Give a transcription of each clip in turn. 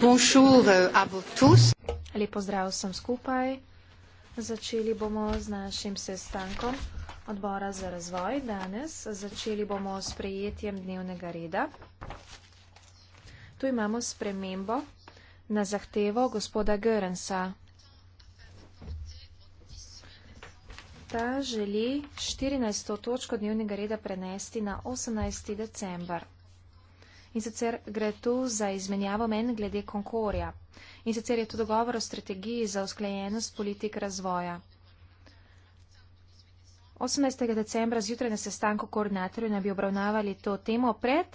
Bonjour euh, à vous tous. Lep pozdrav vsem skupaj. Začeli bomo z našim sestankom odbora za razvoj danes. Začeli bomo s prejetjem dnevnega reda. Tu imamo spremembo na zahtevo gospoda Görensa. Ta želi 14. točko dnevnega reda prenesti na 18. decembar in sicer gre tu za izmenjavo men glede Konkorja. In sicer je to dogovor o strategiji za usklajenost politik razvoja. 18. decembra zjutraj na sestanku koordinatorjev naj bi obravnavali to temo pred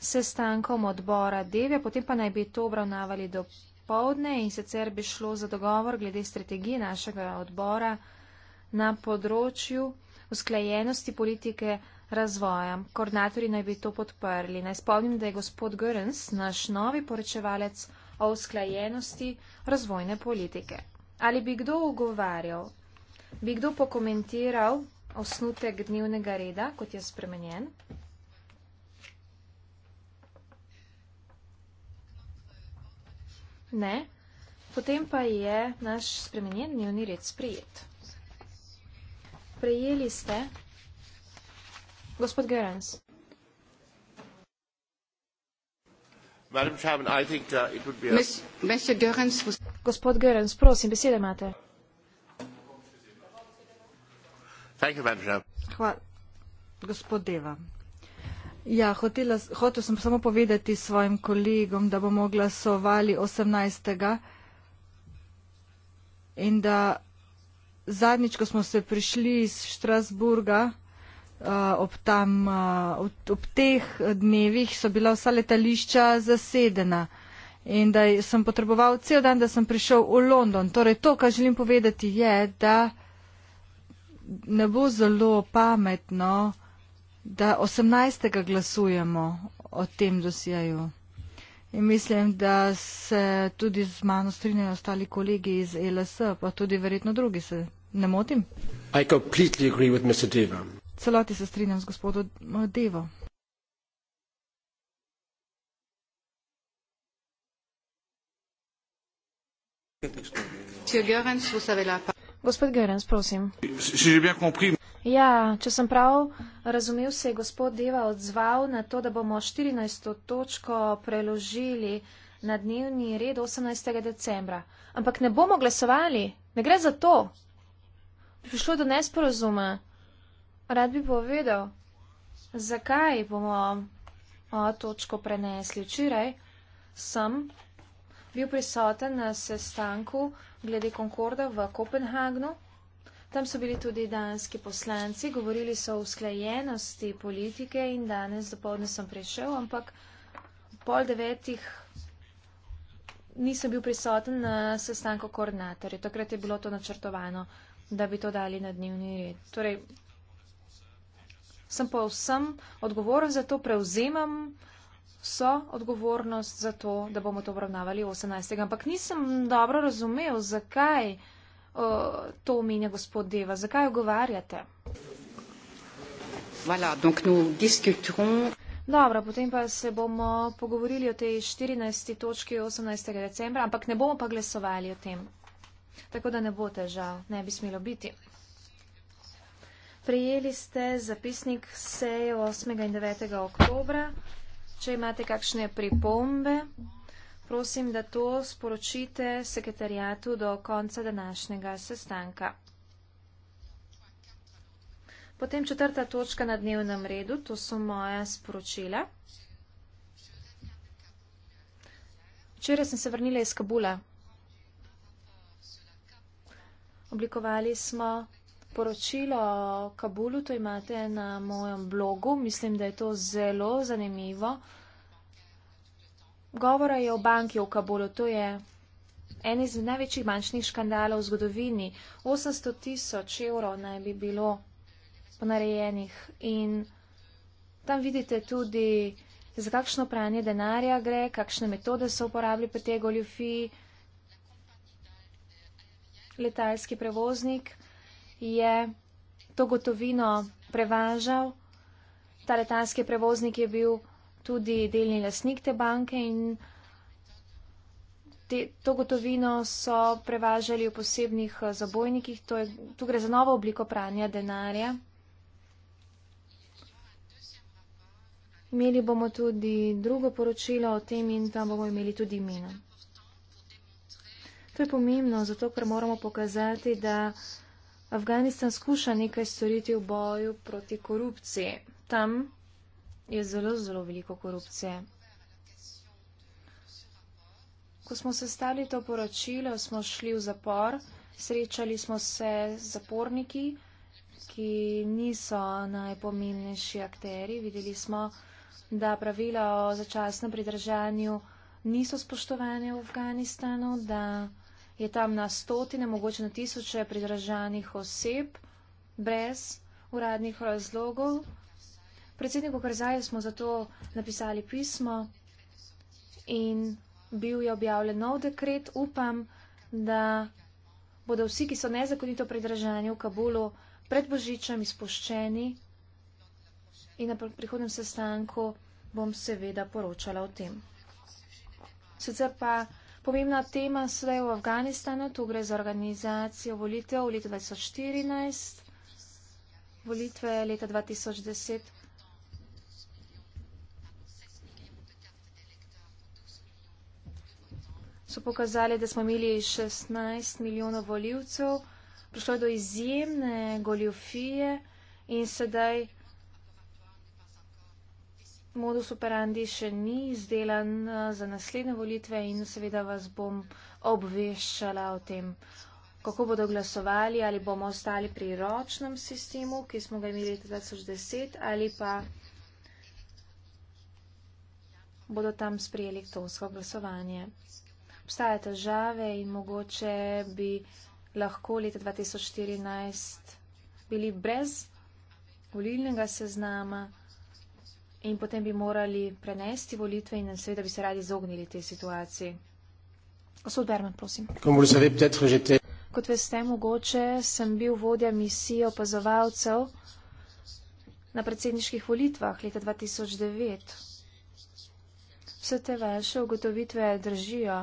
sestankom odbora Devja, potem pa naj bi to obravnavali do povdne in sicer bi šlo za dogovor glede strategije našega odbora na področju usklajenosti politike razvoja. Koordinatori naj bi to podprli. Naj spomnim, da je gospod Görens naš novi poročevalec o usklajenosti razvojne politike. Ali bi kdo ugovarjal, bi kdo pokomentiral osnutek dnevnega reda, kot je spremenjen? Ne. Potem pa je naš spremenjen dnevni red sprejet. Prejeli ste Gospod Gerens. Gospod Gerens, prosim, besede imate. Hvala, gospod Deva. Ja, hotel sem samo povedati svojim kolegom, da bomo glasovali 18. in da zadnjič, ko smo se prišli iz Štrasburga, uh, ob, tam, uh, ob, ob teh dnevih so bila vsa letališča zasedena in da sem potreboval cel dan, da sem prišel v London. Torej, to, kar želim povedati, je, da ne bo zelo pametno, da 18. glasujemo o tem dosjeju. In mislim, da se tudi z mano strinjajo ostali kolegi iz e LS, pa tudi verjetno drugi se. Ne motim. I completely agree with Mr. Devam celoti se strinjam z gospodom Devo. Gospod Gerens, prosim. Ja, če sem prav razumel, se je gospod Deva odzval na to, da bomo 14. točko preložili na dnevni red 18. decembra. Ampak ne bomo glasovali, ne gre za to. Prišlo do nesporazuma. Rad bi povedal, zakaj bomo o točko prenesli včeraj. Sem bil prisoten na sestanku glede Concorda v Kopenhagnu. Tam so bili tudi danski poslanci, govorili so o usklajenosti politike in danes dopoledne sem prišel, ampak pol devetih nisem bil prisoten na sestanku koordinatorja. Takrat je bilo to načrtovano, da bi to dali na dnevni red. Torej, sem pa vsem odgovoren za to, prevzemam so odgovornost za to, da bomo to obravnavali 18. Ampak nisem dobro razumel, zakaj uh, to omenja gospod Deva, zakaj ogovarjate. Voilà, donc nous discuterons. Dobro, potem pa se bomo pogovorili o tej 14. točki 18. decembra, ampak ne bomo pa glasovali o tem. Tako da ne bo težav, ne bi smelo biti. Prejeli ste zapisnik sejo 8. in 9. oktobra. Če imate kakšne pripombe, prosim, da to sporočite sekretarjatu do konca današnjega sestanka. Potem četrta točka na dnevnem redu, to so moja sporočila. Včeraj sem se vrnila iz Kabula. Oblikovali smo poročilo o Kabulu, to imate na mojem blogu. Mislim, da je to zelo zanimivo. Govora je o banki v Kabulu. To je en iz največjih bančnih škandalov v zgodovini. 800 tisoč evrov naj bi bilo ponarejenih. In tam vidite tudi, za kakšno pranje denarja gre, kakšne metode so uporabili pri tej goljufiji. Letalski prevoznik je to gotovino prevažal. Ta letalski prevoznik je bil tudi delni lasnik te banke in te, to gotovino so prevažali v posebnih eh, zabojnikih. To je, tu gre za novo obliko pranja denarja. Imeli bomo tudi drugo poročilo o tem in tam bomo imeli tudi mino. To je pomembno, zato ker moramo pokazati, da Afganistan skuša nekaj storiti v boju proti korupciji. Tam je zelo, zelo veliko korupcije. Ko smo sestavili to poročilo, smo šli v zapor, srečali smo se z zaporniki, ki niso najpomembnejši akteri. Videli smo, da pravila o začasnem pridržanju niso spoštovane v Afganistanu, da je tam na stotine, mogoče na tisoče pridržanih oseb brez uradnih razlogov. Predsedniku Karzaju smo zato napisali pismo in bil je objavljen nov dekret. Upam, da bodo vsi, ki so nezakonito pridržani v Kabulu, pred Božičem izpuščeni in na prihodnem sestanku bom seveda poročala o tem. Sicer pa Pomembna tema sve v Afganistanu, tu gre za organizacijo volitev v letu 2014, volitve leta 2010. So pokazali, da smo imeli 16 milijonov voljivcev, prišlo je do izjemne goljofije in sedaj modus operandi še ni izdelan eh, za naslednje volitve in seveda vas bom obveščala o tem, kako bodo glasovali, ali bomo ostali pri ročnem sistemu, ki smo ga imeli 2010, ali pa bodo tam sprijeli elektronsko glasovanje. Obstaja težave in mogoče bi lahko leta 2014 bili brez volilnega seznama in potem bi morali prenesti volitve in seveda bi se radi izognili tej situaciji. Gospod Berman, prosim. Kot veste, mogoče sem bil vodja misije opazovalcev na predsedniških volitvah leta 2009. Vse te vaše ugotovitve držijo.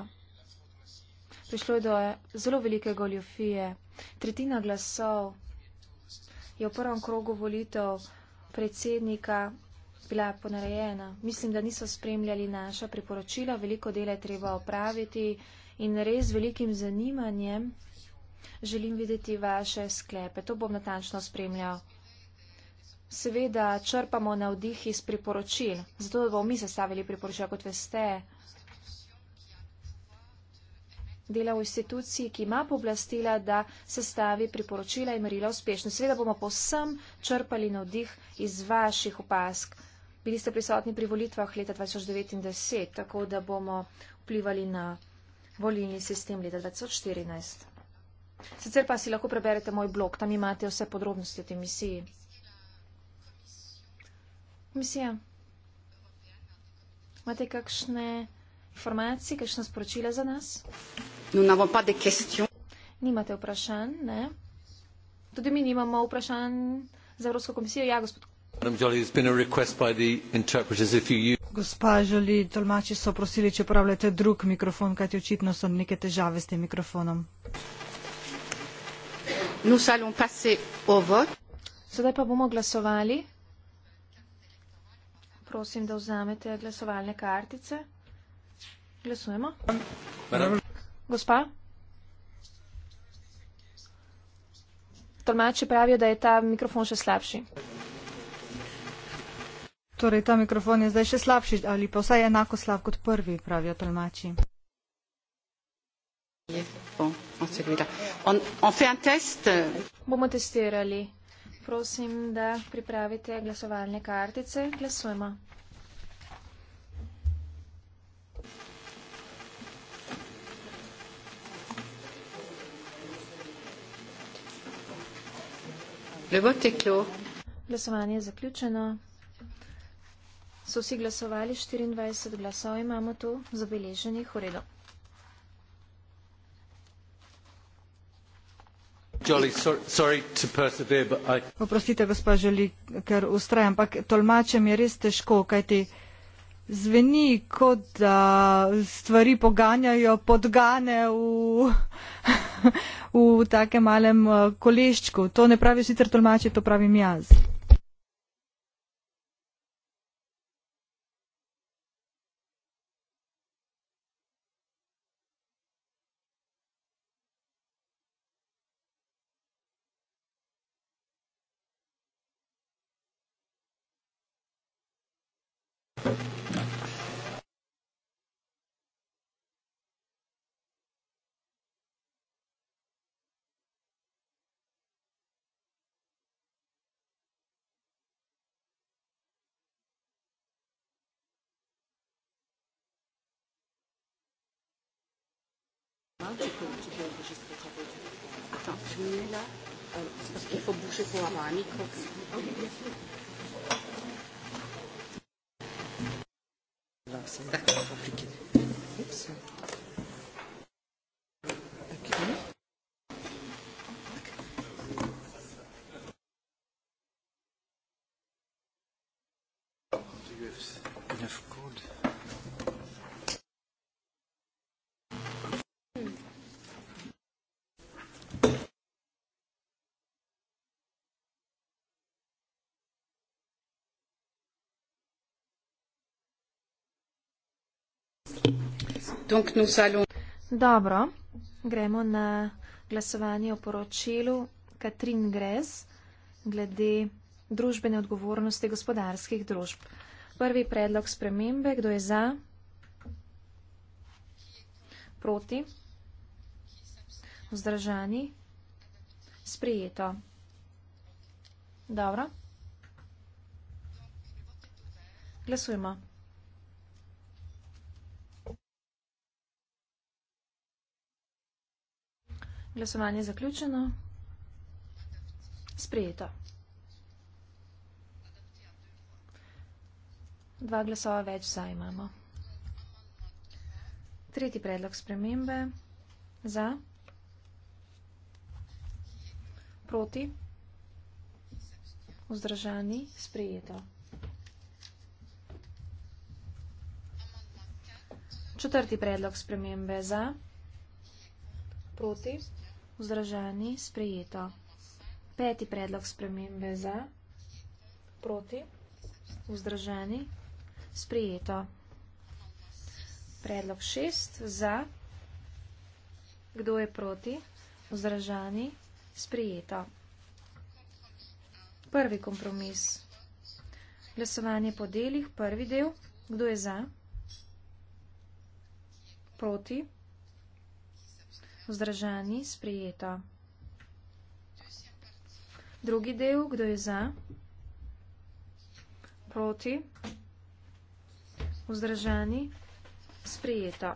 Prišlo je do zelo velike goljofije. Tretjina glasov je v prvem krogu volitev predsednika bila ponarejena. Mislim, da niso spremljali naša priporočila, veliko dela je treba opraviti in res z velikim zanimanjem želim videti vaše sklepe. To bom natančno spremljal. Seveda črpamo navdih iz priporočil, zato da bomo mi sestavili priporočila, kot veste. Dela v instituciji, ki ima pooblastila, da sestavi priporočila in merila uspešno. Seveda bomo povsem črpali navdih iz vaših opask. Bili ste prisotni pri volitvah leta 2019, tako da bomo vplivali na volilni sistem leta 2014. Sicer pa si lahko preberete moj blog, tam imate vse podrobnosti o tej misiji. Misija, imate kakšne informacije, kakšne sporočile za nas? Nimate vprašanj, ne? Tudi mi nimamo vprašanj za Evropsko komisijo. Ja, gospod gospa jolie tolmači so prosili če uporabljate drug mikrofon kajti očitno so neke težave s tem mikrofonom sedaj pa bomo glasovali prosim da vzamete glasovalne kartice glasujemo gospa tolmači pravijo da je ta mikrofon še slabši Torej, ta mikrofon je zdaj še slabši ali pa vsaj enako slab kot prvi, pravijo tolmači. Bomo testirali. Prosim, da pripravite glasovalne kartice. Glasujemo. Glasovanje je zaključeno. So vsi glasovali, 24 glasov imamo tu, zabeleženih v redu. Poprostite, gospa Želi, ker ustrajam, ampak tolmačem je res težko, kajti zveni, kot da stvari poganjajo podgane v, v takem malem eh, koleščku. To ne pravi sicer tolmače, to pravim jaz. imela uh, ehm, tako buše po Amani, kot Thank you. Dobro, gremo na glasovanje o poročilu Katrin Grez glede družbene odgovornosti gospodarskih družb. Prvi predlog spremembe, kdo je za? Proti? Vzdržani? Sprijeto. Dobro. Glasujemo. Glasovanje je zaključeno. Sprejeto. Dva glasova več za imamo. Tretji predlog spremembe. Za. Proti. Vzdržani. Sprejeto. Četrti predlog spremembe. Za. Proti. Vzdržani. Vzdržani, sprejeto. Peti predlog spremembe za, proti, vzdržani, sprejeto. Predlog šest za, kdo je proti, vzdržani, sprejeto. Prvi kompromis. Glasovanje po delih, prvi del, kdo je za, proti, vzdržani. Vzdržani, sprijeto. Drugi del, kdo je za? Proti. Vzdržani, sprijeto.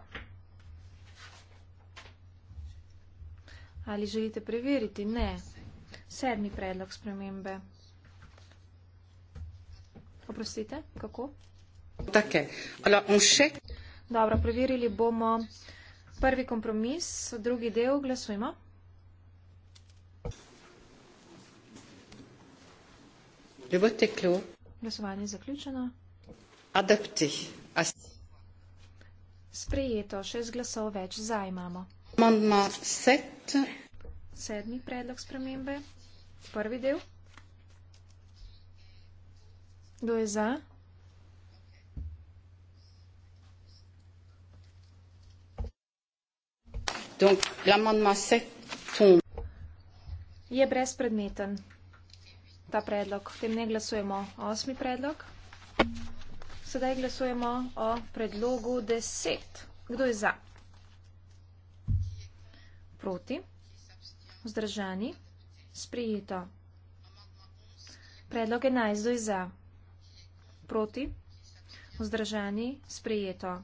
Ali želite preveriti? Ne. Sedmi predlog spremembe. Oprostite, kako? Tako. Dobro, preverili bomo... Prvi kompromis, drugi del, glasujmo. Glasovanje je zaključeno. Adapti. Ah, As. Sprejeto, šest glasov več za imamo. Set. Sedmi predlog spremembe, prvi del. Kdo je za? Donc, l'amendement 7 tombe. Je brezpredmeten ta predlog. V tem ne glasujemo. Osmi predlog. Sedaj glasujemo o predlogu 10. Kdo je za? Proti? Vzdržani? Sprijeto. Predlog 11. Kdo je za? Proti? Vzdržani? Sprijeto.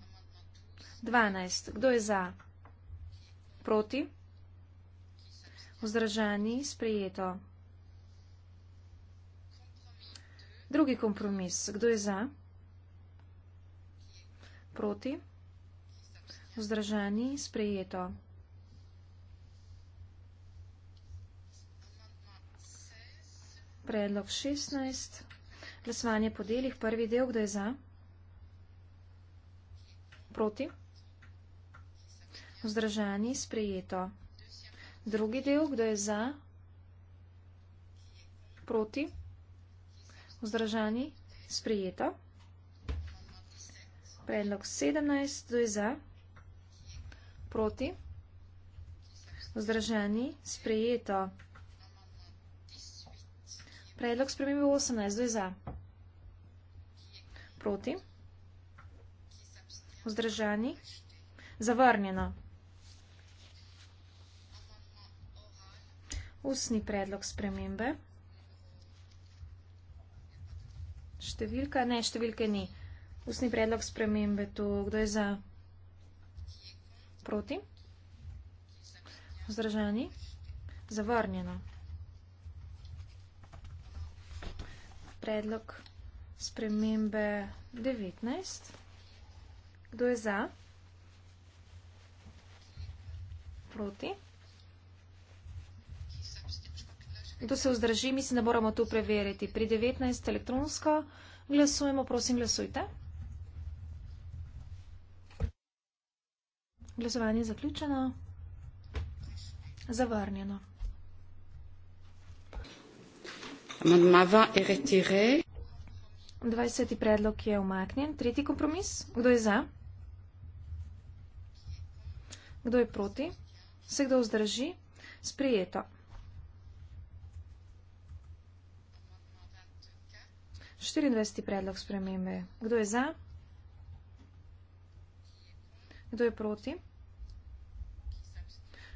12. Kdo je za? Proti? Proti? Vzdržani, sprejeto. Drugi kompromis. Kdo je za? Proti? Vzdržani, sprejeto. Predlog 16. Glasovanje po delih. Prvi del. Kdo je za? Proti? Proti? Vzdržani, sprejeto. Drugi del, kdo je za? Proti? Vzdržani, sprejeto. Predlog 17, kdo je za? Proti? Vzdržani, sprejeto. Predlog spremembe 18, kdo je za? Proti? Vzdržani, sprejeto. Zavrnjeno. ustni predlog spremembe. Številka, ne, številke ni. Ustni predlog spremembe, to kdo je za? Proti? Zdržani? Zavrnjeno. Predlog spremembe 19. Kdo je za? Proti? Kdo se vzdrži, mislim, da moramo tu preveriti. Pri 19 elektronsko glasujemo, prosim, glasujte. Glasovanje je zaključeno. Zavrnjeno. Amandmava je retire. 20. predlog je umaknjen. Tretji kompromis. Kdo je za? Kdo je proti? Se kdo vzdrži? Sprijeto. 24. predlog spremembe. Kdo je za? Kdo je proti?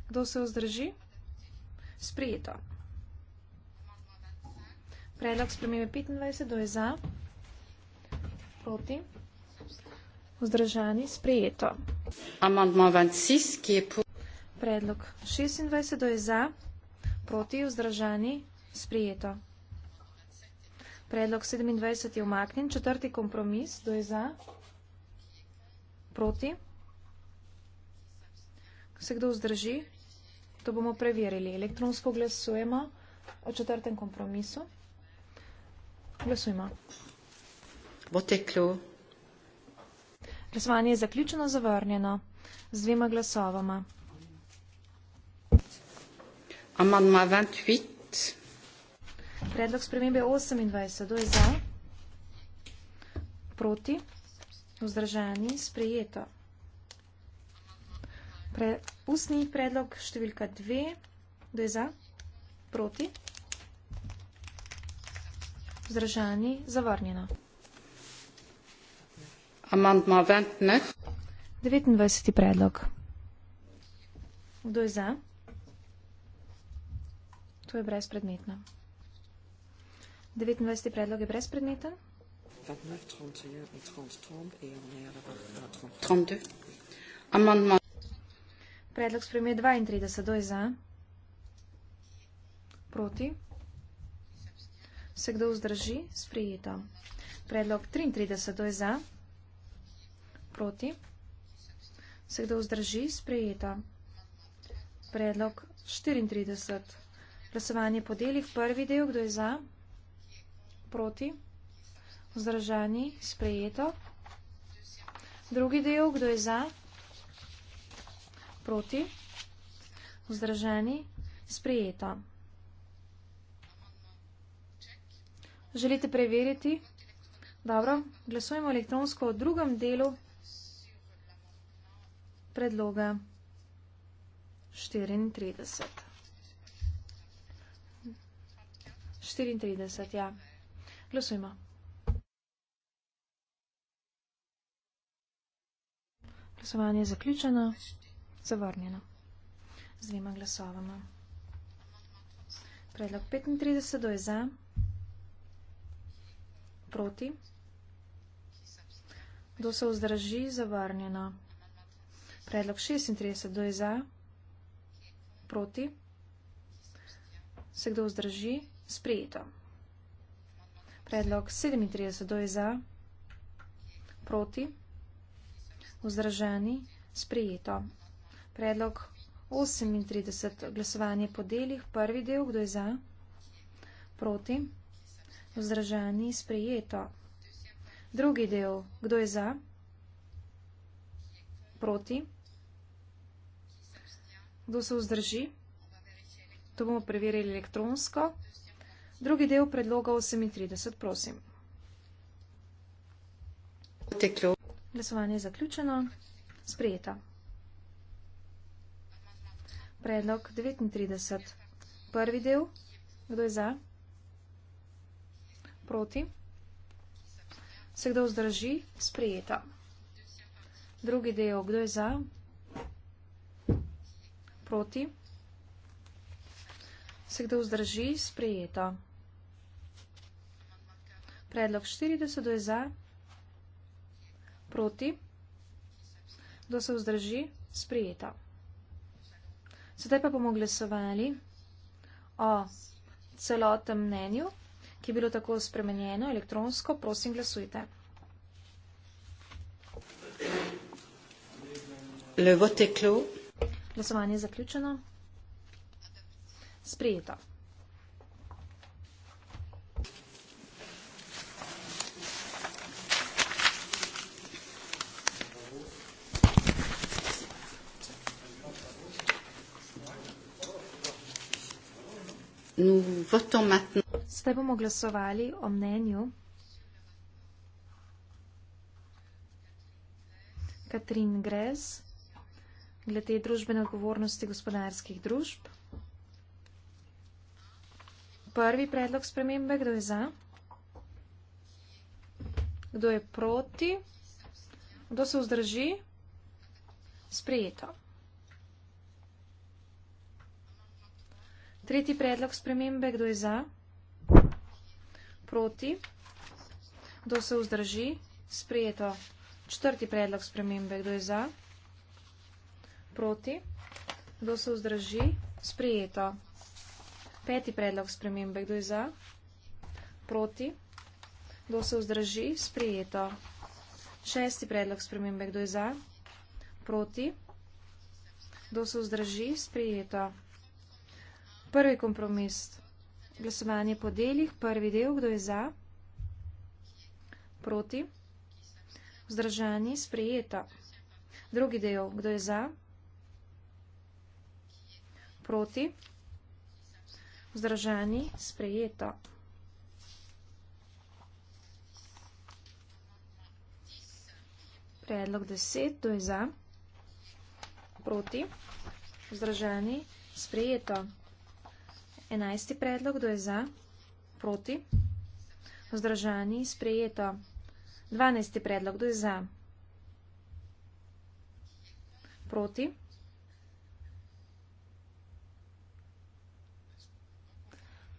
Kdo se vzdrži? Sprijeto. Predlog spremembe 25. Kdo je za? Proti? Vzdržani? Sprijeto. Predlog 26. Kdo je za? Proti? Vzdržani? Sprijeto. Predlog 27 je omaknjen. Četrti kompromis, kdo je za? Proti? Se kdo vzdrži? To bomo preverili. Elektronsko glasujemo o četrtem kompromisu. Glasujmo. Bo teklo. Glasovanje je zaključeno, zavrnjeno z dvema glasovama. Amandma 28 predlog spremembe 28. Do je za, proti, vzdržani, sprejeto. Pre, ustni predlog številka 2. Do je za, proti, vzdržani, zavrnjeno. Amandma ventne. 29. predlog. Kdo je za? To je brezpredmetno. 29. predlog je brezpredmeten. 29. Predlog spremlje 32. Kdo je za? Proti? Se kdo vzdrži? Sprijeto. Predlog 33. Kdo je za? Proti? Se kdo vzdrži? Sprijeto. Predlog 34. Glasovanje po delih. Prvi del. Kdo je za? Proti? proti, vzdržani, sprejeto. Drugi del, kdo je za, proti, vzdržani, sprejeto. Želite preveriti? Dobro, glasujemo elektronsko o drugem delu predloga 34. 34, ja. Glasujmo. Glasovanje je zaključeno, zavrnjeno. Z dvema glasovama. Predlog 35 do je za, proti, do se vzdrži, zavrnjeno. Predlog 36 do je za, proti, se kdo vzdrži, sprejeto. Predlog 37 do je za, proti, vzdržani, sprejeto. Predlog 38, glasovanje po delih, prvi del, kdo je za, proti, vzdržani, sprejeto. Drugi del, kdo je za, proti, kdo se vzdrži, to bomo preverili elektronsko. Drugi del predloga 38, prosim. Glasovanje je zaključeno. Sprijeta. Predlog 39. Prvi del. Kdo je za? Proti. Se kdo vzdrži? Sprijeta. Drugi del. Kdo je za? Proti. Se kdo vzdrži? Sprijeta. Predlog 40 je za, proti, da se vzdrži, sprijeta. Sedaj pa bomo glasovali o celotem mnenju, ki je bilo tako spremenjeno elektronsko. Prosim, glasujte. Le vote clos. Glasovanje je zaključeno. Sprijeto. nous votons maintenant. Sve bomo glasovali o mnenju Katrin Grez glede družbene odgovornosti gospodarskih družb. Prvi predlog spremembe, kdo je za? Kdo je proti? Kdo se vzdrži? Sprejeto. Tretji predlog spremembe, kdo je za? Proti? Kdo se vzdrži? Sprejeto. Četrti predlog spremembe, kdo je za? Proti? Kdo se vzdrži? Sprejeto. Peti predlog spremembe, kdo je za? Proti? Kdo se vzdrži? Sprejeto. Šesti predlog spremembe, kdo je za? Proti? Kdo se vzdrži? Sprejeto. Prvi kompromis. Glasovanje po delih. Prvi del, kdo je za? Proti. Vzdržani, sprijeta. Drugi del, kdo je za? Proti. Vzdržani, sprijeta. Predlog deset, kdo je za? Proti. Vzdržani, sprijeta. Proti. Enajsti predlog, kdo je za? Proti? Vzdržani? Sprejeto. Dvanajsti predlog, kdo je za? Proti?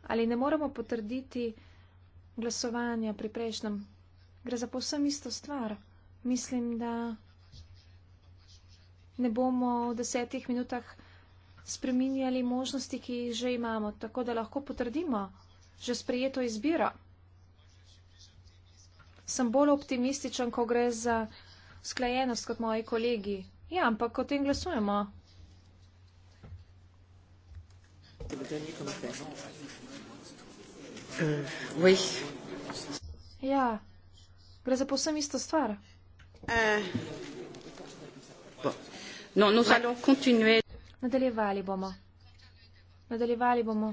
Ali ne moremo potrditi glasovanja pri prejšnjem? Gre za povsem isto stvar. Mislim, da ne bomo v desetih minutah vzdržali spreminjali možnosti, ki jih že imamo, tako da lahko potrdimo že sprejeto izbiro. Sem bolj optimističen, ko gre za sklajenost kot moji kolegi. Ja, ampak o tem glasujemo. Eh, ja, gre za povsem isto stvar. Uh, bon. no, nous allons continuer. Nadaljevali bomo. Nadaljevali bomo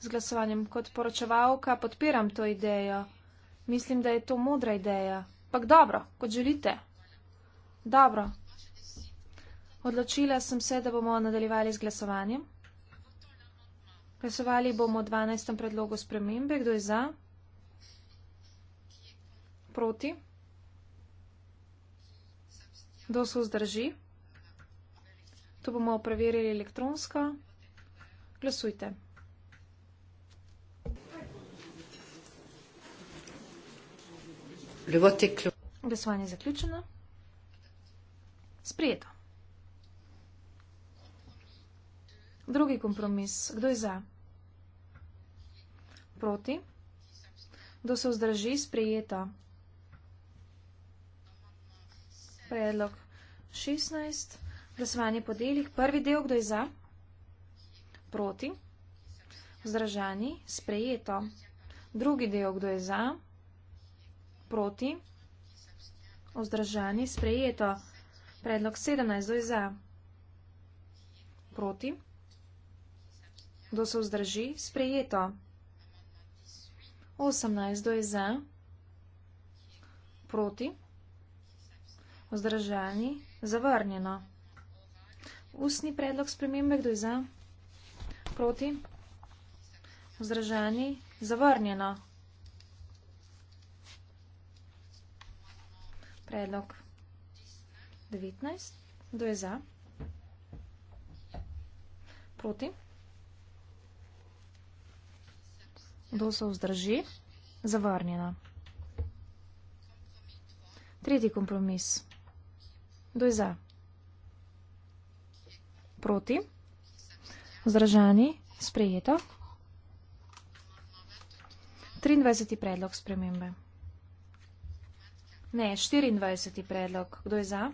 z glasovanjem. Kot poročevalka podpiram to idejo. Mislim, da je to modra ideja. Pak dobro, kot želite. Dobro. Odločila sem se, da bomo nadaljevali z glasovanjem. Glasovali bomo o 12. predlogu spremembe. Kdo je za? Proti? Kdo se vzdrži? To bomo preverili elektronsko. Glasujte. Glasovanje je zaključeno. Sprijeto. Drugi kompromis. Kdo je za? Proti. Kdo se vzdrži? Sprijeto. Predlog 16. Glasovanje po delih. Prvi del, kdo je za? Proti. Vzdržani. Sprejeto. Drugi del, kdo je za? Proti. Vzdržani. Sprejeto. Predlog 17, kdo je za? Proti. Kdo se vzdrži? Sprejeto. 18, kdo je za? Proti. Vzdržani. Zavrnjeno ustni predlog spremembe, kdo je za? Proti? Vzdržani? Zavrnjeno. Predlog 19. Kdo je za? Proti? Kdo se vzdrži? Zavrnjeno. Tretji kompromis. Kdo je za? Proti? Proti. Zdržani. Sprejeto. 23. predlog spremembe. Ne, 24. predlog. Kdo je za?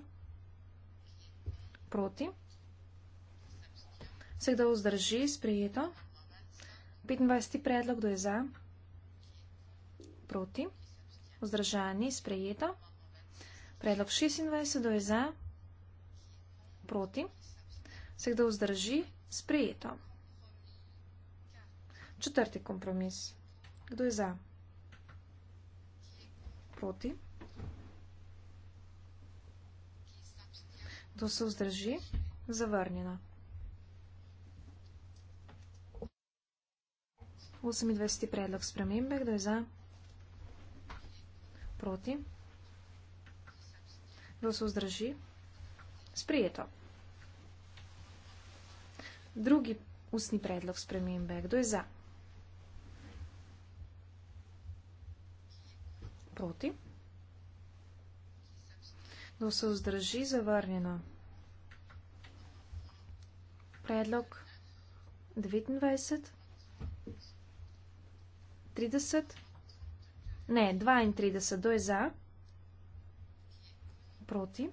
Proti. Vse, kdo vzdrži, sprejeto. 25. predlog, kdo je za? Proti. Vzdržani, sprejeto. Predlog 26, kdo je za? Proti. Proti se kdo vzdrži, sprejeto. Četrti kompromis. Kdo je za? Proti. Kdo se vzdrži, zavrnjeno. 28. predlog spremembe. Kdo je za? Proti. Kdo se vzdrži? Sprijeto. Drugi ustni predlog spremembe. Kdo je za? Proti? Kdo se vzdrži? Zavrnjeno. Predlog 29. 30. Ne, 32. Kdo je za? Proti?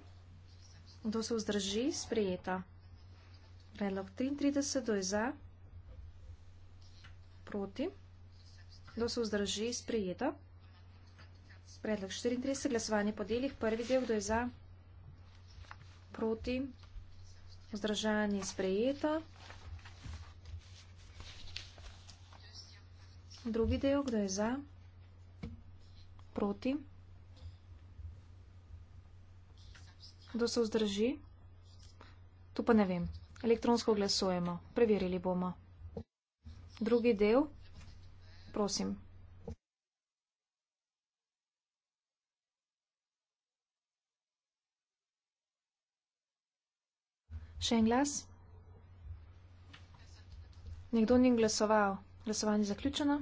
Kdo se vzdrži? Sprejeta. Predlog 33, kdo je za, proti, kdo se vzdrži, sprejeto. Predlog 34, glasovanje po delih, prvi del, kdo je za, proti, vzdržanje, sprejeto. Drugi del, kdo je za, proti, kdo se vzdrži, tu pa ne vem. Elektronsko glasujemo. Preverili bomo. Drugi del. Prosim. Še en glas? Nekdo ni glasoval. Glasovanje zaključeno.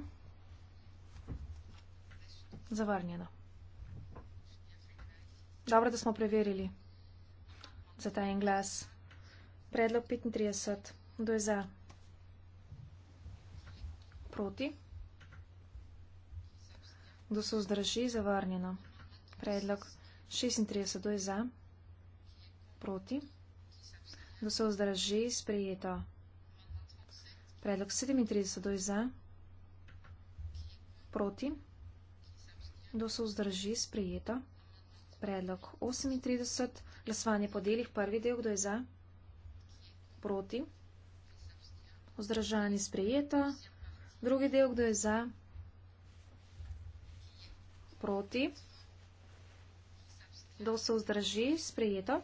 Zavrnjeno. Dobro, da smo preverili za ta en glas. Predlog 35. Kdo je za? Proti? Kdo se vzdrži? Zavrnjeno. Predlog 36. Kdo je za? Proti? Kdo se vzdrži? Sprejeto. Predlog 37. Kdo je za? Proti? Kdo se vzdrži? Sprejeto. Predlog 38. Glasovanje po delih. Prvi del. Kdo je za? Proti? Proti. Vzdržani sprejeto. Drugi del, kdo je za? Proti. Kdo se vzdrži? Sprejeto.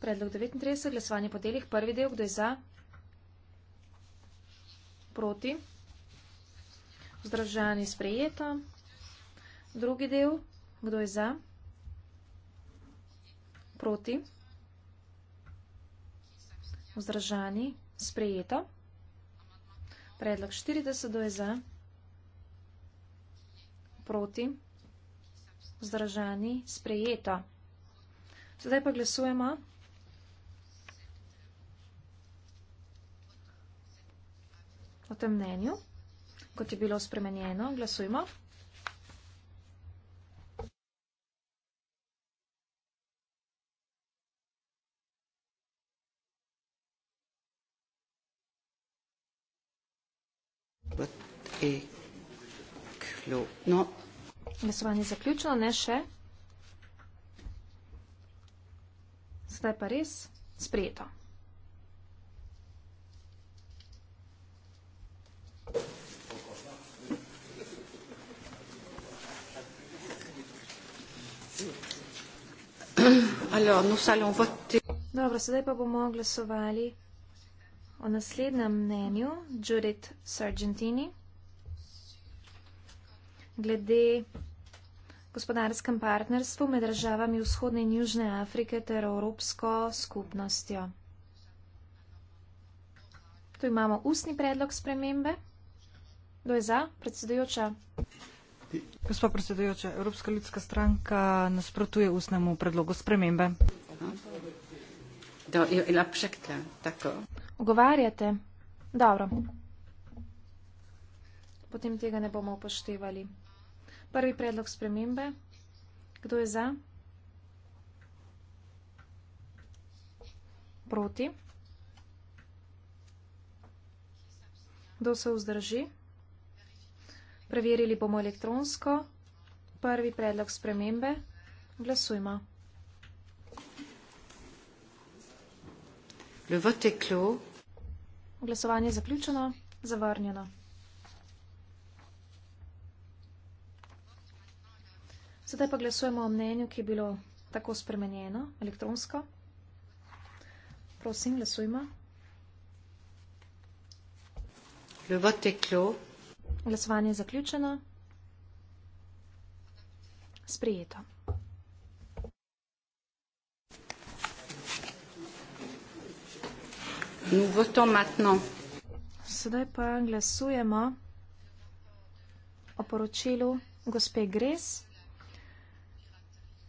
Predlog 39, glasovanje po delih. Prvi del, kdo je za? Proti. Vzdržani sprejeto. Drugi del, kdo je za? Proti. Vzdržani, sprejeto. Predlog 40 do je za, proti, vzdržani, sprejeto. Sedaj pa glasujemo o tem mnenju, kot je bilo spremenjeno. Glasujmo. E-klopno. Glasovanje zaključeno, ne še. Zdaj pa res sprejeto. Alo, no, salom, Dobro, sedaj pa bomo glasovali o naslednjem mnenju, Judith Sargentini glede gospodarskem partnerstvu med državami vzhodne in južne Afrike ter evropsko skupnostjo. Tu imamo ustni predlog spremembe. Kdo je za? Predsedujoča. Gospa predsedujoča, Evropska ljudska stranka nasprotuje ustnemu predlogu spremembe. Do, je, je lapšekla, tako. Ogovarjate? Dobro. Potem tega ne bomo upoštevali. Prvi predlog spremembe. Kdo je za? Proti. Kdo se vzdrži? Preverili bomo elektronsko. Prvi predlog spremembe. Glasujmo. Le vote je clos. Glasovanje je zaključeno, zavrnjeno. Sedaj pa glasujemo o mnenju, ki je bilo tako spremenjeno elektronsko. Prosim, glasujmo. Le vote est clos. Glasovanje je zaključeno. Sprijeto. Sedaj pa glasujemo o poročilu gospe Gres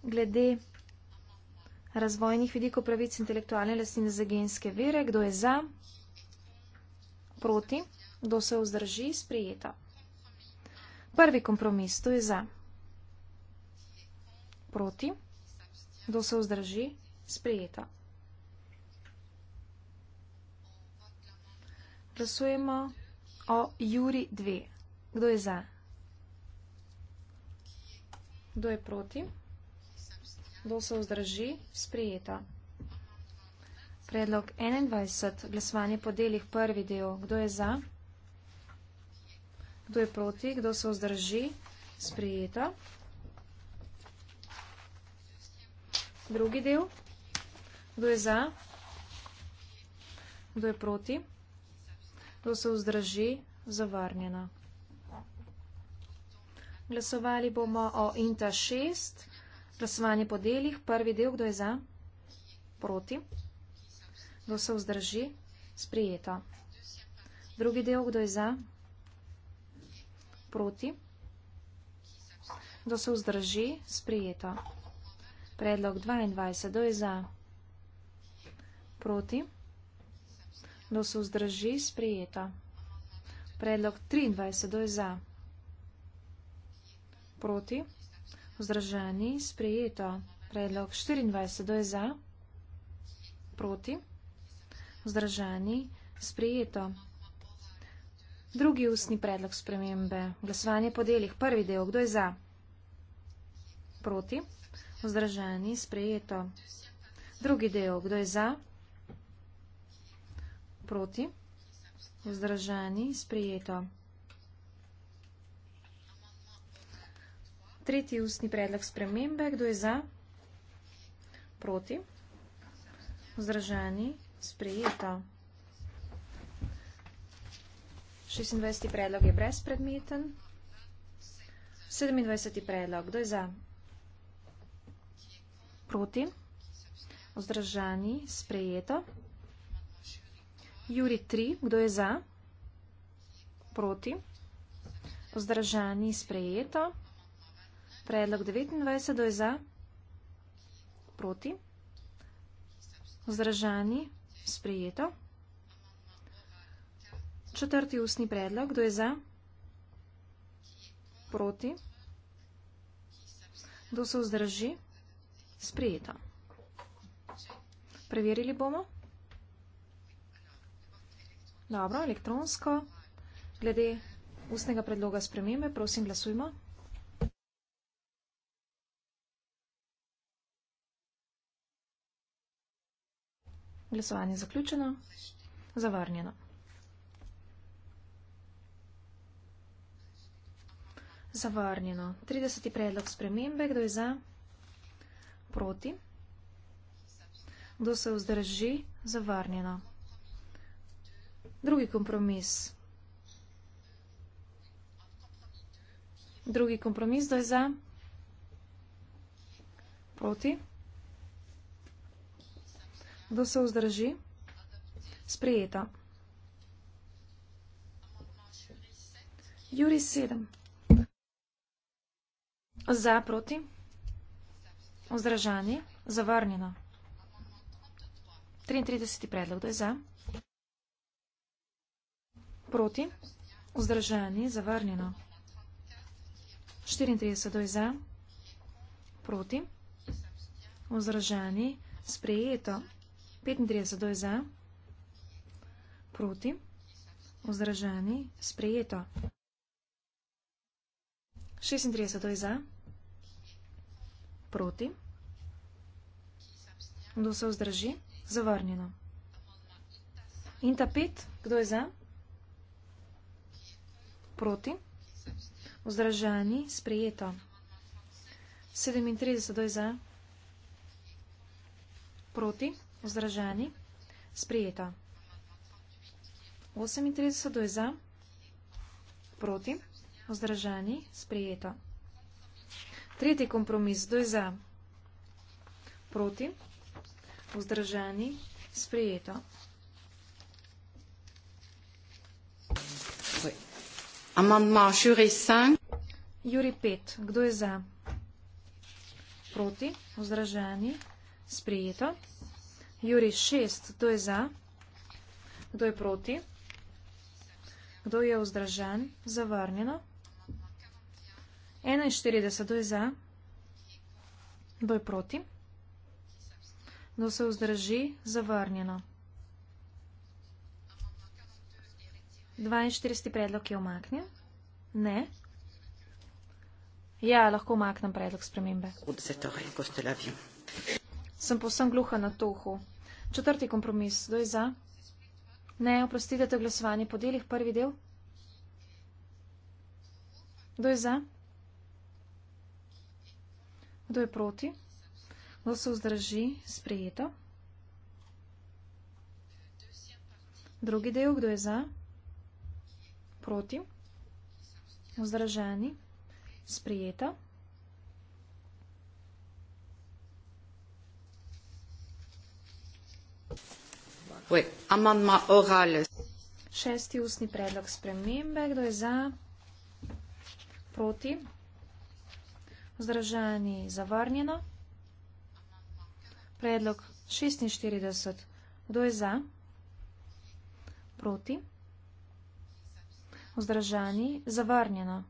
glede razvojnih vidikov pravic intelektualne lastnine za genske vere. Kdo je za? Proti? Kdo se vzdrži? Sprijeta. Prvi kompromis, to je za. Proti? Kdo se vzdrži? Sprijeta. Glasujemo o Juri 2. Kdo je za? Kdo je proti? Kdo je proti? Kdo se vzdrži? Sprijeta. Predlog 21. Glasovanje po delih prvi del. Kdo je za? Kdo je proti? Kdo se vzdrži? Sprijeta. Drugi del. Kdo je za? Kdo je proti? Kdo se vzdrži? Zavarnjena. Glasovali bomo o INTA 6. Glasovanje po delih, prvi del, kdo je za, proti, kdo se vzdrži, sprijeto. Drugi del, kdo je za, proti, kdo se vzdrži, sprijeto. Predlog 22, kdo je za, proti, kdo se vzdrži, sprijeto. Predlog 23, kdo je za, proti, kdo se vzdrži, sprijeto. Vzdržani, sprejeto. Predlog 24, kdo je za? Proti. Vzdržani, sprejeto. Drugi ustni predlog spremembe. Glasovanje po delih. Prvi del, kdo je za? Proti. Vzdržani, sprejeto. Drugi del, kdo je za? Proti. Vzdržani, sprejeto. Tretji ustni predlog spremembe. Kdo je za? Proti? Vzdržani? Sprejeto. 26. predlog je brezpredmeten. 27. predlog. Kdo je za? Proti? Vzdržani? Sprejeto. Juri 3. Kdo je za? Proti? Vzdržani? Sprejeto. Proti? Predlog 29, kdo je za? Proti? Vzdržani? Sprejeto. Četrti ustni predlog, kdo je za? Proti? Kdo se vzdrži? Sprejeto. Preverili bomo. Dobro, elektronsko. Glede ustnega predloga spremembe, prosim, glasujmo. Glasovanje je zaključeno. Zavrnjeno. Zavrnjeno. 30. predlog spremembe. Kdo je za? Proti. Kdo se vzdrži? Zavrnjeno. Drugi kompromis. Drugi kompromis. Kdo je za? Proti. Proti. Kdo se vzdrži? Sprijeta. Juri sedem. Za proti. Vzdržanje. Zavrnjeno. 33. predlog. Kdo je za? Proti. Vzdržanje. Zavrnjeno. 34. Kdo je za? Proti. Vzdržanje. Sprijeto. 35 za, proti, vzdržani, sprejeto. 36 za, proti, kdo se vzdrži, zavrnjeno. In ta pet, kdo je za, proti, vzdržani, sprejeto. 37 za, proti, vzdržani, sprejeto. Vzdržani. Sprijeta. 38 do je za. Proti. Vzdržani. Sprijeta. Tretji kompromis. Do je za. Proti. Vzdržani. Sprijeta. Amandma Juri 5. Juri 5. Kdo je za? Proti. Vzdržani. Sprijeta. Sprijeta. Juri šest, kdo je za, kdo je proti, kdo je vzdržan, zavrnjeno. 41, kdo je za, kdo je proti, kdo se vzdrži, zavrnjeno. 42. predlog je omaknil. Ne. Ja, lahko omaknem predlog spremembe. Sem povsem gluha na tohu. Četrti kompromis. Kdo je za? Ne, oprostite, to je glasovanje po delih. Prvi del. Kdo je za? Kdo je proti? Kdo se vzdrži? Sprejeto. Drugi del. Kdo je za? Proti? Vzdržani. Sprijeta. Oui, amendement oral. Šesti ustni predlog spremembe. Kdo je za? Proti? Vzdržani zavrnjeno. Predlog 46. Kdo je za? Proti? Vzdržani zavrnjeno.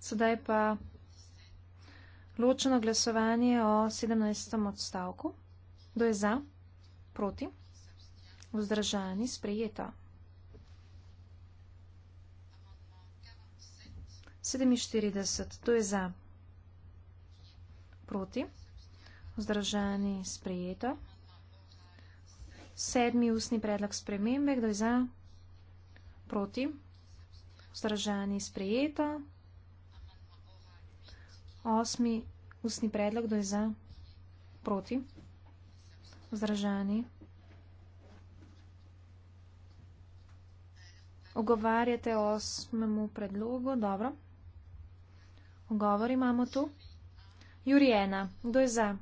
Sedaj pa Ločeno glasovanje o 17. odstavku. Kdo je za? Proti? Vzdržani? Sprejeto. 47. Kdo je za? Proti? Vzdržani? Sprejeto. 7. ustni predlog spremembe. Kdo je za? Proti? Vzdržani? Sprejeto. Sprejeto. Osmi ustni predlog, kdo je za? Proti? Vzdržani? Ogovarjate osmemu predlogu, dobro. Ogovor imamo tu. Jurijena, kdo je za?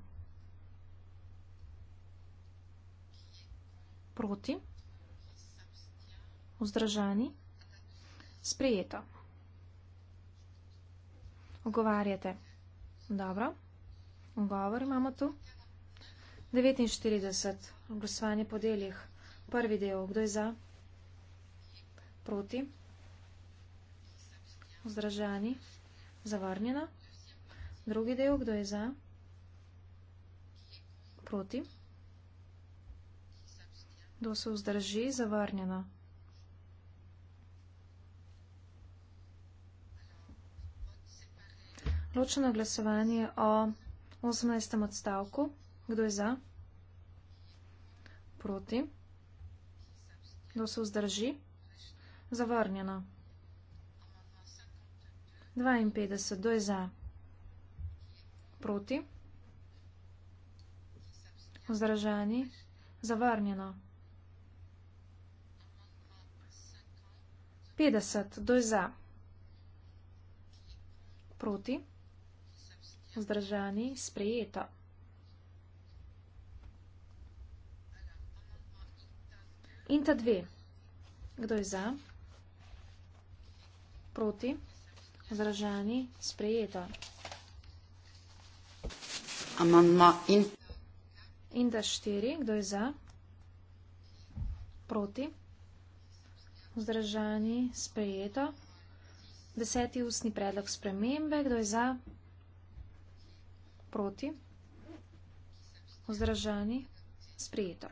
Proti? Vzdržani? Sprijeto. Ogovarjate. Dobro. Ugovor imamo tu. 49. Glasovanje po delih. Prvi del. Kdo je za? Proti? Vzdržani? Zavrnjena? Drugi del. Kdo je za? Proti? Kdo se vzdrži? Zavrnjena? Ločeno glasovanje o 18. odstavku. Kdo je za? Proti. Kdo se vzdrži? Zavrnjeno. 52. Kdo je za? Proti. Vzdržani. Zavrnjeno. 50. Kdo je za? Proti vzdržani, sprejeto. In ta dve. Kdo je za? Proti. Vzdržani, sprejeto. Amandma in. In da štiri. Kdo je za? Proti. Vzdržani, sprejeto. Deseti ustni predlog spremembe. Kdo je za? Proti proti, vzdržani, sprijeto.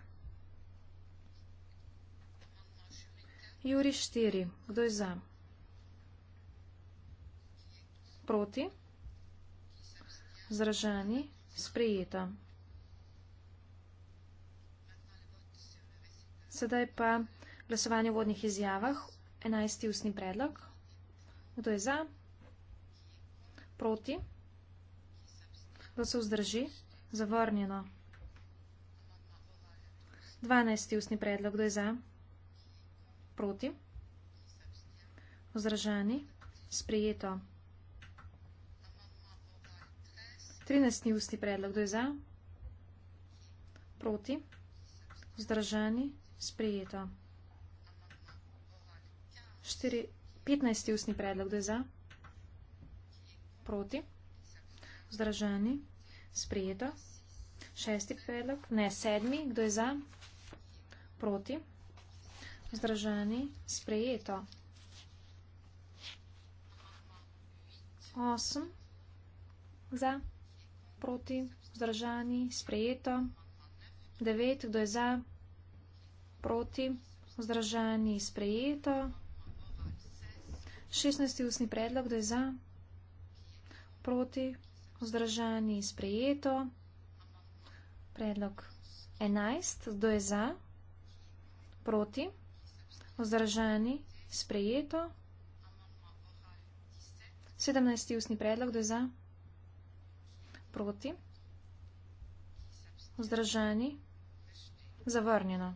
Juri štiri, kdo je za? Proti, vzdržani, sprijeto. Sedaj pa glasovanje v vodnih izjavah, enajsti ustni predlog. Kdo je za? Proti. Proti da se vzdrži, zavrnjeno. 12. ustni predlog, kdo je za? Proti. Vzdržani, sprijeto. 13. ustni predlog, kdo je za? Proti. Vzdržani, sprijeto. 15. ustni predlog, kdo je za? Proti. Vzdržani, sprijeto. Sprejeto. Šesti predlog. Ne, sedmi. Kdo je za? Proti. Zdržani. Sprejeto. Osem. Za. Proti. Zdržani. Sprejeto. Devet. Kdo je za? Proti. Zdržani. Sprejeto. Šestnesti ustni predlog. Kdo je za? Proti vzdržani, sprejeto. Predlog 11, kdo je za, proti, vzdržani, sprejeto. 17. ustni predlog, kdo je za, proti, vzdržani, zavrnjeno.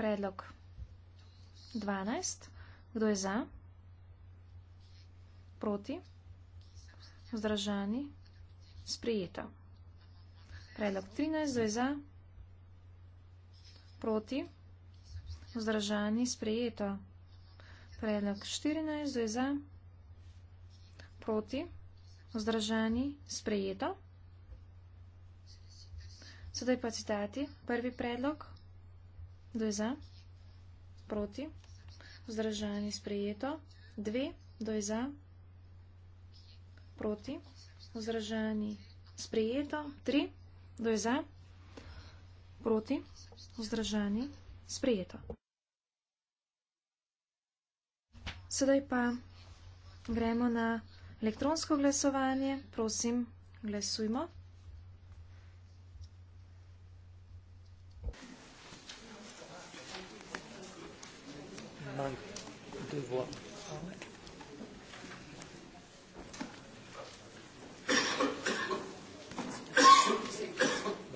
Predlog 12, kdo je za, proti. Proti? Vzdržani? Sprijeta. Predlog 13, zdaj za? Proti? Vzdržani? Sprijeta. Predlog 14, zdaj za? Proti? Vzdržani? Sprijeta. Sedaj pa citati. Prvi predlog? Doj za? Proti? Vzdržani? Sprijeta. Dve? Doj za? Proti? proti, vzdržani, sprejeto, tri, dve za, proti, vzdržani, sprejeto. Sedaj pa gremo na elektronsko glasovanje, prosim, glasujmo. Manque de voix.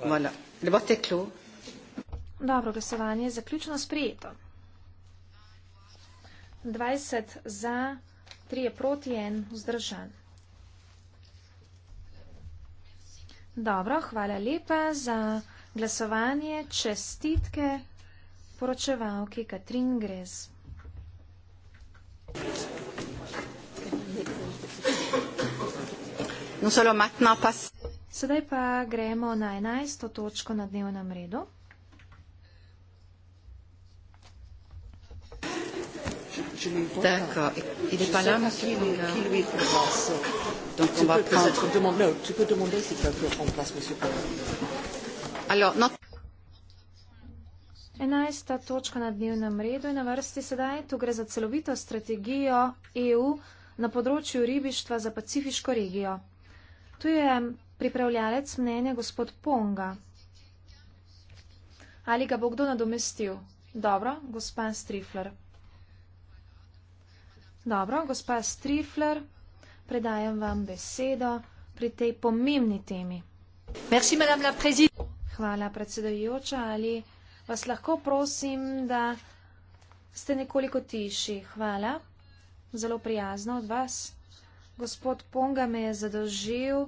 Voilà. Le vote est clos. Dobro, glasovanje je zaključeno sprijeto. 20 za, 3 proti, 1 vzdržan. Dobro, hvala lepa za glasovanje. Čestitke poročevalki Katrin Grez. Non solo maintenant, pas. Sedaj pa gremo na 11. točko na dnevnem redu. D'accord. Il est pas là, monsieur Ponga. Qui lui fait grâce Donc, on va prendre. Non, tu peux demander s'il peut prendre place, monsieur Ponga. Alors, non. 11. točka na dnevnem redu je na vrsti sedaj. Tu gre za celovito strategijo EU na področju ribištva za pacifiško regijo. Tu je pripravljalec mnenja gospod Ponga. Ali ga bo kdo nadomestil? Dobro, gospa Strifler. Dobro, gospa Strifler, predajam vam besedo pri tej pomembni temi. Merci, la Hvala, predsedojoča. Ali vas lahko prosim, da ste nekoliko tiši? Hvala, zelo prijazno od vas. Gospod Ponga me je zadolžil.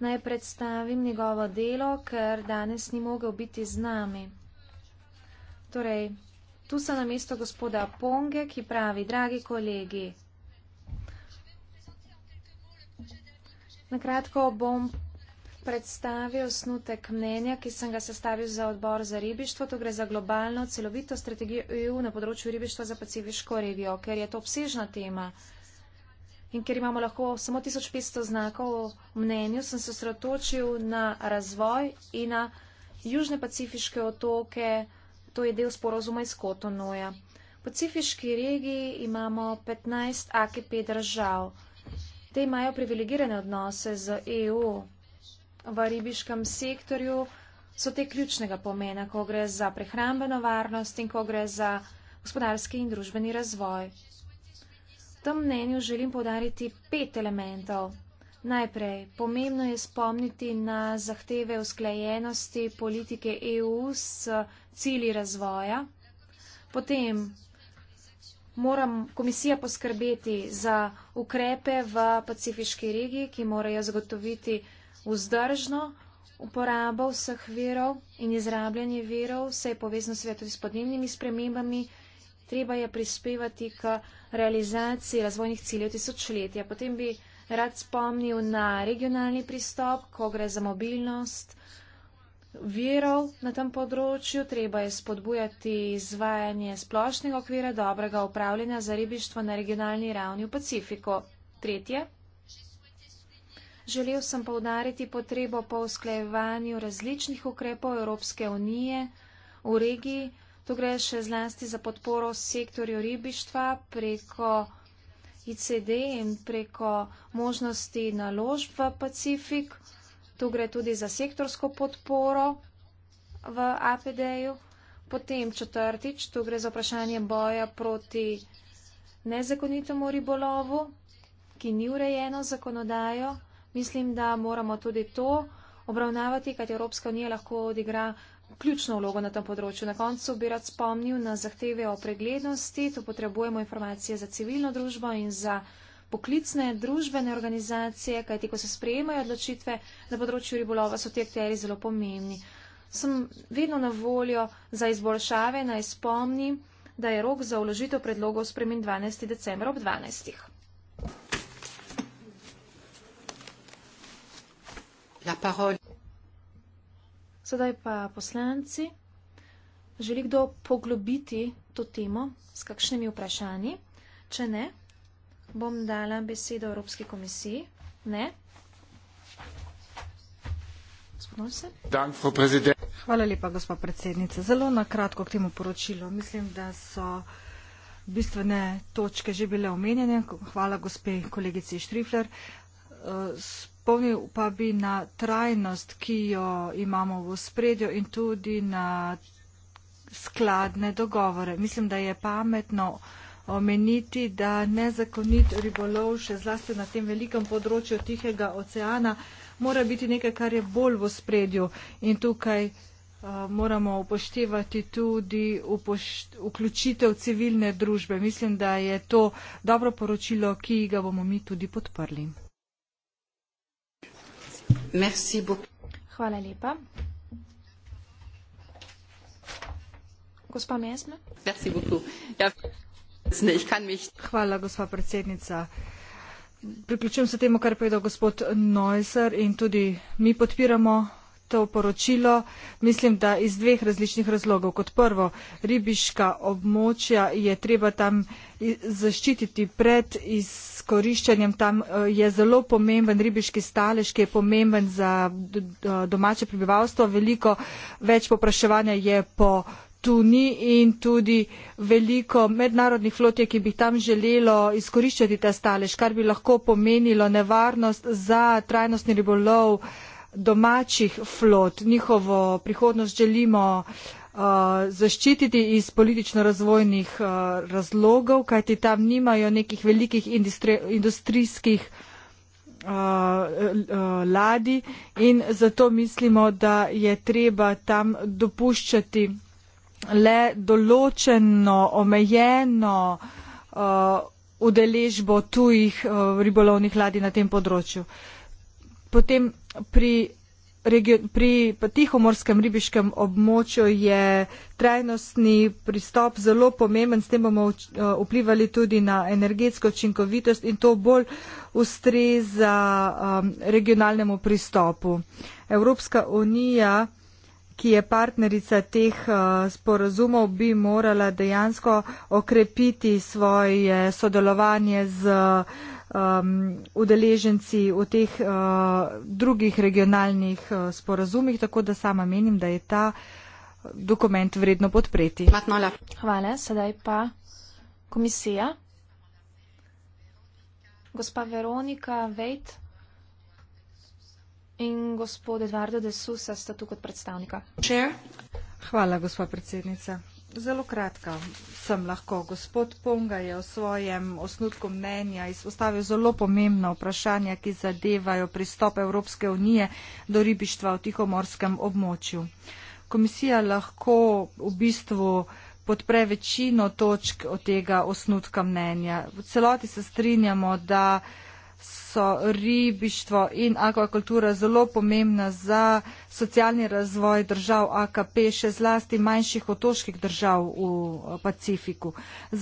Naj predstavim njegovo delo, ker danes ni mogel biti z nami. Torej, tu sem na mesto gospoda Ponge, ki pravi, dragi kolegi, nakratko bom predstavil snutek mnenja, ki sem ga sestavil za odbor za ribištvo. To gre za globalno celovito strategijo EU na področju ribištva za pacifiško regijo, ker je to obsežna tema. In ker imamo lahko samo 1500 znakov o mnenju, sem se osredotočil na razvoj in na južne pacifiške otoke, to je del sporozuma iz Kotonoja. V pacifiški regiji imamo 15 AKP držav. Te imajo privilegirane odnose z EU. V ribiškem sektorju so te ključnega pomena, ko gre za prehrambeno varnost in ko gre za gospodarski in družbeni razvoj tem mnenju želim podariti pet elementov. Najprej, pomembno je spomniti na zahteve usklajenosti politike EU s cili razvoja. Potem, moram komisija poskrbeti za ukrepe v pacifiški regiji, ki morajo zagotoviti vzdržno uporabo vseh virov in izrabljanje virov, vse je povezano s podnebnimi spremembami treba je prispevati k realizaciji razvojnih ciljev tisočletja. Potem bi rad spomnil na regionalni pristop, ko gre za mobilnost virov na tem področju. Treba je spodbujati izvajanje splošnega okvira dobrega upravljanja za ribištvo na regionalni ravni v Pacifiku. Tretje. Želel sem povdariti potrebo po usklajevanju različnih ukrepov Evropske unije v regiji, To gre še zlasti za podporo sektorju ribištva preko ICD in preko možnosti naložb v Pacifik. Tu gre tudi za sektorsko podporo v APD-ju. Potem četrtič, tu gre za vprašanje boja proti nezakonitemu ribolovu, ki ni urejeno zakonodajo. Mislim, da moramo tudi to obravnavati, kaj Evropska unija lahko odigra ključno vlogo na tem področju. Na koncu bi rad spomnil na zahteve o preglednosti. To potrebujemo informacije za civilno družbo in za poklicne družbene organizacije, kajti ko se sprejemajo odločitve na področju ribolova, so ti akteri zelo pomembni. Sem vedno na voljo za izboljšave, naj spomnim, da je rok za uložitev predlogov spremen 12. decembra ob 12. La parole. Sedaj pa poslanci, želi kdo poglobiti to temo s kakšnimi vprašanji? Če ne, bom dala besedo Evropski komisiji. Ne. Hvala lepa, gospod predsednica. Zelo na kratko k temu poročilu. Mislim, da so bistvene točke že bile omenjene. Hvala gospe kolegici Štrifler. Eh, spomnil pa bi na trajnost, ki jo imamo v spredju in tudi na skladne dogovore. Mislim, da je pametno omeniti, da nezakonit ribolov še zlasti na tem velikem področju Tihega oceana mora biti nekaj, kar je bolj v spredju in tukaj uh, moramo upoštevati tudi vključitev civilne družbe. Mislim, da je to dobro poročilo, ki ga bomo mi tudi podprli. Merci beaucoup. Hvala lepa. Gospa Mesme? Merci beaucoup. Ja, Hvala, gospa predsednica. Priključujem se temu, kar je povedal gospod Neusser in tudi mi podpiramo to poročilo, mislim, da iz dveh različnih razlogov. Kot prvo, ribiška območja je treba tam zaščititi pred izkoriščanjem. Tam eh, je zelo pomemben ribiški stalež, ki je pomemben za domače prebivalstvo. Veliko več popraševanja je po tuni in tudi veliko mednarodnih flotje, ki bi tam želelo izkoriščati ta stalež, kar bi lahko pomenilo nevarnost za trajnostni ribolov domačih flot, njihovo prihodnost želimo uh, zaščititi iz politično-razvojnih uh, razlogov, kajti tam nimajo nekih velikih industri industrijskih uh, uh, ladi in zato mislimo, da je treba tam dopuščati le določeno, omejeno uh, udeležbo tujih uh, ribolovnih ladi na tem področju. Uh, Potem pri, region, pri tihomorskem ribiškem območju je trajnostni pristop zelo pomemben, s tem bomo uh, vplivali tudi na energetsko učinkovitost in to bolj ustreza um, regionalnemu pristopu. Evropska unija, ki je partnerica teh uh, sporazumov, bi morala dejansko okrepiti svoje sodelovanje z. Uh, um, udeleženci v teh uh, drugih regionalnih uh, sporazumih, tako da sama menim, da je ta dokument vredno podpreti. Matnola. Hvala. Sedaj pa komisija. Gospa Veronika Vejt in gospod Edvardo de Susa sta tu kot predstavnika. Chair. Hvala, gospod predsednica. Zelo kratka sem lahko. Gospod Ponga je v svojem osnutku mnenja izpostavil zelo pomembna vprašanja, ki zadevajo pristop Evropske unije do ribištva v tihomorskem območju. Komisija lahko v bistvu podpre večino točk od tega osnutka mnenja. V celoti se strinjamo, da so ribištvo in akvakultura zelo pomembna za socialni razvoj držav AKP, še zlasti manjših otoških držav v eh, Pacifiku.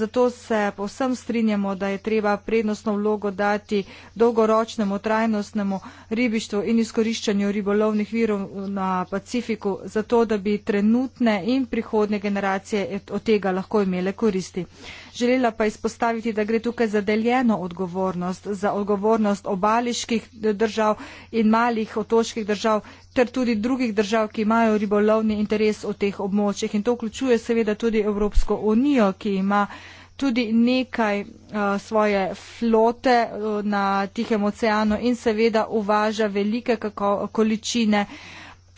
Zato se povsem strinjamo, da je treba prednostno vlogo dati dolgoročnemu trajnostnemu ribištvu in izkoriščanju ribolovnih virov na Pacifiku, zato da bi trenutne in prihodne generacije od tega lahko imele koristi. Želela pa izpostaviti, da gre tukaj za deljeno odgovornost, za odgovornost obaliških držav in malih otoških držav ter tudi drugih držav, ki imajo ribolovni interes v teh območjih. In to vključuje seveda tudi Evropsko unijo, ki ima tudi nekaj uh, svoje flote eh, na Tihem oceanu in seveda uvaža velike kako, količine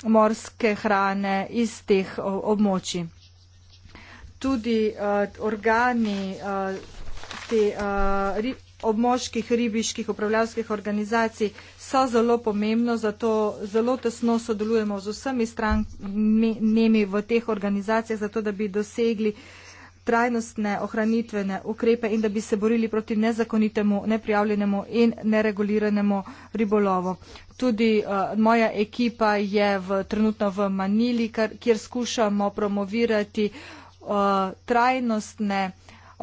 morske hrane iz teh uh, območij tudi uh, organi uh, te, uh, ri, obmoških ribiških upravljavskih organizacij so zelo pomembno, zato zelo tesno sodelujemo z vsemi stranmi v teh organizacijah, zato da bi dosegli trajnostne ohranitvene ukrepe in da bi se borili proti nezakonitemu, neprijavljenemu in nereguliranemu ribolovu. Tudi uh, moja ekipa je v, trenutno v Manili, kar, kjer skušamo promovirati uh, Eh, trajnostne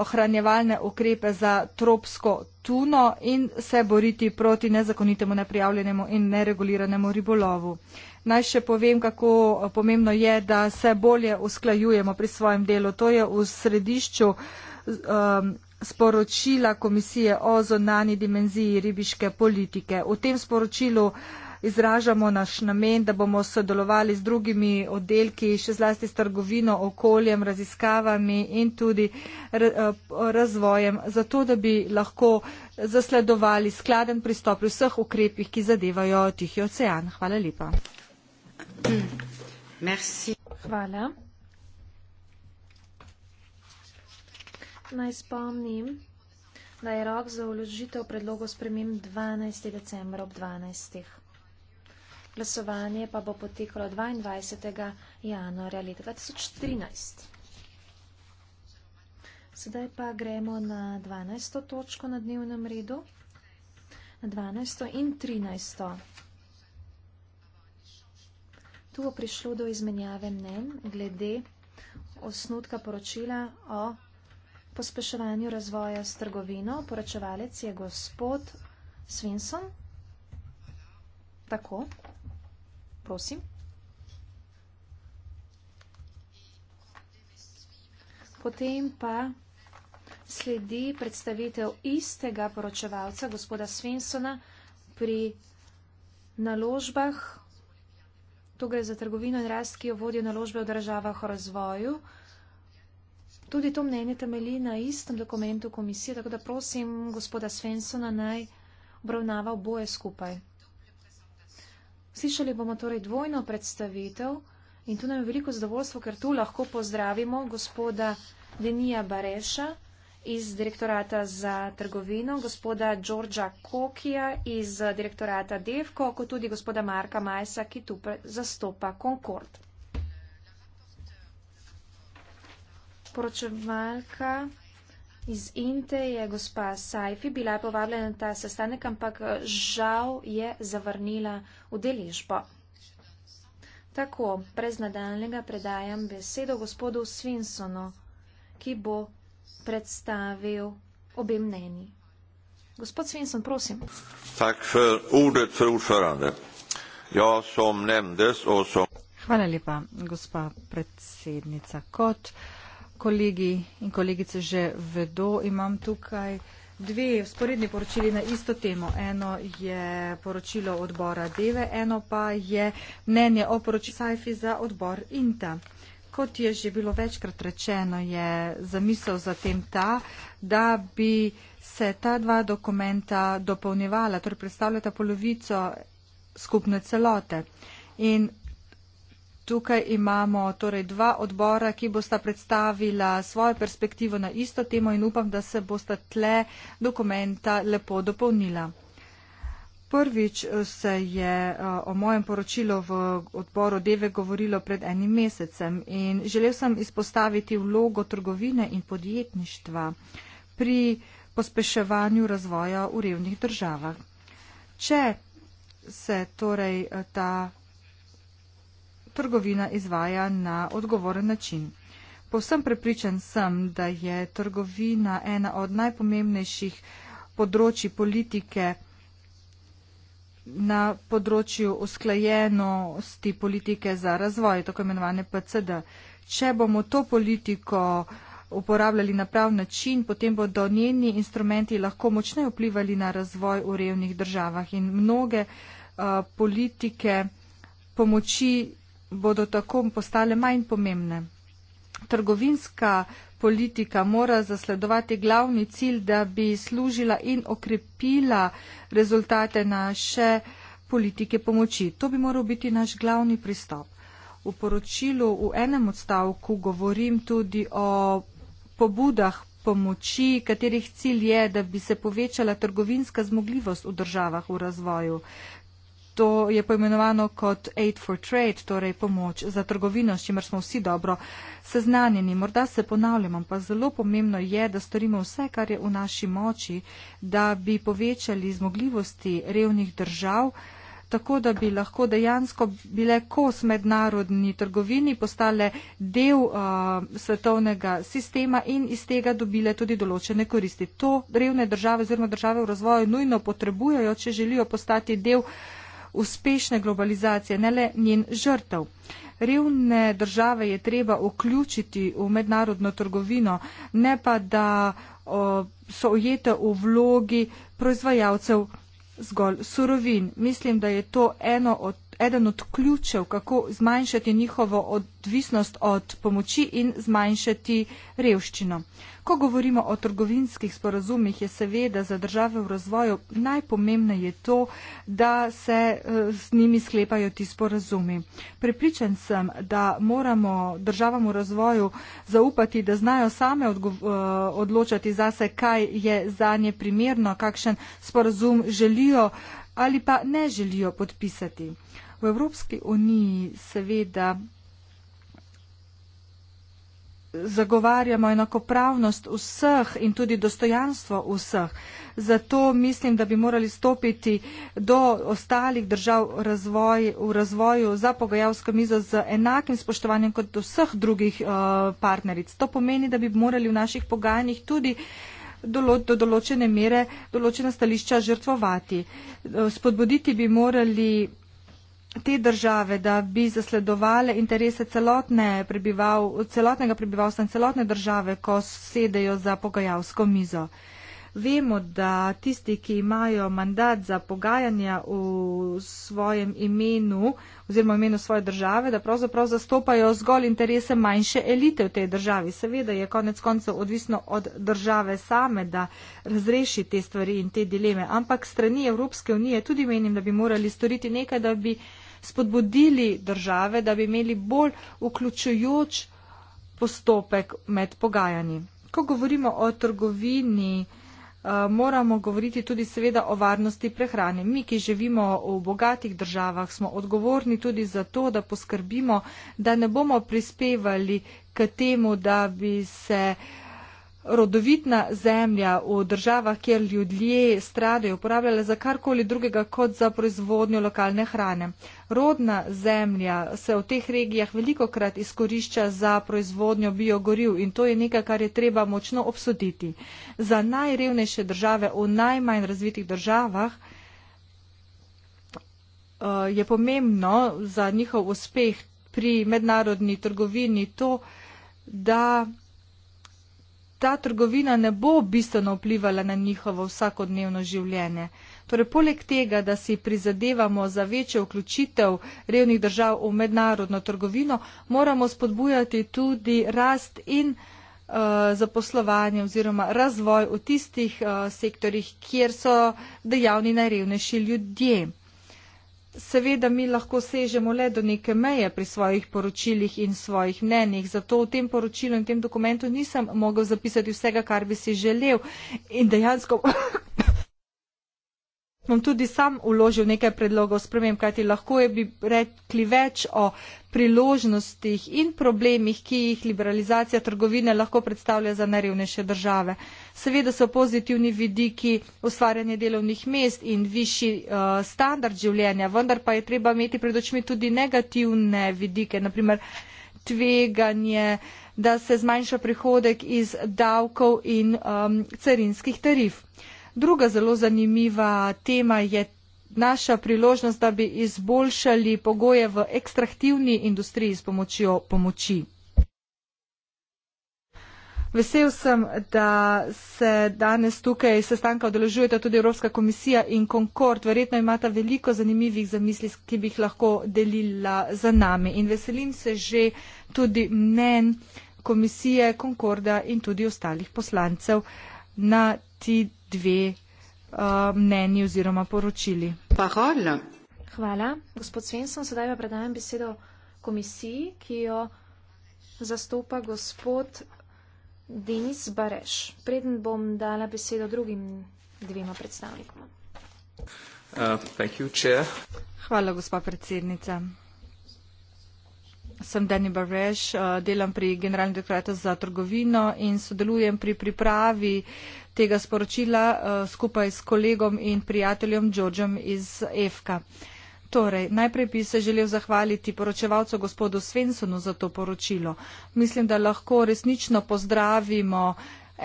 ohranjevalne ukrepe za tropsko tuno in se boriti proti nezakonitemu, neprijavljenemu in nereguliranemu ribolovu. Naj še povem, kako eh, pomembno je, da se bolje usklajujemo pri svojem delu. To je v središču um, sporočila Komisije o zonani dimenziji ribiške politike. V tem sporočilu uh, izražamo naš namen, da bomo sodelovali z drugimi oddelki, še zlasti s trgovino, okoljem, raziskavami in tudi eh, razvojem, zato da bi lahko zasledovali skladen pristop pri vseh ukrepih, ki zadevajo Tihi ocean. Hvala lepa. Merci. Hvala. Naj spomnim, da je rok za uložitev predlogov spremem 12. decembra ob 12. Glasovanje pa bo potekalo 22. januarja leta 2013. Sedaj pa gremo na 12. točko na dnevnem redu, na 12. in 13. Tu bo prišlo do izmenjave mnen glede osnutka poročila o pospeševanju razvoja s trgovino. Poročevalec je gospod Svinson. Tako prosim. Potem pa sledi predstavitev istega poročevalca, gospoda Svensona, pri naložbah. Tu gre za trgovino in rast, ki jo vodijo naložbe v državah o razvoju. Tudi to mnenje temelji na istem dokumentu komisije, tako da prosim gospoda Svensona naj obravnava oboje skupaj. Slišali bomo torej dvojno predstavitev in tu nam je veliko zadovoljstvo, ker tu lahko pozdravimo gospoda Denija Bareša iz direktorata za trgovino, gospoda Đorđa Kokija iz direktorata Devko, kot tudi gospoda Marka Majsa, ki tu zastopa Concord. Poročevalka Iz Inte je gospa Sajfi bila povabljena na ta sestanek, ampak žal je zavrnila udeležbo. Tako, brez nadaljnega predajam besedo gospodu Svinsonu, ki bo predstavil obe mneni. Gospod Svinson, prosim. Tak, ordet, ja, som nemdes, som... Hvala lepa, gospa predsednica Kot. Uh, kolegi in kolegice že vedo, imam tukaj dve sporedni poročili na isto temo. Eno je poročilo odbora Deve, eno pa je mnenje o poročilu Sajfi za odbor Inta. Kot je že bilo večkrat rečeno, je zamisel za tem ta, da bi se ta dva dokumenta dopolnjevala, torej predstavljata polovico skupne celote. In Tukaj imamo torej dva odbora, ki bosta predstavila svojo perspektivo na isto temo in upam, da se bosta tle dokumenta lepo dopolnila. Prvič eh, se je eh, o mojem poročilu v odboru Deve govorilo pred enim mesecem in želel sem izpostaviti vlogo trgovine in podjetništva pri pospeševanju razvoja v revnih državah. Če se torej eh, ta trgovina izvaja na odgovoren način. Povsem prepričan sem, da je trgovina ena od najpomembnejših področji politike na področju usklajenosti politike za razvoj, tako imenovane PCD. Če bomo to politiko uporabljali na prav način, potem bodo njeni instrumenti lahko močno vplivali na razvoj v revnih državah in mnoge uh, politike pomoči bodo tako postale manj pomembne. Trgovinska politika mora zasledovati glavni cilj, da bi služila in okrepila rezultate naše politike pomoči. To bi moral biti naš glavni pristop. V poročilu v enem odstavku govorim tudi o pobudah pomoči, katerih cilj je, da bi se povečala trgovinska zmogljivost v državah v razvoju, To je poimenovano kot aid for trade, torej pomoč za trgovino, s čimer smo vsi dobro seznanjeni. Morda se ponavljam, ampak zelo pomembno je, da storimo vse, kar je v naši moči, da bi povečali zmogljivosti revnih držav, tako da bi lahko dejansko bile kos mednarodni trgovini, postale del uh, svetovnega sistema in iz tega dobile tudi določene koristi. To revne države oziroma države v razvoju nujno potrebujejo, če želijo postati del uspešne globalizacije, ne le njen žrtev. Revne države je treba vključiti v mednarodno trgovino, ne pa da o, so ujete v vlogi proizvajalcev zgolj surovin. Mislim, da je to eno od eden od ključev, kako zmanjšati njihovo odvisnost od pomoči in zmanjšati revščino. Ko govorimo o trgovinskih sporazumih, je seveda za države v razvoju najpomembneje to, da se eh, z njimi sklepajo ti sporazumi. Prepričan sem, da moramo državam v razvoju zaupati, da znajo same eh, odločati za se, kaj je za nje primerno, kakšen sporazum želijo ali pa ne želijo podpisati. V Evropski uniji seveda zagovarjamo enakopravnost vseh in tudi dostojanstvo vseh. Zato mislim, da bi morali stopiti do ostalih držav razvoj, v razvoju za pogajalsko mizo z enakim spoštovanjem kot do vseh drugih uh, partneric. To pomeni, da bi morali v naših pogajanjih tudi do določene mere določena stališča žrtvovati. Eh, spodbuditi bi morali te države, da bi zasledovale interese celotne prebival, celotnega prebivalstva in celotne države, ko sedejo za pogajalsko mizo. Vemo, da tisti, ki imajo mandat za pogajanja v svojem imenu oziroma imenu svoje države, da pravzaprav zastopajo zgolj interese manjše elite v tej državi. Seveda je konec koncev odvisno od države same, da razreši te stvari in te dileme, ampak strani Evropske unije tudi menim, da bi morali storiti nekaj, da bi spodbudili države, da bi imeli bolj vključujoč postopek med pogajanji. Ko govorimo o trgovini, eh, moramo govoriti tudi seveda o varnosti prehrane. Mi, ki živimo v bogatih državah, smo odgovorni tudi za to, da poskrbimo, da ne bomo prispevali k temu, da bi se uh, rodovitna zemlja v državah, kjer ljudje stradajo, uporabljala za karkoli drugega kot za proizvodnjo lokalne hrane. Rodna zemlja se v teh regijah veliko krat izkorišča za proizvodnjo biogoriv in to je nekaj, kar je treba močno obsoditi. Za najrevnejše države v najmanj razvitih državah eh, je pomembno za njihov uspeh pri mednarodni trgovini to, da ta trgovina ne bo bistveno vplivala na njihovo vsakodnevno življenje. Torej, poleg tega, da si prizadevamo za večjo vključitev revnih držav v mednarodno trgovino, moramo spodbujati tudi rast in eh, zaposlovanje oziroma razvoj v tistih uh, sektorjih, kjer so dejavni najrevnejši ljudje. Seveda mi lahko sežemo le do neke meje pri svojih poročilih in svojih mnenjih, zato v tem poročilu in tem dokumentu nisem mogel zapisati vsega, kar bi si želel in dejansko. Bom tudi sam uložil nekaj predlogov spremem, kajti lahko je bi rekli več o priložnostih in problemih, ki jih liberalizacija trgovine lahko predstavlja za najrevnejše države. Seveda so pozitivni vidiki ustvarjanje delovnih mest in višji uh, standard življenja, vendar pa je treba imeti pred očmi tudi negativne vidike, naprimer tveganje, da se zmanjša prihodek iz davkov in um, carinskih tarif. Druga zelo zanimiva tema je naša priložnost, da bi izboljšali pogoje v ekstraktivni industriji s pomočjo pomoči. Vesel sem, da se danes tukaj sestanka odeležujete tudi Evropska komisija in Concord. Verjetno imata veliko zanimivih zamisli, ki bi jih lahko delila z nami. In veselim se že tudi mnen komisije Concorda in tudi ostalih poslancev na ti dve uh, mnenji oziroma poročili. Pa hvala. Hvala. Gospod Svensson, sedaj pa predajam besedo komisiji, ki jo zastopa gospod Denis Bareš. Preden bom dala besedo drugim dvema predstavnikom. Uh, Hvala, gospa predsednica. Sem Dani Bareš, uh, delam pri Generalnem dekretu za trgovino in sodelujem pri pripravi tega sporočila uh, skupaj s kolegom in prijateljem Džođom iz EFK. -a. Torej, najprej bi se želel zahvaliti poročevalcu gospodu Svensonu za to poročilo. Mislim, da lahko resnično pozdravimo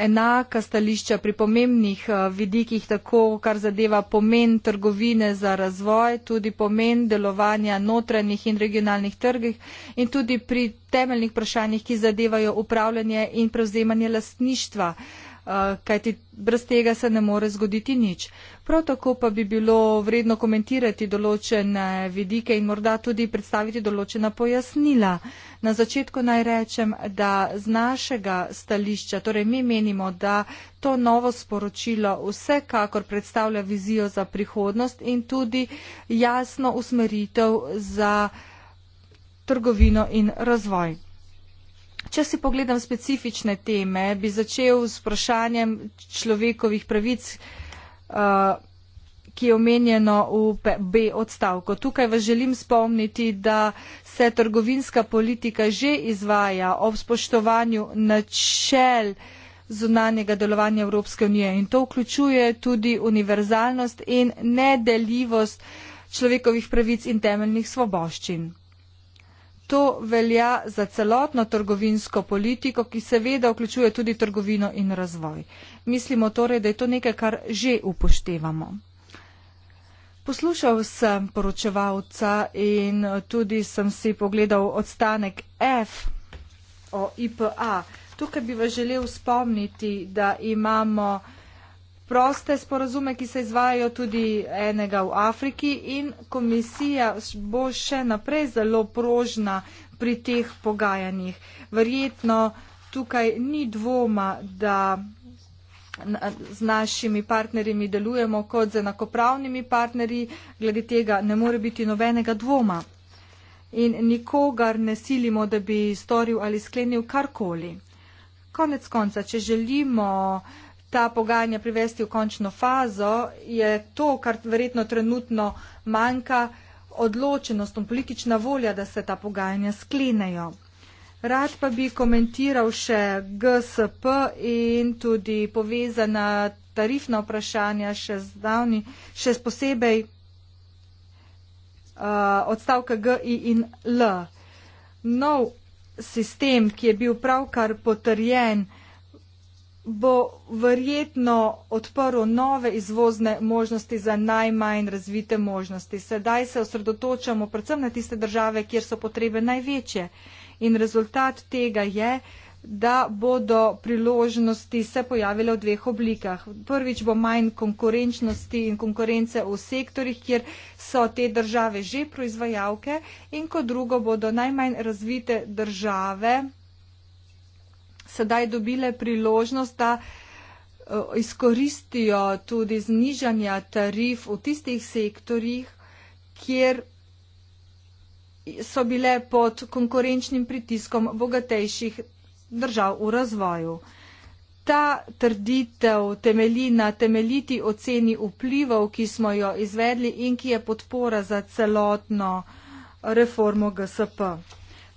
enaka stališča pri pomembnih eh, vidikih, tako kar zadeva pomen trgovine za razvoj, tudi pomen delovanja notranjih in regionalnih trgih in tudi pri temeljnih vprašanjih, ki zadevajo upravljanje in prevzemanje lastništva. Eh, kajti brez tega se ne more zgoditi nič. Prav tako pa bi bilo vredno komentirati določene vidike in morda tudi predstaviti določena pojasnila. Na začetku naj rečem, da z našega stališča, torej mi menimo, da to novo sporočilo vsekakor predstavlja vizijo za prihodnost in tudi jasno usmeritev za trgovino in razvoj. Če si pogledam specifične teme, bi začel s vprašanjem človekovih pravic, eh, ki je omenjeno v B odstavku. Tukaj vas želim spomniti, da se trgovinska politika že izvaja ob spoštovanju načel zunanjega delovanja Evropske unije in to vključuje tudi univerzalnost in nedeljivost človekovih pravic in temeljnih svoboščin. To velja za celotno trgovinsko politiko, ki seveda vključuje tudi trgovino in razvoj. Mislimo torej, da je to nekaj, kar že upoštevamo. Poslušal sem poročevalca in tudi sem si pogledal odstanek F o IPA. Tukaj bi vas želel spomniti, da imamo proste sporazume, ki se izvajajo tudi enega v Afriki in komisija bo še naprej zelo prožna pri teh pogajanjih. Verjetno tukaj ni dvoma, da z našimi partnerji delujemo kot z enakopravnimi partnerji, glede tega ne more biti nobenega dvoma in nikogar ne silimo, da bi storil ali sklenil karkoli. Konec konca, če želimo uh, ta pogajanja privesti v končno fazo, je to, kar verjetno trenutno manjka, odločenost in politična volja, da se ta pogajanja sklenejo. Rad pa bi komentiral še GSP in tudi povezana tarifna vprašanja še zdavni, še posebej uh, odstavka GI in L. Nov sistem, ki je bil pravkar potrjen, bo verjetno odprl nove izvozne možnosti za najmanj razvite možnosti. Sedaj se osredotočamo predvsem na tiste države, kjer so potrebe največje. In rezultat tega je, da bodo priložnosti se pojavile v dveh oblikah. Prvič bo manj konkurenčnosti in konkurence v sektorjih, kjer so te države že proizvajalke, in kot drugo bodo najmanj razvite države sedaj dobile priložnost, da eh, izkoristijo tudi znižanja tarif v tistih sektorjih, kjer so bile pod konkurenčnim pritiskom bogatejših držav v razvoju. Ta trditev temelji na temeljiti oceni vplivov, ki smo jo izvedli in ki je podpora za celotno eh, reformo GSP.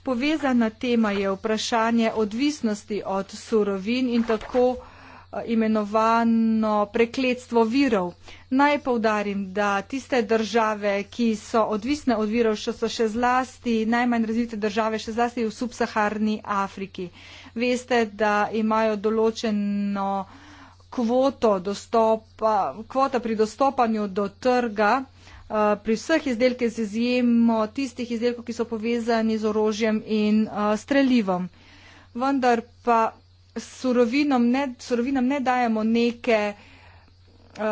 Povezana tema je vprašanje odvisnosti od surovin in tako eh, imenovano prekletstvo virov. Naj povdarim, da tiste države, ki so odvisne od virov, še so še zlasti najmanj razvite države, še zlasti v subsaharni Afriki. Veste, da imajo določeno kvoto dostopa, kvota pri dostopanju do trga, Eh, pri vseh izdelkih z izjemo tistih izdelkov, ki so povezani z orožjem in uh, eh, streljivom. Vendar pa surovinam ne, surovinam ne dajemo neke uh,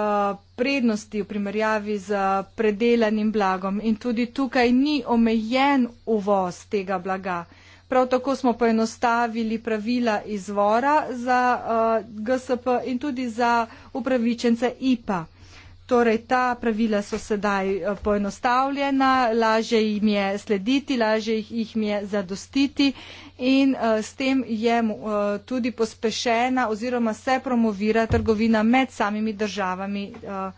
prednosti v primerjavi z predelanim blagom in tudi tukaj ni omejen uvoz tega blaga. Prav tako smo poenostavili pravila izvora za uh, GSP in tudi za upravičence IPA. Torej, ta pravila so sedaj eh, poenostavljena, lažje jim je slediti, lažje jih je zadostiti in uh, s tem je uh, tudi pospešena oziroma se promovira trgovina med samimi državami. Uh,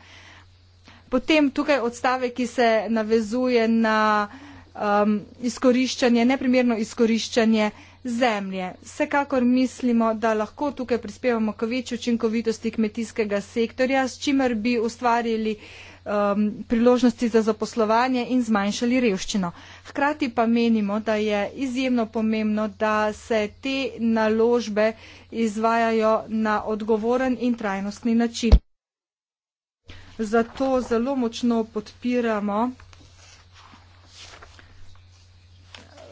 potem tukaj odstave, ki se navezuje na um, izkoriščanje, neprimerno izkoriščanje uh, zemlje. Vsekakor mislimo, da lahko tukaj prispevamo k večji učinkovitosti kmetijskega sektorja, s čimer bi ustvarili um, priložnosti za zaposlovanje in zmanjšali revščino. Hkrati pa menimo, da je izjemno pomembno, da se te naložbe izvajajo na odgovoren in trajnostni način. Zato zelo močno podpiramo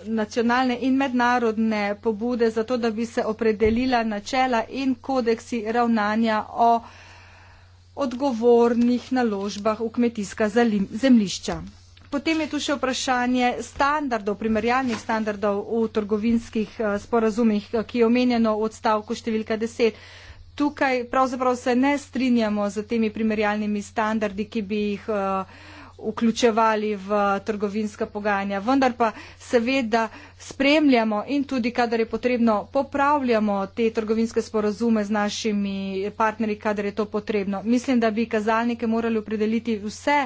nacionalne in mednarodne pobude za to, da bi se opredelila načela in kodeksi ravnanja o odgovornih naložbah v kmetijska zemlišča. Potem je tu še vprašanje standardov, primerjalnih standardov v trgovinskih eh, sporazumih, eh, ki je omenjeno v odstavku številka 10. Tukaj pravzaprav se ne strinjamo z temi primerjalnimi standardi, ki bi jih uh, vključevali v trgovinska pogajanja. Vendar pa seveda spremljamo in tudi, kadar je potrebno, popravljamo te trgovinske sporazume z našimi partnerji, kadar je to potrebno. Mislim, da bi kazalnike morali opredeliti vse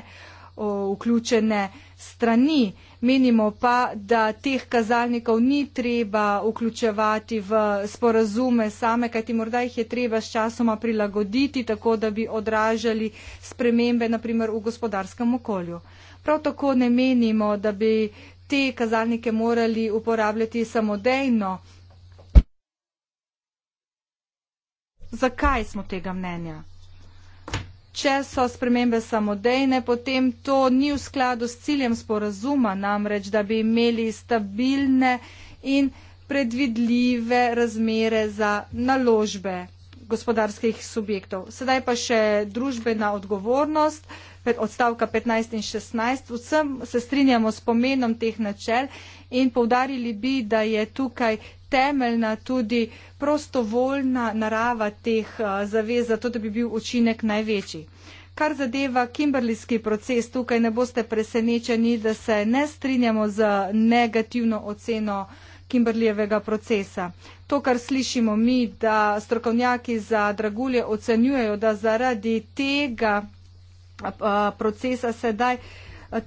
vključene strani. Menimo pa, da teh kazalnikov ni treba vključevati v sporazume same, kajti morda jih je treba sčasoma prilagoditi, tako da bi odražali spremembe, naprimer v gospodarskem okolju. Prav tako ne menimo, da bi te kazalnike morali uporabljati samodejno. Zakaj smo tega mnenja? Če so spremembe samodejne, potem to ni v skladu s ciljem sporazuma, namreč da bi imeli stabilne in predvidljive razmere za naložbe gospodarskih subjektov. Sedaj pa še družbena odgovornost odstavka 15 in 16. Vsem se strinjamo s pomenom teh načel in poudarili bi, da je tukaj temeljna tudi prostovoljna narava teh eh, zavez, zato da bi bil učinek največji. Kar zadeva kimberlijski proces, tukaj ne boste presenečeni, da se ne strinjamo z negativno oceno kimberlijevega procesa. To, kar slišimo mi, da strokovnjaki za dragulje ocenjujejo, da zaradi tega eh, procesa sedaj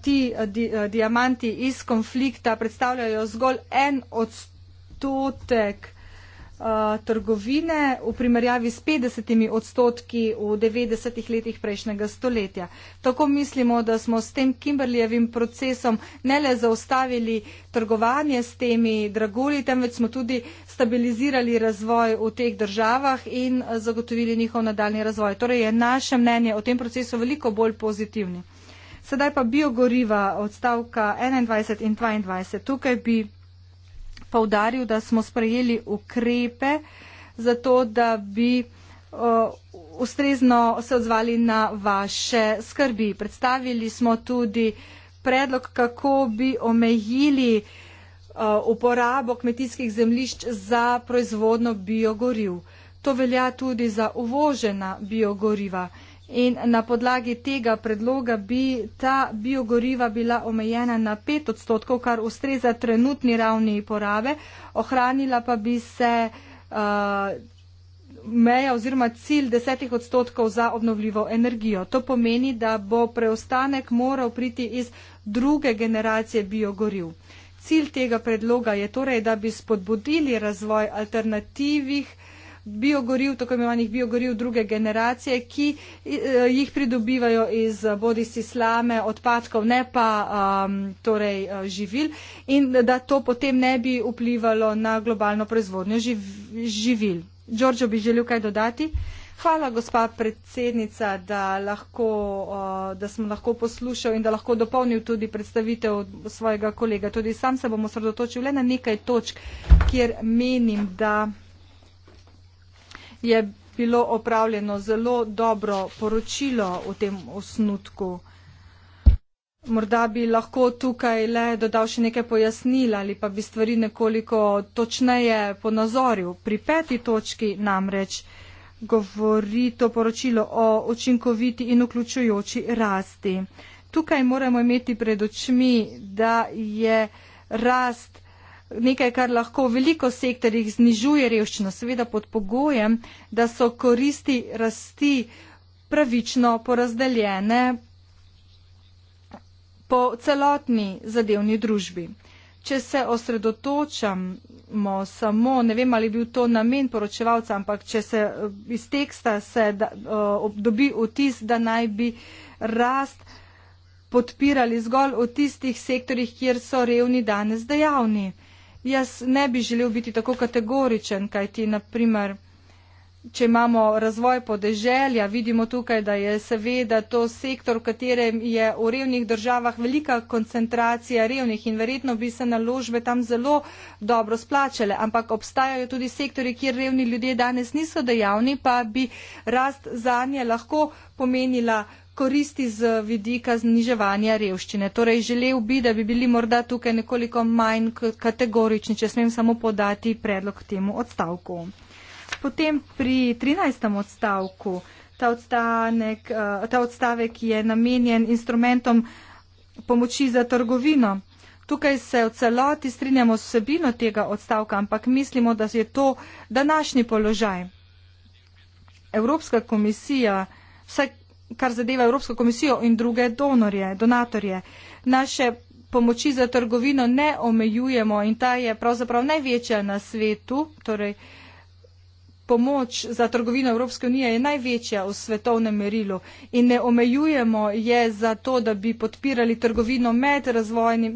ti eh, di, eh, diamanti iz konflikta predstavljajo zgolj en odstotek eh, trgovine v primerjavi s 50 odstotki v 90 letih prejšnjega stoletja. Tako mislimo, da smo s tem Kimberlijevim procesom ne le zaustavili trgovanje s temi dragulji, temveč smo tudi stabilizirali razvoj v teh državah in zagotovili njihov nadaljni razvoj. Torej je naše mnenje o tem procesu veliko bolj pozitivno. Sedaj pa biogoriva odstavka 21 in 22. Tukaj bi povdaril, da smo sprejeli ukrepe za to, da bi o, ustrezno se odzvali na vaše skrbi. Predstavili smo tudi predlog, kako bi omejili o, uporabo kmetijskih zemlišč za proizvodno biogoriv. To velja tudi za uvožena biogoriva. In na podlagi tega predloga bi ta biogoriva bila omejena na 5 odstotkov, kar ustreza trenutni ravni porabe, ohranila pa bi se uh, meja oziroma cilj 10 odstotkov za obnovljivo energijo. To pomeni, da bo preostanek moral priti iz druge generacije biogoriv. Cilj tega predloga je torej, da bi spodbudili razvoj alternativnih biogoriv, tako imenovanih biogoriv druge generacije, ki eh, jih pridobivajo iz eh, bodi si slame, odpadkov, ne pa um, torej eh, živil in da to potem ne bi vplivalo na globalno proizvodnjo živ, živil. Đorđo bi želel kaj dodati. Hvala, gospa predsednica, da, lahko, da sem lahko poslušal in da lahko dopolnil tudi predstavitev svojega kolega. Tudi sam se bom osredotočil le na nekaj točk, kjer menim, da je bilo opravljeno zelo dobro poročilo o tem osnutku. Morda bi lahko tukaj le dodal še nekaj pojasnila ali pa bi stvari nekoliko točneje ponazoril. Pri peti točki namreč govori to poročilo o učinkoviti in vključujoči rasti. Tukaj moramo imeti pred očmi, da je rast nekaj, kar lahko v veliko sektorjih znižuje revščino, seveda pod pogojem, da so koristi rasti pravično porazdeljene po celotni zadevni družbi. Če se osredotočamo samo, ne vem, ali je bil to namen poročevalca, ampak če se eh, iz teksta se da, eh, dobi vtis, da naj bi rast podpirali zgolj v tistih sektorjih, kjer so revni danes dejavni jaz ne bi želel biti tako kategoričen, kaj ti naprimer, če imamo razvoj podeželja, vidimo tukaj, da je seveda to sektor, v katerem je v revnih državah velika koncentracija revnih in verjetno bi se naložbe tam zelo dobro splačale, ampak obstajajo tudi sektori, kjer revni ljudje danes niso dejavni, pa bi rast zanje lahko pomenila koristi z vidika zniževanja revščine. Torej, želel bi, da bi bili morda tukaj nekoliko manj kategorični, če smem samo podati predlog k temu odstavku. Potem pri 13. odstavku, ta, odstanek, eh, ta odstavek je namenjen instrumentom pomoči za trgovino. Tukaj se v celoti strinjamo s vsebino tega odstavka, ampak mislimo, da je to današnji položaj. Evropska komisija, vsaj kar zadeva Evropsko komisijo in druge donorje, donatorje. Naše pomoči za trgovino ne omejujemo in ta je pravzaprav največja na svetu, torej pomoč za trgovino Evropske unije je največja v svetovnem merilu in ne omejujemo je za to, da bi podpirali trgovino med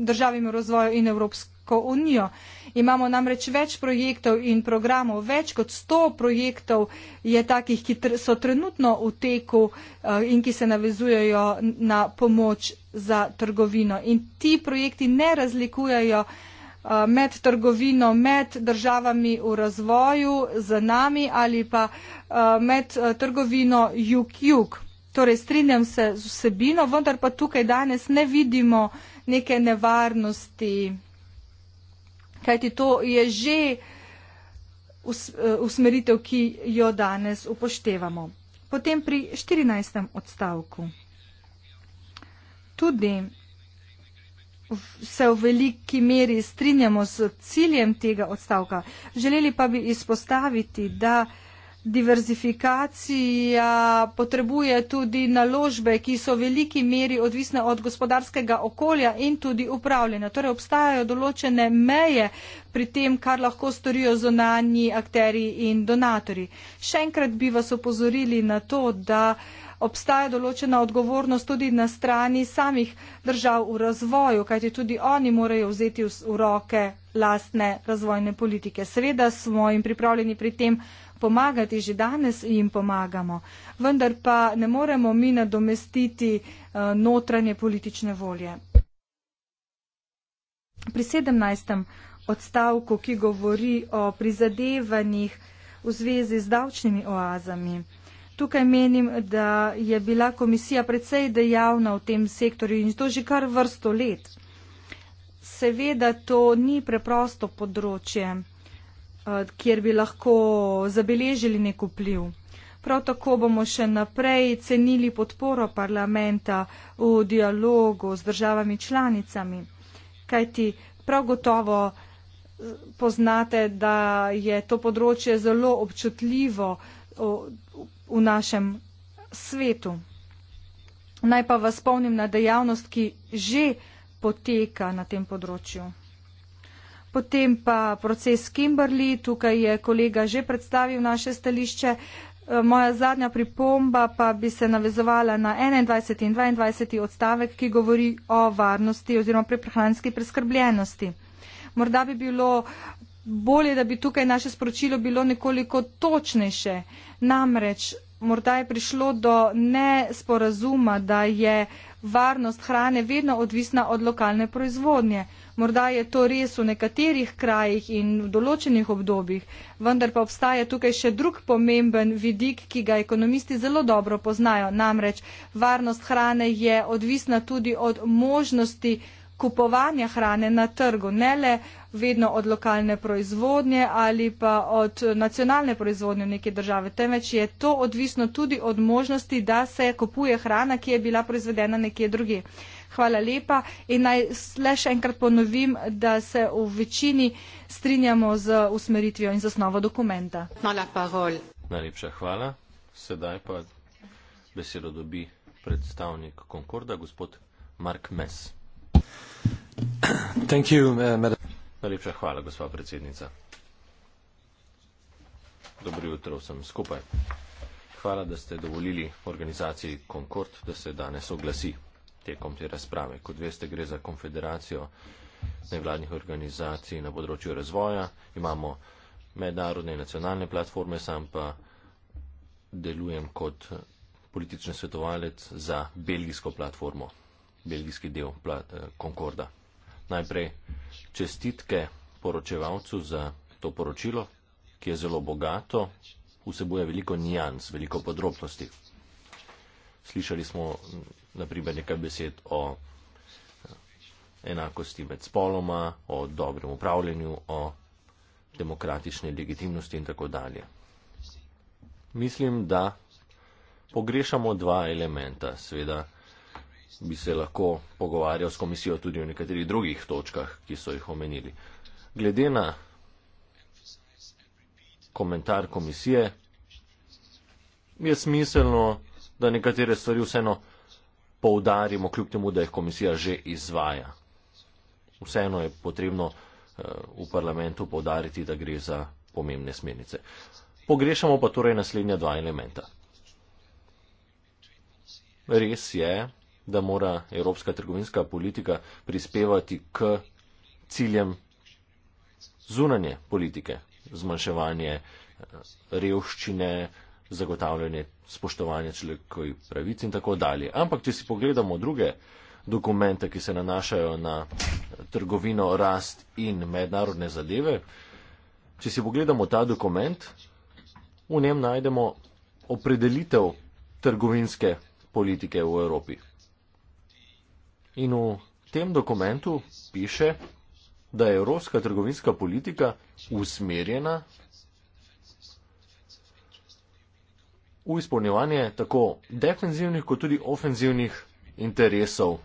državami v razvoju in Evropsko unijo. Imamo namreč več projektov in programov, več kot sto projektov je takih, ki tr so trenutno v teku uh, in ki se navezujejo na pomoč za trgovino. In ti projekti ne razlikujejo uh, med trgovino, med državami v razvoju z nami ali pa uh, med uh, trgovino jug-jug. Torej, strinjam se z vsebino, vendar pa tukaj danes ne vidimo neke nevarnosti kajti to je že us, eh, usmeritev, ki jo danes upoštevamo. Potem pri 14. odstavku. Tudi se v veliki meri strinjamo s ciljem tega odstavka. Želeli pa bi izpostaviti, da diverzifikacija potrebuje tudi naložbe, ki so v veliki meri odvisne od gospodarskega okolja in tudi upravljanja. Torej obstajajo določene meje pri tem, kar lahko storijo zonanji akteri in donatori. Še enkrat bi vas opozorili na to, da obstaja določena odgovornost tudi na strani samih držav v razvoju, kajti tudi oni morajo vzeti v roke lastne razvojne politike. Seveda smo jim pripravljeni pri tem, pomagati, že danes jim pomagamo, vendar pa ne moremo mi nadomestiti eh, notranje politične volje. Pri sedemnajstem odstavku, ki govori o prizadevanjih v zvezi z davčnimi oazami, tukaj menim, da je bila komisija precej dejavna v tem sektorju in to že kar vrsto let. Seveda to ni preprosto področje. Eh, kjer bi lahko zabeležili nek vpliv. Prav tako bomo še naprej cenili podporo parlamenta v dialogu z državami članicami, kajti prav gotovo eh, poznate, da je to področje zelo občutljivo v našem svetu. Naj pa vas spomnim na dejavnost, ki že poteka na tem področju potem pa proces Kimberly, tukaj je kolega že predstavil naše stališče. E, moja zadnja pripomba pa bi se navezovala na 21. in 22. odstavek, ki govori o varnosti oziroma prehranski preskrbljenosti. Morda bi bilo bolje, da bi tukaj naše sporočilo bilo nekoliko točnejše. Namreč morda je prišlo do nesporazuma, da je varnost hrane vedno odvisna od lokalne proizvodnje. Morda je to res v nekaterih krajih in v določenih obdobjih, vendar pa obstaja tukaj še drug pomemben vidik, ki ga ekonomisti zelo dobro poznajo. Namreč varnost hrane je odvisna tudi od možnosti kupovanja hrane na trgu, ne le vedno od lokalne proizvodnje ali pa od nacionalne proizvodnje neke države, temveč je to odvisno tudi od možnosti, da se kupuje hrana, ki je bila proizvedena nekje druge. Hvala lepa in naj le še enkrat ponovim, da se v večini strinjamo z usmeritvijo in zasnovo dokumenta. Najlepša hvala. Sedaj pa besedo dobi predstavnik Concorda, gospod Mark Mess. Uh, Najlepša hvala, gospa predsednica. Dobro jutro vsem skupaj. Hvala, da ste dovolili organizaciji Concord, da se danes oglasi tekom te razprave. Kot veste, gre za konfederacijo nevladnih organizacij na področju razvoja. Imamo mednarodne in nacionalne platforme, sam pa delujem kot politični svetovalec za belgijsko platformo, belgijski del eh, Concorda. Plat, eh, najprej čestitke poročevalcu za to poročilo, ki je zelo bogato, vsebuje veliko nijans, veliko podrobnosti. Slišali smo naprimer nekaj besed o enakosti med spoloma, o dobrem upravljanju, o demokratični legitimnosti in tako dalje. Mislim, da pogrešamo dva elementa. Sveda, bi se lahko pogovarjal s komisijo tudi o nekaterih drugih točkah, ki so jih omenili. Glede na komentar komisije je smiselno, da nekatere stvari vseeno poudarimo, kljub temu, da jih komisija že izvaja. Vseeno je potrebno eh, v parlamentu poudariti, da gre za pomembne smernice. Pogrešamo pa torej naslednja dva elementa. Res je, da mora evropska trgovinska politika prispevati k ciljem zunanje politike, zmanjševanje eh, revščine, zagotavljanje spoštovanja človekovih pravic in tako dalje. Ampak, če si pogledamo druge dokumente, ki se nanašajo na eh, trgovino, rast in mednarodne zadeve, če si pogledamo ta dokument, v njem najdemo opredelitev trgovinske politike v Evropi. In v tem dokumentu piše, da je evropska trgovinska politika usmerjena v izpolnjevanje tako defenzivnih kot tudi ofenzivnih interesov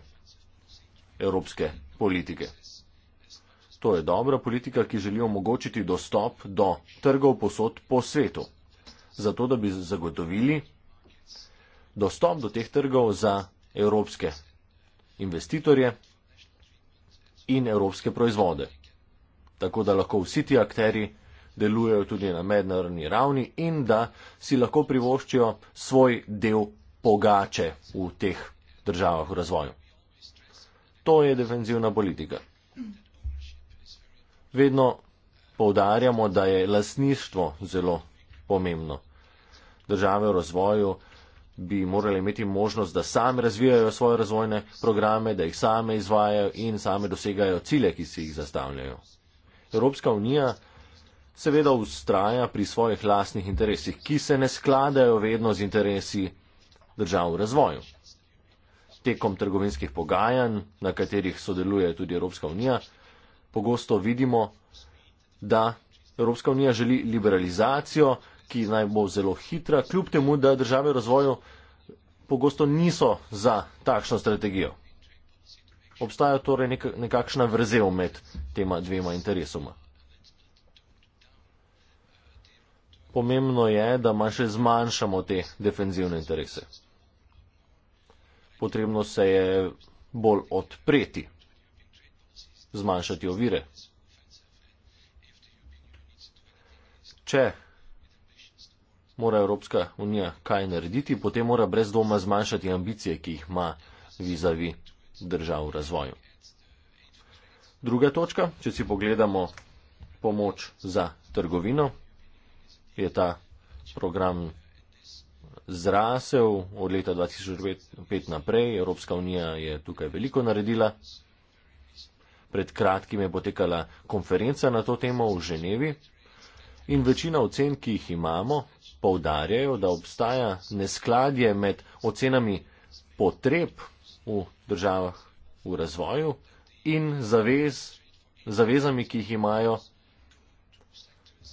evropske politike. To je dobra politika, ki želi omogočiti dostop do trgov posod po svetu, zato da bi zagotovili dostop do teh trgov za evropske investitorje in evropske proizvode. Tako da lahko vsi ti akteri delujejo tudi na mednarodni ravni in da si lahko privoščijo svoj del pogače v teh državah v razvoju. To je defenzivna politika. Vedno poudarjamo, da je lasništvo zelo pomembno. Države v razvoju bi morali imeti možnost, da sami razvijajo svoje razvojne programe, da jih sami izvajajo in sami dosegajo cilje, ki si jih zastavljajo. Evropska unija seveda ustraja pri svojih lastnih interesih, ki se ne skladajo vedno z interesi držav v razvoju. Tekom trgovinskih pogajanj, na katerih sodeluje tudi Evropska unija, pogosto vidimo, da Evropska unija želi liberalizacijo, ki naj bo zelo hitra, kljub temu, da države v razvoju pogosto niso za takšno strategijo. Obstaja torej nekakšna vrzel med tema dvema interesoma. Pomembno je, da manj še zmanjšamo te defenzivne interese. Potrebno se je bolj odpreti, zmanjšati ovire. Če mora Evropska unija kaj narediti, potem mora brez doma zmanjšati ambicije, ki jih ima vizavi držav v razvoju. Druga točka, če si pogledamo pomoč za trgovino, je ta program zrasel od leta 2005 naprej. Evropska unija je tukaj veliko naredila. Pred kratkim je potekala konferenca na to temo v Ženevi in večina ocen, ki jih imamo, poudarjajo, da obstaja neskladje med ocenami potreb v državah v razvoju in zavez, zavezami, ki jih imajo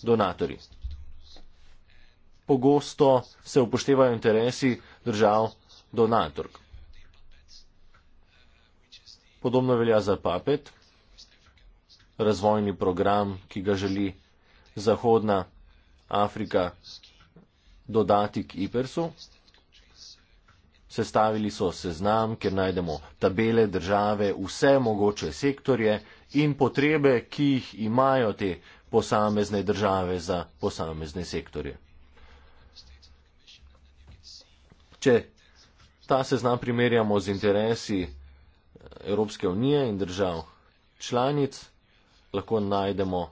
donatori. Pogosto se upoštevajo interesi držav donatork. Podobno velja za PAPET, razvojni program, ki ga želi Zahodna Afrika dodati k IPERSu. Sestavili so seznam, kjer najdemo tabele države, vse mogoče sektorje in potrebe, ki jih imajo te posamezne države za posamezne sektorje. Če ta seznam primerjamo z interesi eh, Evropske unije in držav članic, lahko najdemo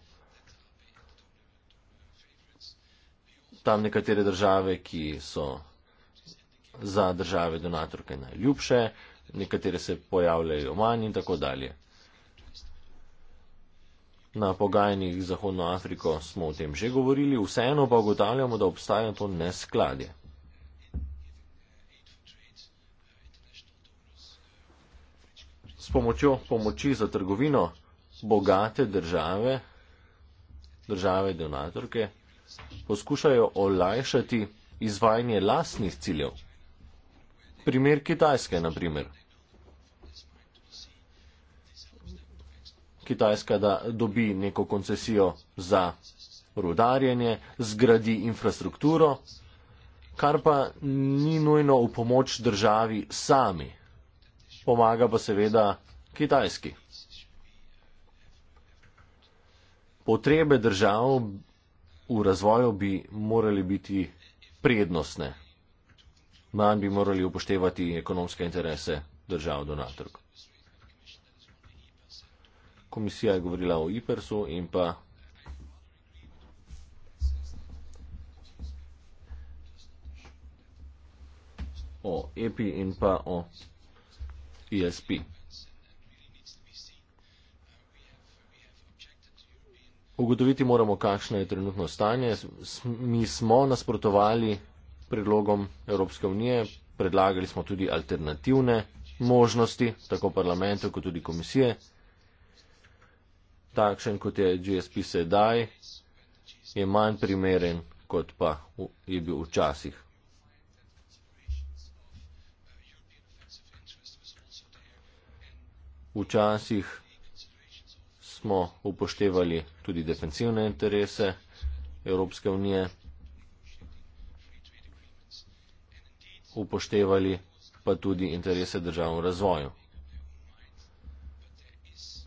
tam nekatere države, ki so za države donatorke najljubše, nekatere se pojavljajo manj in tako dalje. Na pogajanjih z Zahodno Afriko smo o tem že govorili, vseeno pa ugotavljamo, da obstaja to neskladje. S pomočjo pomoči za trgovino bogate države, države donatorke, poskušajo olajšati izvajanje lastnih ciljev. Primer Kitajske, na primer. Kitajska, da dobi neko koncesijo za rudarjenje, zgradi infrastrukturo, kar pa ni nujno v pomoč državi sami. Pomaga pa seveda kitajski. Potrebe držav v razvoju bi morali biti prednostne. Manj bi morali upoštevati ekonomske interese držav donatork. Komisija je govorila o IPERS-u in pa o EPI in pa o ESP. ugotoviti moramo, kakšno je trenutno stanje. Mi smo nasprotovali predlogom Evropske unije, predlagali smo tudi alternativne možnosti, tako parlamentu kot tudi komisije. Takšen, kot je GSP sedaj, je manj primeren, kot pa je bil včasih. Včasih smo upoštevali tudi defensivne interese Evropske unije, upoštevali pa tudi interese držav v razvoju.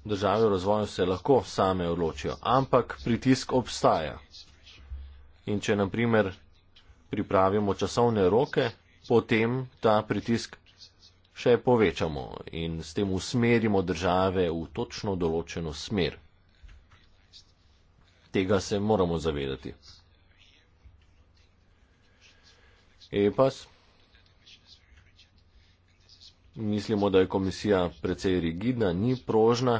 Države v razvoju se lahko same odločijo, ampak pritisk obstaja. In če naprimer pripravimo časovne roke, potem ta pritisk še povečamo in s tem usmerimo države v točno določeno smer. Tega se moramo zavedati. EPAS. Mislimo, da je komisija precej rigidna, ni prožna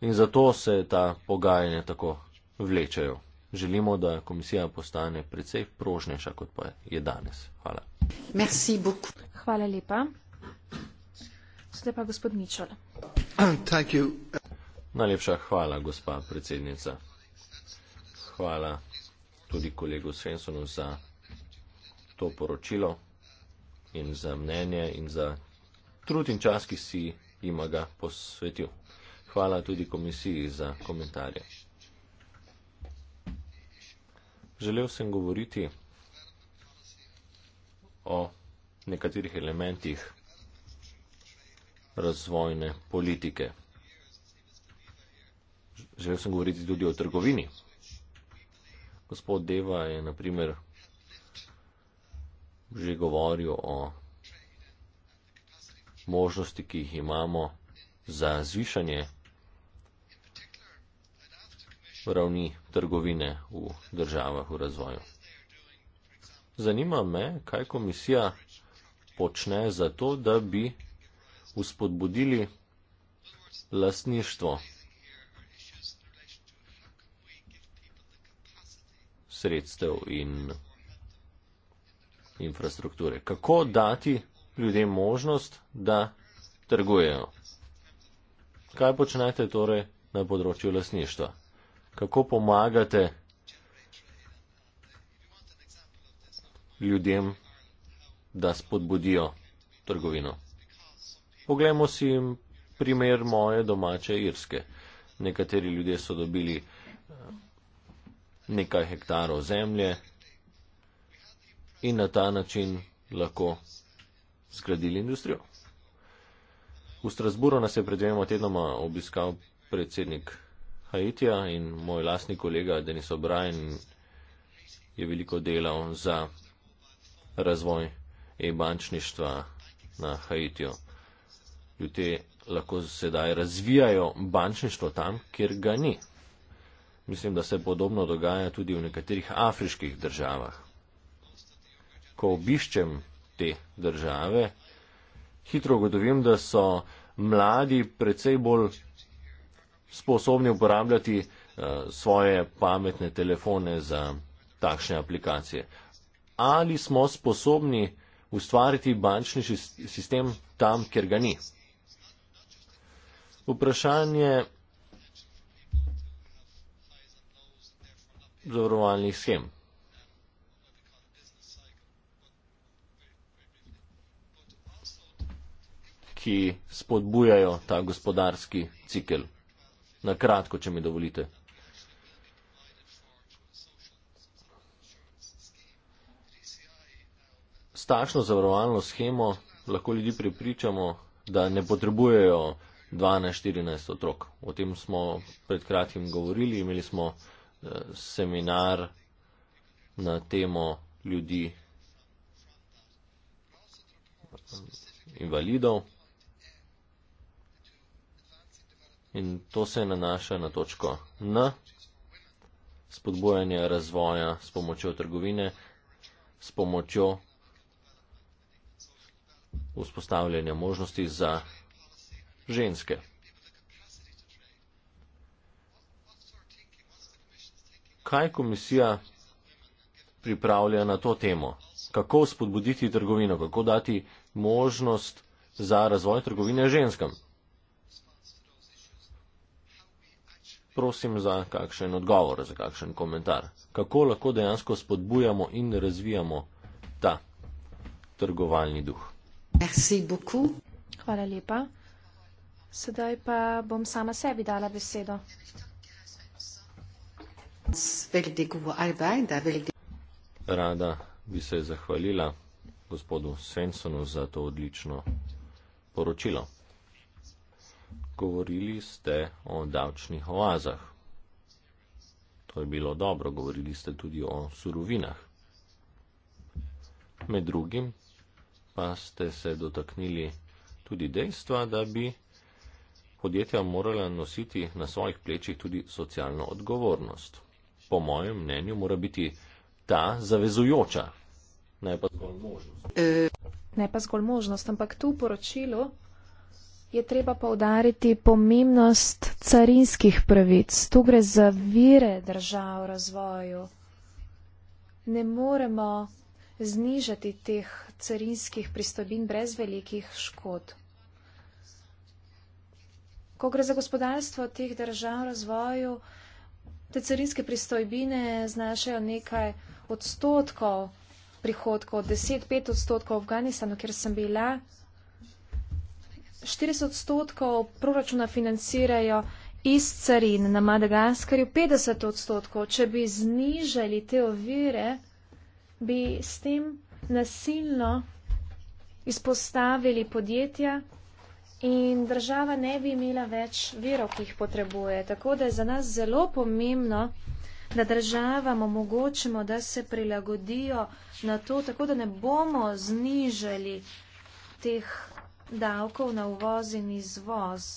in zato se ta pogajanja tako vlečajo. Želimo, da komisija postane precej prožnejša, kot pa je danes. Hvala. Merci beaucoup. Hvala lepa. Slepa gospod Mičel. Najlepša hvala, gospa predsednica. Hvala tudi kolegu Svensonu za to poročilo in za mnenje in za trud in čas, ki si ima ga posvetil. Hvala tudi komisiji za komentarje. Želel sem govoriti o nekaterih elementih razvojne politike. Želel sem govoriti tudi o trgovini. Gospod Deva je naprimer že govoril o možnosti, ki jih imamo za zvišanje ravni trgovine v državah v razvoju. Zanima me, kaj komisija počne za to, da bi uspodbudili lasništvo sredstev in infrastrukture. Kako dati ljudem možnost, da trgujejo? Kaj počnete torej na področju lasništva? Kako pomagate ljudem, da spodbudijo trgovino? Poglejmo si primer moje domače Irske. Nekateri ljudje so dobili eh, nekaj hektarov zemlje in na ta način lahko zgradili industrijo. V Strasburu nas je pred dvema tednoma obiskal predsednik Haitija in moj lastni kolega Denis O'Brien je veliko delal za razvoj e-bančništva na Haitiju ljudje lahko sedaj razvijajo bančništvo tam, kjer ga ni. Mislim, da se podobno dogaja tudi v nekaterih afriških državah. Ko obiščem te države, hitro ugotovim, da so mladi precej bolj sposobni uporabljati uh, svoje pametne telefone za takšne aplikacije. Ali smo sposobni ustvariti bančni sistem tam, kjer ga ni? vprašanje zavarovalnih schem. ki spodbujajo ta gospodarski cikel. Na kratko, če mi dovolite. S takšno zavarovalno schemo lahko ljudi pripričamo, da ne potrebujejo 12-14 otrok. O tem smo pred kratkim govorili, imeli smo eh, seminar na temo ljudi invalidov in to se nanaša na točko N, spodbojanje razvoja s pomočjo trgovine, s pomočjo vzpostavljanja možnosti za ženske. Kaj komisija pripravlja na to temo? Kako spodbuditi trgovino? Kako dati možnost za razvoj trgovine ženskam? Prosim za kakšen odgovor, za kakšen komentar. Kako lahko dejansko spodbujamo in razvijamo ta trgovalni duh? Hvala lepa. Sedaj pa bom sama sebi dala besedo. Rada bi se zahvalila gospodu Svensonu za to odlično poročilo. Govorili ste o davčnih oazah. To je bilo dobro, govorili ste tudi o surovinah. Med drugim pa ste se dotaknili tudi dejstva, da bi podjetja morala nositi na svojih plečih tudi socialno odgovornost. Po mojem mnenju mora biti ta zavezujoča, ne pa zgolj možnost. E. Ne pa zgolj možnost, ampak tu v poročilu je treba povdariti pomembnost carinskih pravic. Tu gre za vire držav v razvoju. Ne moremo znižati teh carinskih pristobin brez velikih škod ko gre za gospodarstvo teh držav v razvoju, te carinske pristojbine znašajo nekaj odstotkov prihodkov, 10-5 odstotkov v Afganistanu, kjer sem bila. 40 odstotkov proračuna financirajo iz carin na Madagaskarju, 50 odstotkov. Če bi znižali te ovire, bi s tem nasilno izpostavili podjetja, in država ne bi imela več virov, ki jih potrebuje. Tako da je za nas zelo pomembno, da državam omogočimo, da se prilagodijo na to, tako da ne bomo znižali teh davkov na uvoz in izvoz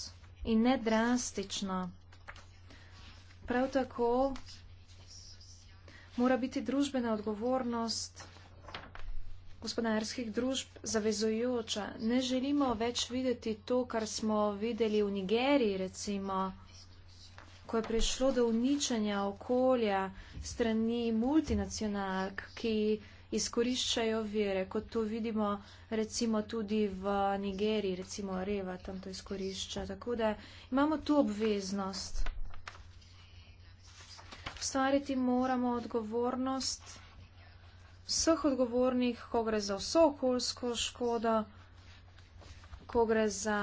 in ne drastično. Prav tako mora biti družbena odgovornost gospodarskih družb zavezujoča. Ne želimo več videti to, kar smo videli v Nigeriji, recimo, ko je prišlo do uničenja okolja strani multinacionalk, ki izkoriščajo vere, kot to vidimo recimo tudi v Nigeriji, recimo Reva tam to izkorišča. Tako da imamo tu obveznost. Ustvariti moramo odgovornost vseh odgovornih, ko gre za vso okoljsko škodo, ko gre za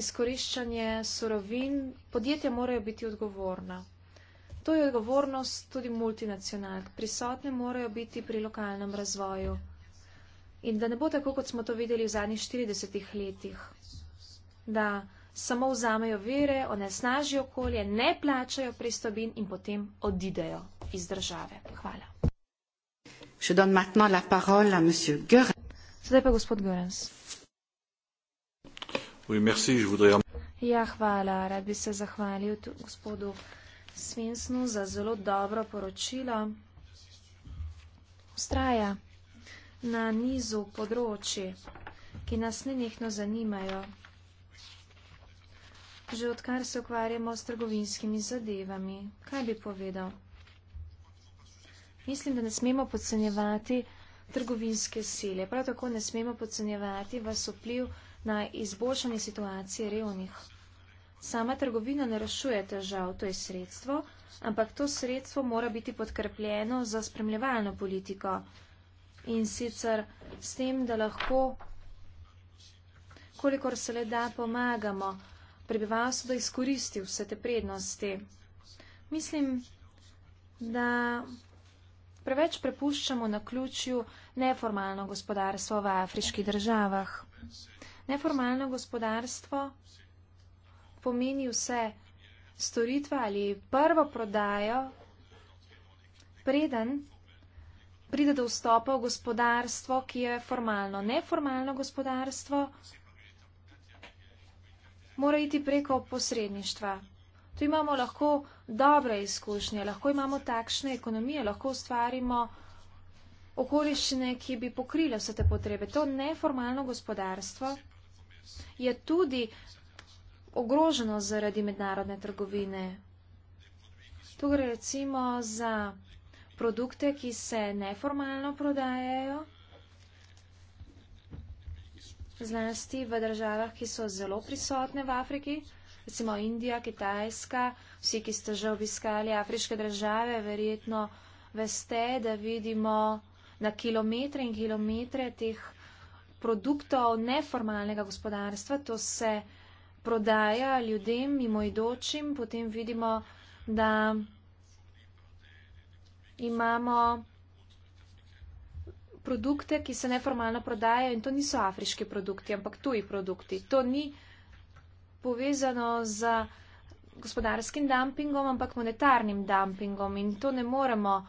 izkoriščanje surovin, podjetja morajo biti odgovorna. To je odgovornost tudi multinacionalk. Prisotne morajo biti pri lokalnem razvoju. In da ne bo tako, kot smo to videli v zadnjih 40 letih, da samo vzamejo vire, onesnažijo okolje, ne plačajo pristobin in potem odidejo iz države. Hvala. Je donne maintenant la parole à Monsieur Goerens. Zdaj pa gospod Goerens. Oui, merci, je voudrais... Ja, hvala. Rad bi se zahvalil gospodu Svensnu za zelo dobro poročilo. Ustraja na nizu področji, ki nas nenehno zanimajo. Že odkar se ukvarjamo s trgovinskimi zadevami, kaj bi povedal? Mislim, da ne smemo podcenjevati trgovinske sile. Prav tako ne smemo podcenjevati vas vpliv na izboljšanje situacije revnih. Sama trgovina ne rešuje težav, to je sredstvo, ampak to sredstvo mora biti podkrepljeno za spremljevalno politiko. In sicer s tem, da lahko, kolikor se le da, pomagamo prebivalstvu, da izkoristi vse te prednosti. Mislim, da Preveč prepuščamo na ključju neformalno gospodarstvo v afriških državah. Neformalno gospodarstvo pomeni vse storitve ali prvo prodajo, preden pride do vstopa v gospodarstvo, ki je formalno. Neformalno gospodarstvo mora iti preko posredništva. Tu imamo lahko dobre izkušnje, lahko imamo takšne ekonomije, lahko ustvarimo okoliščine, ki bi pokrile vse te potrebe. To neformalno gospodarstvo je tudi ogroženo zaradi mednarodne trgovine. Tu gre recimo za produkte, ki se neformalno prodajajo, zlasti v državah, ki so zelo prisotne v Afriki recimo Indija, Kitajska, vsi, ki ste že obiskali afriške države, verjetno veste, da vidimo na kilometre in kilometre teh produktov neformalnega gospodarstva. To se prodaja ljudem, mimoidočim, potem vidimo, da imamo produkte, ki se neformalno prodajajo in to niso afriški produkti, ampak tuji produkti. To ni povezano z gospodarskim dumpingom, ampak monetarnim dumpingom in to ne moremo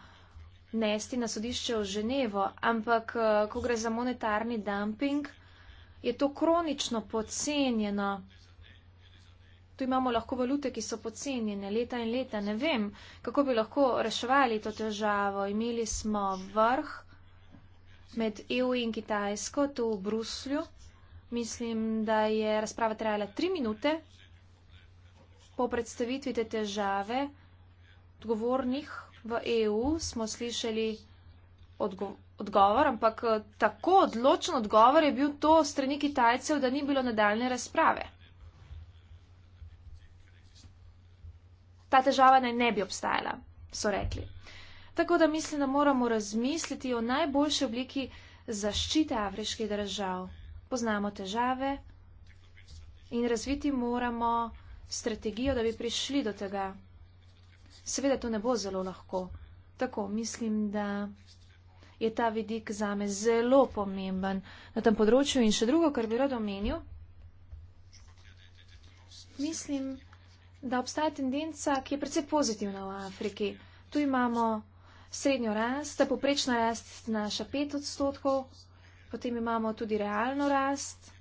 nesti na sodišče v Ženevo, ampak eh, ko gre za monetarni dumping, je to kronično podcenjeno. Tu imamo lahko valute, ki so podcenjene leta in leta. Ne vem, kako bi lahko reševali to težavo. Imeli smo vrh med EU in Kitajsko, to v Bruslju. Mislim, da je razprava trajala tri minute. Po predstavitvi te težave odgovornih v EU smo slišali odgo odgovor, ampak tako odločen odgovor je bil to strani Kitajcev, da ni bilo nadaljne razprave. Ta težava naj ne bi obstajala, so rekli. Tako da mislim, da moramo razmisliti o najboljši obliki zaščite afriških držav poznamo težave in razviti moramo strategijo, da bi prišli do tega. Seveda to ne bo zelo lahko. Tako mislim, da je ta vidik zame zelo pomemben na tem področju. In še drugo, kar bi rad omenil, mislim, da obstaja tendenca, ki je predvsej pozitivna v Afriki. Tu imamo srednjo rast, ta poprečna rast naša 5 odstotkov. Potem imamo tudi realno rast,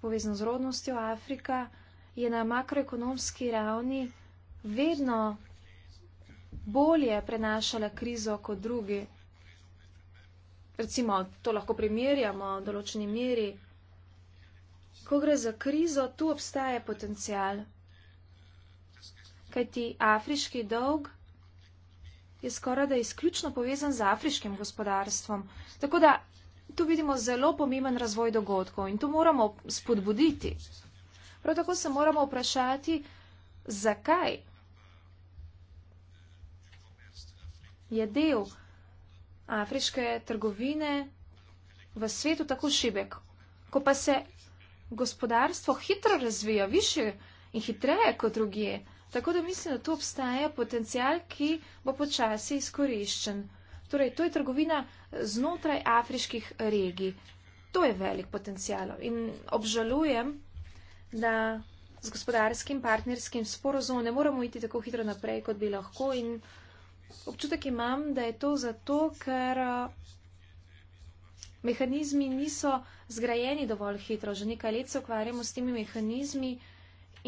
povezano z rodnostjo. Afrika je na makroekonomski ravni vedno bolje prenašala krizo kot drugi. Recimo, to lahko primerjamo v določeni meri. Ko gre za krizo, tu obstaja potencial. Kajti afriški dolg je skoraj da izključno povezan z afriškim gospodarstvom. Tako da tu vidimo zelo pomemben razvoj dogodkov in to moramo spodbuditi. Prav tako se moramo vprašati, zakaj je del afriške trgovine v svetu tako šibek. Ko pa se gospodarstvo hitro razvija, više in hitreje kot drugi, Tako da mislim, da tu obstaja potencial, ki bo počasi izkoriščen. Torej, to je trgovina znotraj afriških regij. To je velik potencial in obžalujem, da z gospodarskim partnerskim sporozumom ne moramo iti tako hitro naprej, kot bi lahko in občutek imam, da je to zato, ker eh, mehanizmi niso zgrajeni dovolj hitro. Že nekaj let se ukvarjamo s temi mehanizmi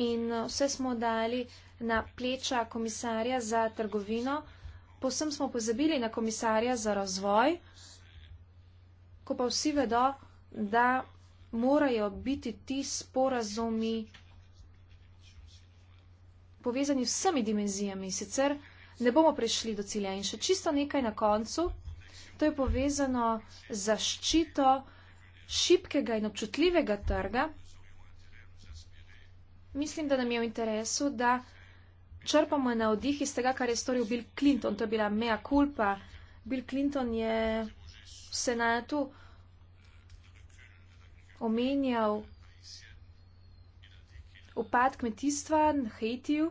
in eh, vse smo dali na pleča komisarja za trgovino, posem smo pozabili na komisarja za razvoj, ko pa vsi vedo, da morajo biti ti sporazumi povezani vsemi dimenzijami, sicer ne bomo prišli do cilja in še čisto nekaj na koncu, to je povezano zaščito šipkega in občutljivega trga. Mislim, da nam je v interesu, da črpamo navdih iz tega, kar je storil Bill Clinton. To je bila mea culpa. Bill Clinton je v senatu omenjal upad kmetijstva na Haitiju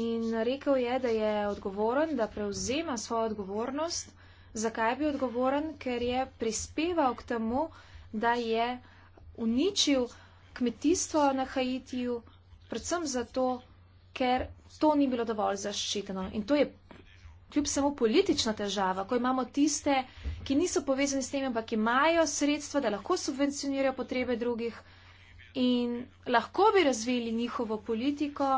in rekel je, da je odgovoren, da prevzema svojo odgovornost. Zakaj bi odgovoren? Ker je prispeval k temu, da je uničil kmetijstvo na Haitiju, predvsem zato, ker to ni bilo dovolj zaščiteno. In to je kljub samo politična težava, ko imamo tiste, ki niso povezani s tem, ampak imajo sredstva, da lahko subvencionirajo potrebe drugih in lahko bi razvili njihovo politiko.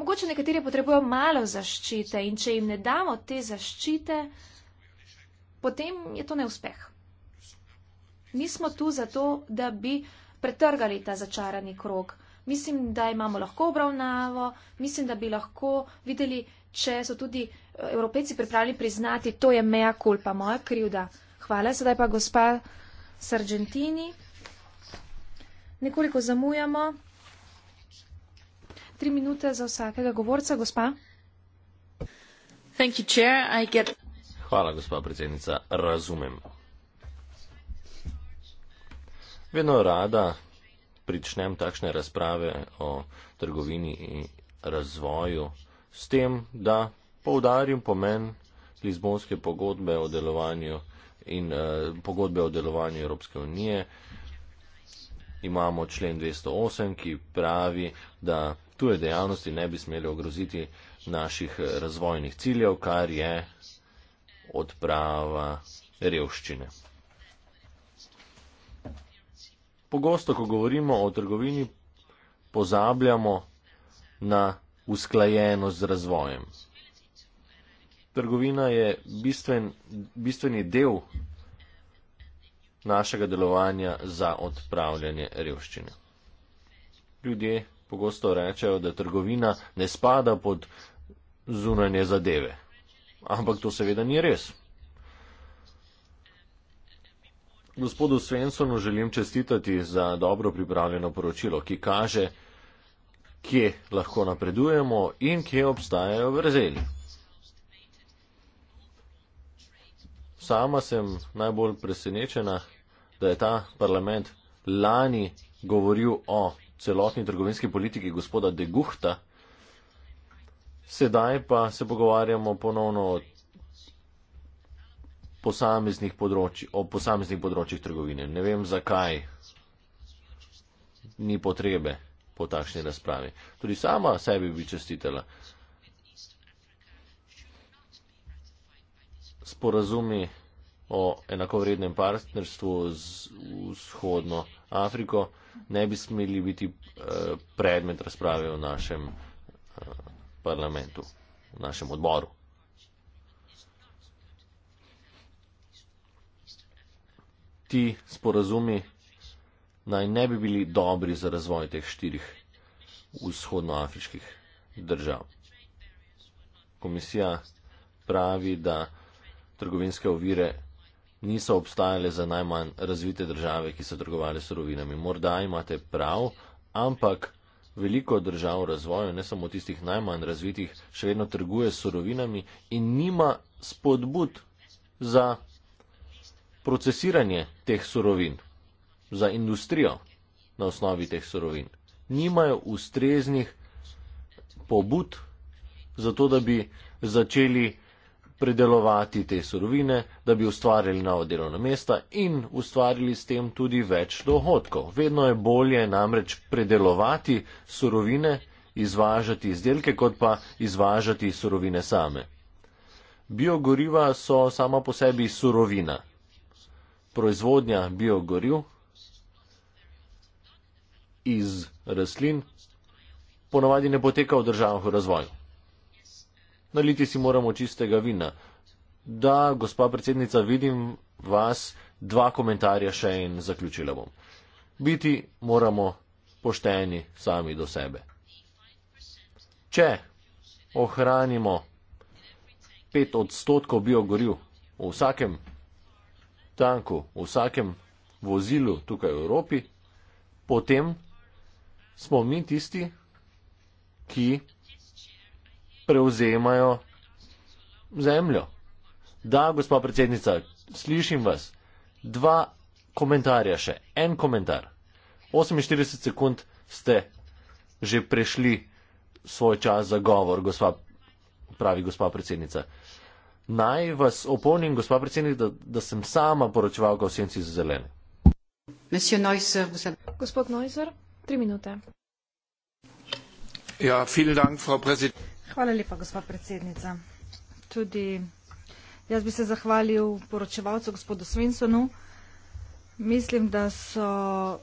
Mogoče nekateri potrebujejo malo zaščite in če jim ne damo te zaščite, potem je to neuspeh. Mi smo tu zato, da bi pretrgali ta začarani krok mislim, da imamo lahko obravnavo, mislim, da bi lahko videli, če so tudi eh, evropejci pripravljeni priznati, to je meja kulpa, moja krivda. Hvala, sedaj pa gospa Sargentini. Nekoliko zamujamo. Tri minute za vsakega govorca, gospa. Thank you, chair. I get... Hvala, gospa predsednica. Razumem. Vedno rada pričnem takšne razprave o trgovini in razvoju s tem, da poudarim pomen Lizbonske pogodbe o delovanju in eh, pogodbe o delovanju Evropske unije. Imamo člen 208, ki pravi, da tuje dejavnosti ne bi smeli ogroziti naših eh, razvojnih ciljev, kar je odprava revščine pogosto, ko govorimo o trgovini, pozabljamo na usklajenost z razvojem. Trgovina je bistven, bistveni del našega delovanja za odpravljanje revščine. Ljudje pogosto rečejo, da trgovina ne spada pod zunanje zadeve. Ampak to seveda ni res. Gospodu Svensonu želim čestitati za dobro pripravljeno poročilo, ki kaže, kje lahko napredujemo in kje obstajajo vrzeli. Sama sem najbolj presenečena, da je ta parlament lani govoril o celotni trgovinski politiki gospoda Degufta, sedaj pa se pogovarjamo ponovno o posameznih področji, o posameznih področjih trgovine. Ne vem, zakaj ni potrebe po takšni razpravi. Tudi sama sebi bi čestitela. Sporazumi o enakovrednem partnerstvu z vzhodno Afriko ne bi smeli biti eh, predmet razprave v našem eh, parlamentu, v našem odboru. ti sporazumi naj ne bi bili dobri za razvoj teh štirih vzhodnoafriških držav. Komisija pravi, da trgovinske ovire niso obstajale za najmanj razvite države, ki so trgovali s rovinami. Morda imate prav, ampak veliko držav v razvoju, ne samo tistih najmanj razvitih, še vedno trguje s rovinami in nima spodbud za procesiranje teh surovin za industrijo na osnovi teh surovin, nimajo ustreznih pobud za to, da bi začeli predelovati te surovine, da bi ustvarjali nove delovne mesta in ustvarjali s tem tudi več dohodkov. Vedno je bolje namreč predelovati surovine, izvažati izdelke, kot pa izvažati surovine same. Biogoriva so sama po sebi surovina, proizvodnja biogoriv iz rastlin ponavadi ne poteka v državah v razvoju. Naliti si moramo čistega vina. Da, gospa predsednica, vidim vas, dva komentarja še in zaključila bom. Biti moramo pošteni sami do sebe. Če ohranimo 5 odstotkov biogoriv v vsakem tanku, v vsakem vozilu tukaj v Evropi, potem smo mi tisti, ki prevzemajo zemljo. Da, gospa predsednica, slišim vas. Dva komentarja še. En komentar. 48 sekund ste že prešli svoj čas za govor, gospa, pravi gospa predsednica. Naj vas opomnim, gospod predsednik, da, da sem sama poročevalka v senci za zelene. Neuser, gospod Neuser, tri minute. Ja, dank, Hvala lepa, gospod predsednica. Tudi jaz bi se zahvalil poročevalcu gospodu Svensonu. Mislim, da so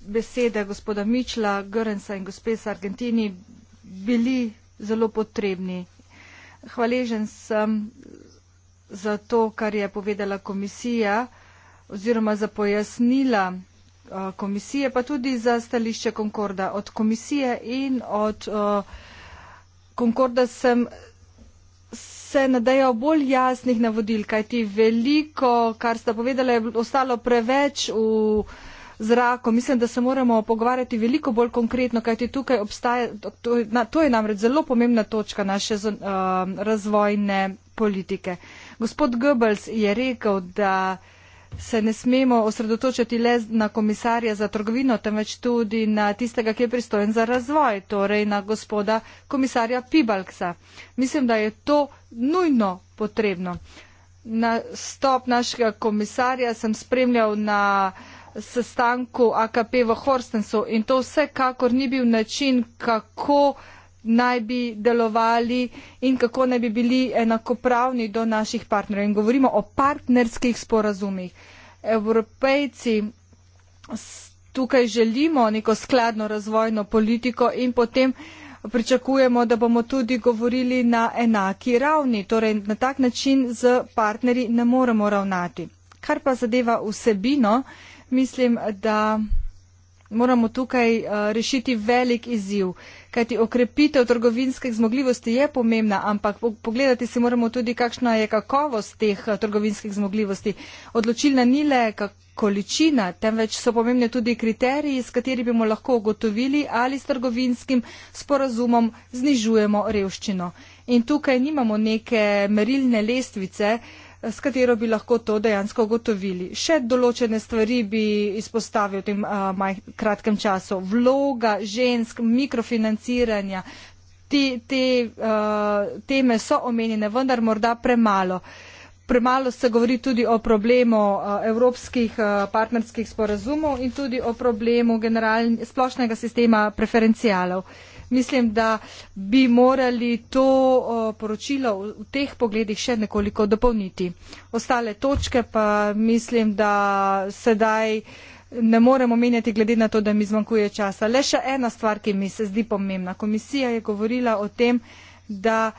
besede gospoda Mičla, Görensa in gospesa Argentini bili zelo potrebni. Hvaležen sem za to, kar je povedala komisija oziroma za pojasnila eh, komisije, pa tudi za stališče Konkorda. Od komisije in od Konkorda eh, sem se nadejal bolj jasnih navodil, kajti veliko, kar sta povedala, je ostalo preveč v zrakom. Mislim, da se moramo pogovarjati veliko bolj konkretno, kajti tukaj obstaja, to, na, to je namreč zelo pomembna točka naše uh, razvojne politike. Gospod Goebbels je rekel, da se ne smemo osredotočiti le na komisarja za trgovino, temveč tudi na tistega, ki je pristojen za razvoj, torej na gospoda komisarja Pibalksa. Mislim, da je to nujno potrebno. Na stop našega komisarja sem spremljal na uh, sestanku AKP v Horstensu in to vsekakor ni bil način, kako naj bi delovali in kako naj bi bili enakopravni do naših partnerjev. In govorimo o partnerskih sporazumih. Evropejci tukaj želimo neko skladno razvojno politiko in potem pričakujemo, da bomo tudi govorili na enaki ravni. Torej, na tak način z partnerji ne moremo ravnati. Kar pa zadeva vsebino, mislim, da moramo tukaj eh, rešiti velik izziv. Kajti okrepitev trgovinskih zmogljivosti je pomembna, ampak pogledati si moramo tudi, kakšna je kakovost teh eh, trgovinskih zmogljivosti. Odločilna ni le količina, temveč so pomembne tudi kriteriji, s katerimi bomo lahko ugotovili, ali s trgovinskim sporazumom znižujemo revščino. In tukaj nimamo neke merilne lestvice, uh, s katero bi lahko to dejansko ugotovili. Še določene stvari bi izpostavil v tem uh, maj, kratkem času. Vloga žensk, mikrofinanciranja, te, te uh, teme so omenjene, vendar morda premalo. Premalo se govori tudi o problemu evropskih partnerskih sporazumov in tudi o problemu splošnega sistema preferencialov. Uh, mislim, da bi morali to poročilo v teh pogledih še nekoliko dopolniti. Ostale točke pa mislim, da sedaj ne moremo menjati glede na to, da mi zmanjkuje časa. Le še ena stvar, ki mi se zdi pomembna. Komisija je govorila o tem, da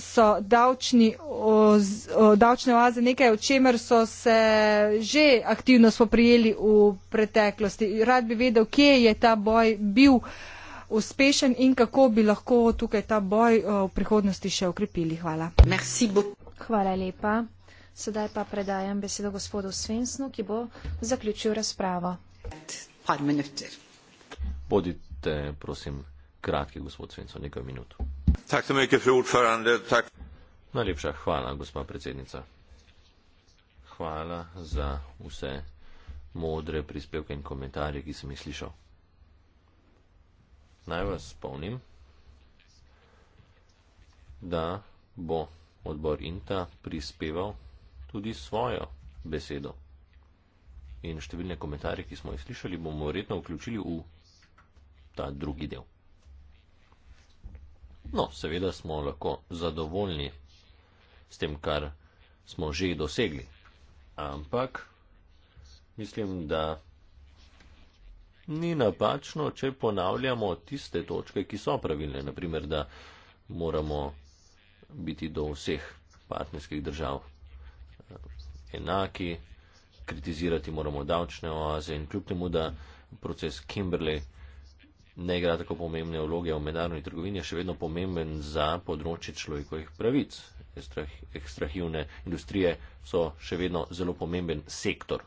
so davčni, o, o, davčne oaze nekaj, o čemer so se že aktivno spoprijeli v preteklosti. Rad bi vedel, kje je ta boj bil uh, uspešen in kako bi lahko tukaj ta boj eh, v prihodnosti še okrepili. Hvala. Hvala lepa. Sedaj pa predajam besedo gospodu Svensnu, ki bo zaključil razpravo. Bodite, prosim, kratki, gospod Svensson, nekaj minut. Najlepša hvala, gospa predsednica. Hvala za vse modre prispevke in komentarje, ki sem jih slišal. Naj vas spomnim, da bo odbor INTA prispeval tudi svojo besedo. In številne komentarje, ki smo jih slišali, bomo verjetno vključili v ta drugi del. No, seveda smo lahko zadovoljni s tem, kar smo že dosegli. Ampak mislim, da ni napačno, če ponavljamo tiste točke, ki so pravilne. Naprimer, da moramo biti do vseh partnerskih držav eh, enaki, kritizirati moramo davčne oaze in kljub temu, da proces Kimberley ne igra tako pomembne vloge v mednarodni trgovini, je še vedno pomemben za področje človekovih pravic. Ekstrahivne industrije so še vedno zelo pomemben sektor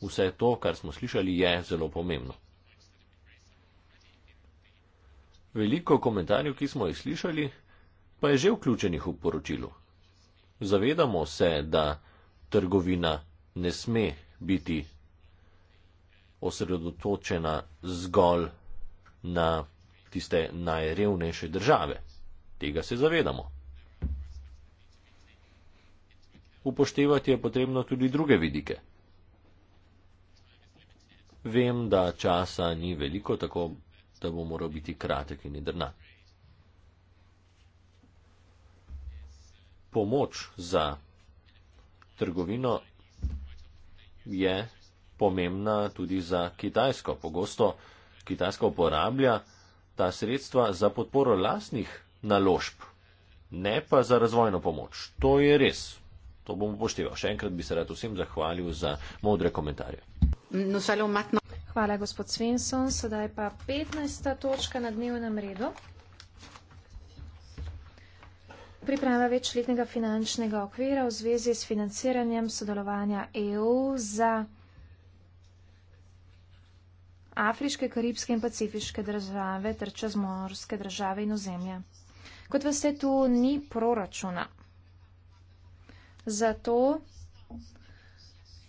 Vse to, kar smo slišali, je zelo pomembno. Veliko komentarjev, ki smo jih slišali, pa je že vključenih v poročilu. Zavedamo se, da trgovina ne sme biti osredotočena zgolj na tiste najrevnejše države. Tega se zavedamo. Upoštevati je potrebno tudi druge vidike vem, da časa ni veliko, tako da bo moral biti kratek in jedrna. Pomoč za trgovino je pomembna tudi za Kitajsko. Pogosto Kitajska uporablja ta sredstva za podporo lasnih naložb, ne pa za razvojno pomoč. To je res. To bom upošteval. Še enkrat bi se rad vsem zahvalil za modre komentarje. Nous allons maintenant... Hvala, gospod Svensson. Sedaj pa 15. točka na dnevnem redu. Priprava večletnega finančnega okvira v zvezi s financiranjem sodelovanja EU za afriške, karibske in pacifiške države ter čezmorske države in ozemlje. Kot veste, tu ni proračuna. Zato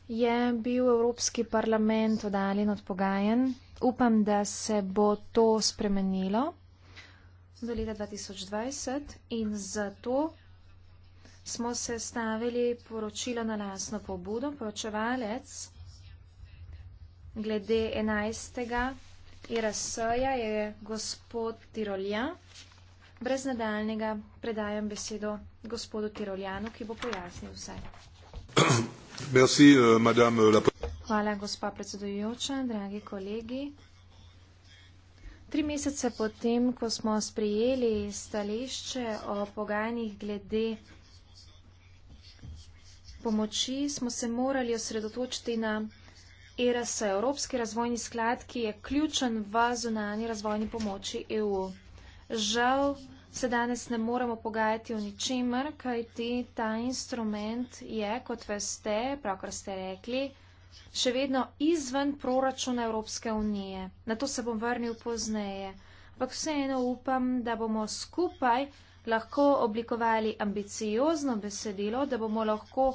je bil Evropski parlament odaljen od pogajen. Upam, da se bo to spremenilo do leta 2020 in zato smo se stavili poročilo na lasno pobudo, poročevalec glede 11. IRS-ja je gospod Tirolja. Brez nadaljnega predajam besedo gospodu Tiroljanu, ki bo pojasnil vse. Merci, euh, madame la... Hvala, gospa predsedujoča, dragi kolegi. Tri mesece potem, ko smo sprijeli stališče o pogajanjih glede pomoči, smo se morali osredotočiti na ERAS, Evropski razvojni sklad, ki je ključen v zunanji razvojni pomoči EU. Žal se danes ne moremo pogajati o ničemer, kajti ta instrument je, kot veste, pravkar ste rekli, še vedno izven proračuna Evropske unije. Na to se bom vrnil pozneje. Ampak vseeno upam, da bomo skupaj lahko oblikovali ambiciozno besedilo, da bomo lahko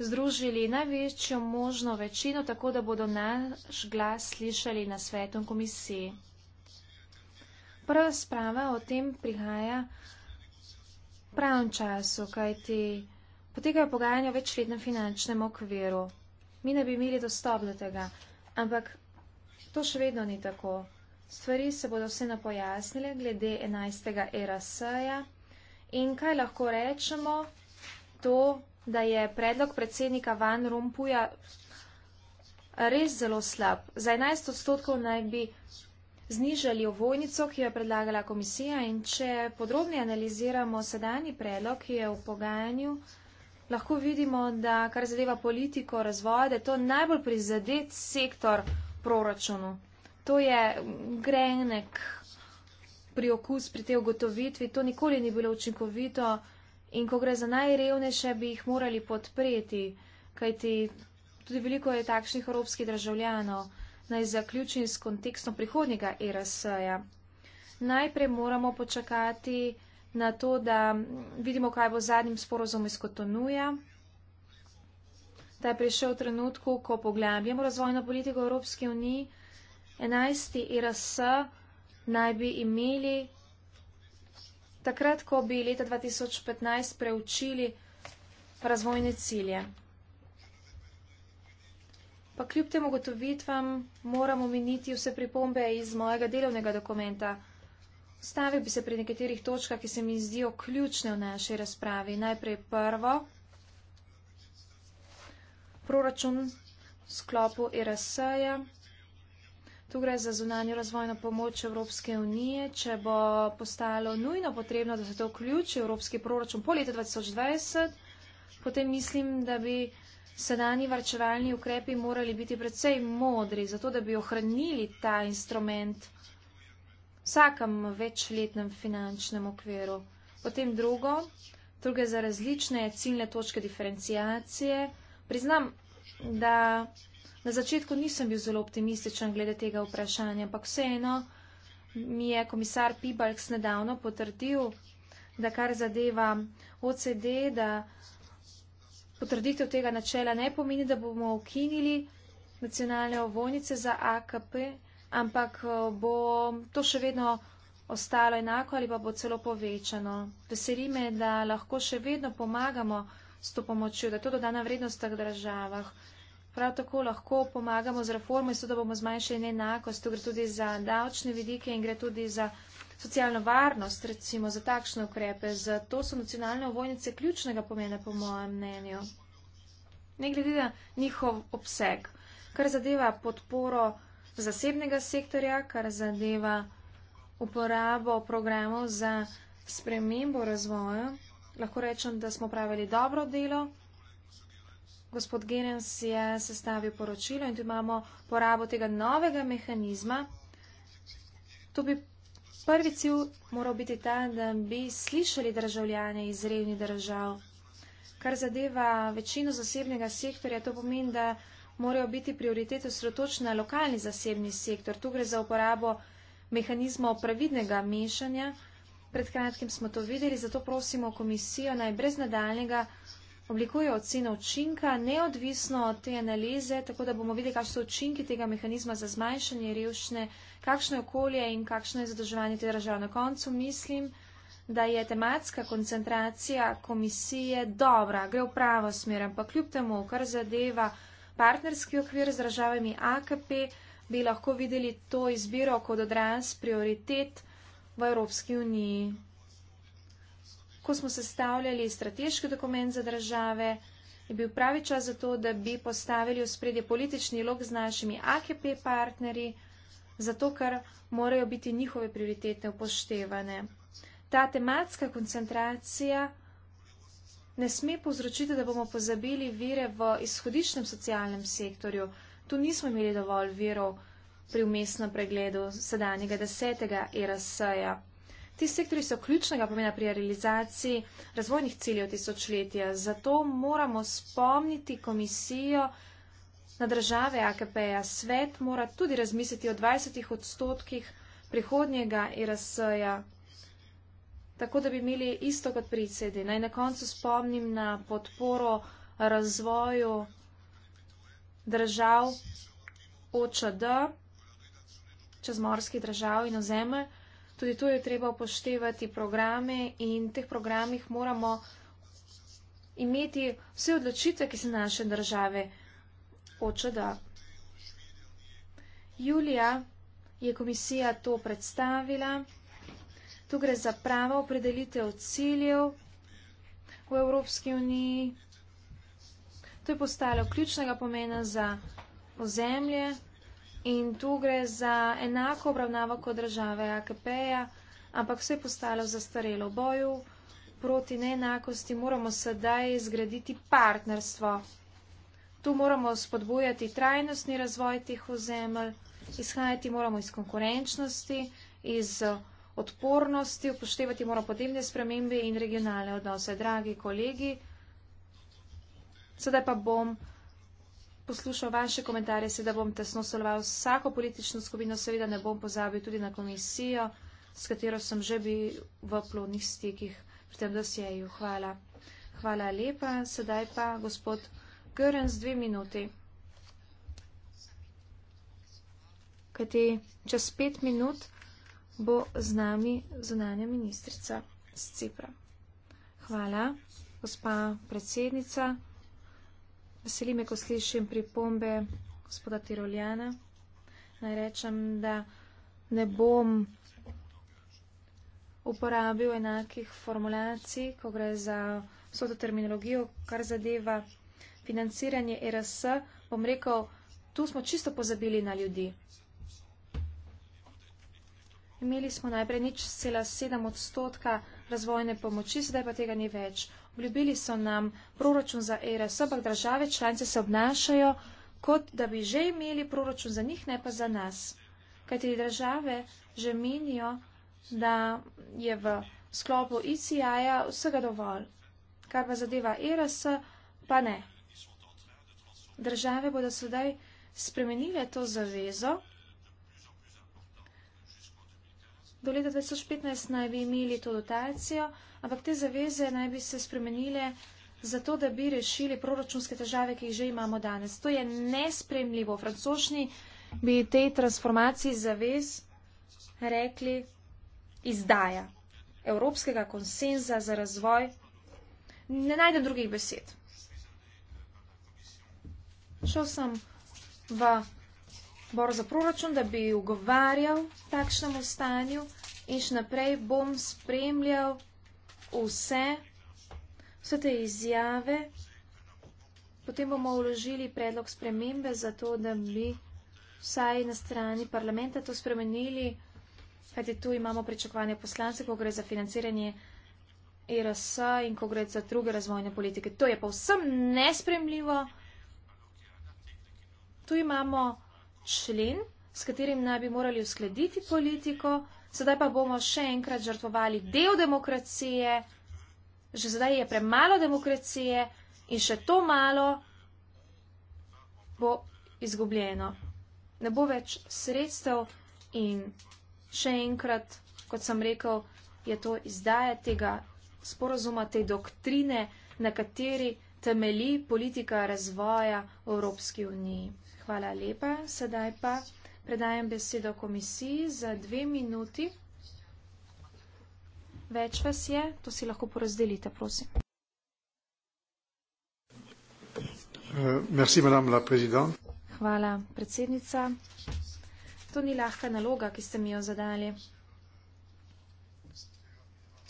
združili največjo možno večino, tako da bodo naš glas slišali na svetu komisiji. Prva sprava o tem prihaja v pravem času, kajti potekajo pogajanja o večletnem finančnem okviru. Mi ne bi imeli dostop do tega, ampak to še vedno ni tako. Stvari se bodo vse napojasnile glede 11. E RSA-ja in kaj lahko rečemo, to, da je predlog predsednika Van Rompuja res zelo slab. Za 11 odstotkov naj bi znižali ovojnico, ki jo je predlagala komisija in če podrobni analiziramo sedanji predlog, ki je v pogajanju, lahko vidimo, da kar zadeva politiko razvoja, to najbolj prizadet sektor proračunu. To je grenek pri okus, pri tej ugotovitvi, to nikoli ni bilo učinkovito in ko gre za najrevnejše, bi jih morali podpreti, kajti tudi veliko je takšnih evropskih državljanov naj zaključim s kontekstom prihodnjega ERS-ja. Najprej moramo počakati na to, da vidimo, kaj bo zadnjim sporozum iz Kotonuja. Ta je prišel v trenutku, ko poglabljamo razvojno politiko Evropske unije. 11. ERS naj bi imeli takrat, ko bi leta 2015 preučili razvojne cilje. Pa kljub tem ugotovitvam moram omeniti vse pripombe iz mojega delovnega dokumenta. Stavil bi se pri nekaterih točkah, ki se mi zdijo ključne v naši razpravi. Najprej prvo, proračun v sklopu ERS-ja. Tu gre za zunanjo razvojno pomoč Evropske unije. Če bo postalo nujno potrebno, da se to vključi v Evropski proračun po letu 2020, potem mislim, da bi sedani varčevalni ukrepi morali biti predvsej modri, zato da bi ohranili ta instrument v vsakem večletnem finančnem okviru. Potem drugo, druge za različne ciljne točke diferencijacije. Priznam, da na začetku nisem bil zelo optimističen glede tega vprašanja, ampak vseeno mi je komisar Pibalks nedavno potrdil, da kar zadeva OCD, da Potrditev tega načela ne pomeni, da bomo ukinili nacionalne ovojnice za AKP, ampak eh, bo to še vedno ostalo enako ali pa bo celo povečano. Veseli me, da lahko še vedno pomagamo s to pomočjo, da je to dodana vrednost v teh državah. Prav tako lahko pomagamo z reformo in s to, da bomo zmanjšali neenakost. Tu gre tudi za davčne vidike in gre tudi za socialno varnost, recimo za takšne ukrepe. Zato so nacionalne vojnice ključnega pomena, po mojem mnenju. Ne glede na njihov obseg, kar zadeva podporo zasebnega sektorja, kar zadeva uporabo programov za spremembo razvoja, lahko rečem, da smo pravili dobro delo. Gospod Genens je sestavil poročilo in tu imamo porabo tega novega mehanizma. To bi Prvi cilj mora biti ta, da bi slišali državljane iz revnih držav. Kar zadeva večino zasebnega sektorja, to pomeni, da morajo biti prioritete sredotočene na lokalni zasebni sektor. Tu gre za uporabo mehanizmov pravidnega mešanja. Pred kratkim smo to videli, zato prosimo komisijo naj brez nadaljnega oblikuje oceno učinka, neodvisno od te analize, tako da bomo videli, kakšni so učinki tega mehanizma za zmanjšanje revščine kakšno je okolje in kakšno je zadrževanje te države. Na koncu mislim, da je tematska koncentracija komisije dobra, gre v pravo smer, ampak kljub temu, kar zadeva partnerski okvir z državami AKP, bi lahko videli to izbiro kot odraz prioritet v Evropski uniji. Ko smo sestavljali strateški dokument za države, je bil pravi čas za to, da bi postavili v spredje politični lok z našimi AKP partnerji zato ker morajo biti njihove prioritete upoštevane. Ta tematska koncentracija ne sme povzročiti, da bomo pozabili vire v izhodišnem socialnem sektorju. Tu nismo imeli dovolj virov pri umestnem pregledu sedanjega desetega ERS-ja. Ti sektori so ključnega pomena pri realizaciji razvojnih ciljev tisočletja, zato moramo spomniti komisijo, Na države AKP-ja svet mora tudi razmisliti o 20 odstotkih prihodnjega IRS-ja, e tako da bi imeli isto kot pri ICD. Naj na koncu spomnim na podporo razvoju držav OČD, čezmorskih držav in ozemlj. Tudi tu je treba upoštevati programe in v teh programih moramo imeti vse odločitve, ki se naše države Oče, da. Julija je komisija to predstavila. Tu gre za pravo opredelitev ciljev v Evropski uniji. To je postalo ključnega pomena za ozemlje in tu gre za enako obravnavo kot države AKP-ja, ampak vse je postalo zastarelo boju proti neenakosti. Moramo sedaj zgraditi partnerstvo. Tu moramo spodbujati trajnostni razvoj teh ozemelj, izhajati moramo iz konkurenčnosti, iz odpornosti, upoštevati moramo podnebne spremembe in regionalne odnose. Dragi kolegi, sedaj pa bom poslušal vaše komentarje, sedaj bom tesno soloval vsako politično skupino, seveda ne bom pozabil tudi na komisijo, s katero sem že bil v plodnih stikih pri tem dosjeju. Hvala. Hvala lepa. Sedaj pa gospod. Grns dve minuti. Kajti čez pet minut bo z nami zunanja ministrica z Cipra. Hvala, gospa predsednica. Veseli me, ko slišim pripombe gospoda Tiroljana. Naj rečem, da ne bom uporabil enakih formulacij, ko gre za vso to terminologijo, kar zadeva financiranje e RS, bom rekel, tu smo čisto pozabili na ljudi. Imeli smo najprej nič cela sedem odstotka razvojne pomoči, zdaj pa tega ni več. Obljubili so nam proračun za e RS, ampak države članice se obnašajo, kot da bi že imeli proračun za njih, ne pa za nas. Kajti države že menijo, da je v sklopu ICI-ja vsega dovolj, kar pa zadeva e RS, pa ne države bodo sedaj spremenile to zavezo. Do leta 2015 naj bi imeli to dotacijo, ampak te zaveze naj bi se spremenile zato, da bi rešili proračunske težave, ki jih že imamo danes. To je nespremljivo. Francošni bi tej transformaciji zavez rekli izdaja evropskega konsenza za razvoj. Ne najdem drugih besed. Šel sem v bor za proračun, da bi ugovarjal takšnemu stanju in še naprej bom spremljal vse, vse te izjave. Potem bomo uložili predlog spremembe za to, da bi vsaj na strani parlamenta to spremenili, kajti tu imamo pričakovanje poslance, ko gre za financiranje IRS e in ko gre za druge razvojne politike. To je povsem nespremljivo. Tu imamo člen, s katerim naj bi morali uskladiti politiko, sedaj pa bomo še enkrat žrtvovali del demokracije, že zdaj je premalo demokracije in še to malo bo izgubljeno. Ne bo več sredstev in še enkrat, kot sem rekel, je to izdaje tega sporozuma, te doktrine, na kateri temelji politika razvoja v Evropski uniji. Hvala lepa. Sedaj pa predajam besedo komisiji za dve minuti. Več vas je, to si lahko porazdelite, prosim. Eh, merci, la Hvala, predsednica. To ni lahka naloga, ki ste mi jo zadali.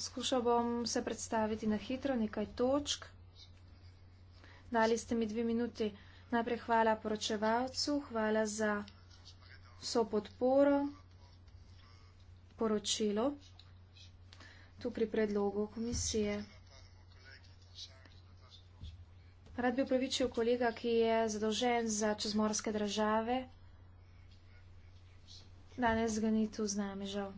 Skušal bom se predstaviti na hitro nekaj točk. Dali ste mi dve minuti. Najprej hvala poročevalcu, hvala za vso podporo poročilo tu pri predlogu komisije. Rad bi upravičil kolega, ki je zadolžen za čezmorske države. Danes ga ni tu z nami, žal.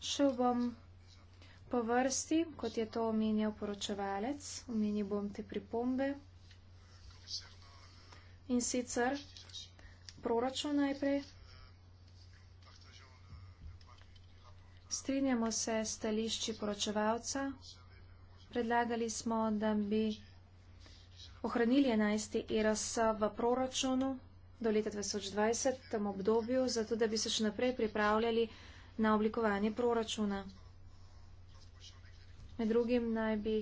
Šel bom po vrsti, kot je to omenjal poročevalec, omenil bom te pripombe. In sicer proračun najprej. Strinjamo se s stališči poročevalca. Predlagali smo, da bi ohranili 11. ERS v proračunu do leta 2020, v tem obdobju, zato da bi se še naprej pripravljali na oblikovanje proračuna. Med drugim naj bi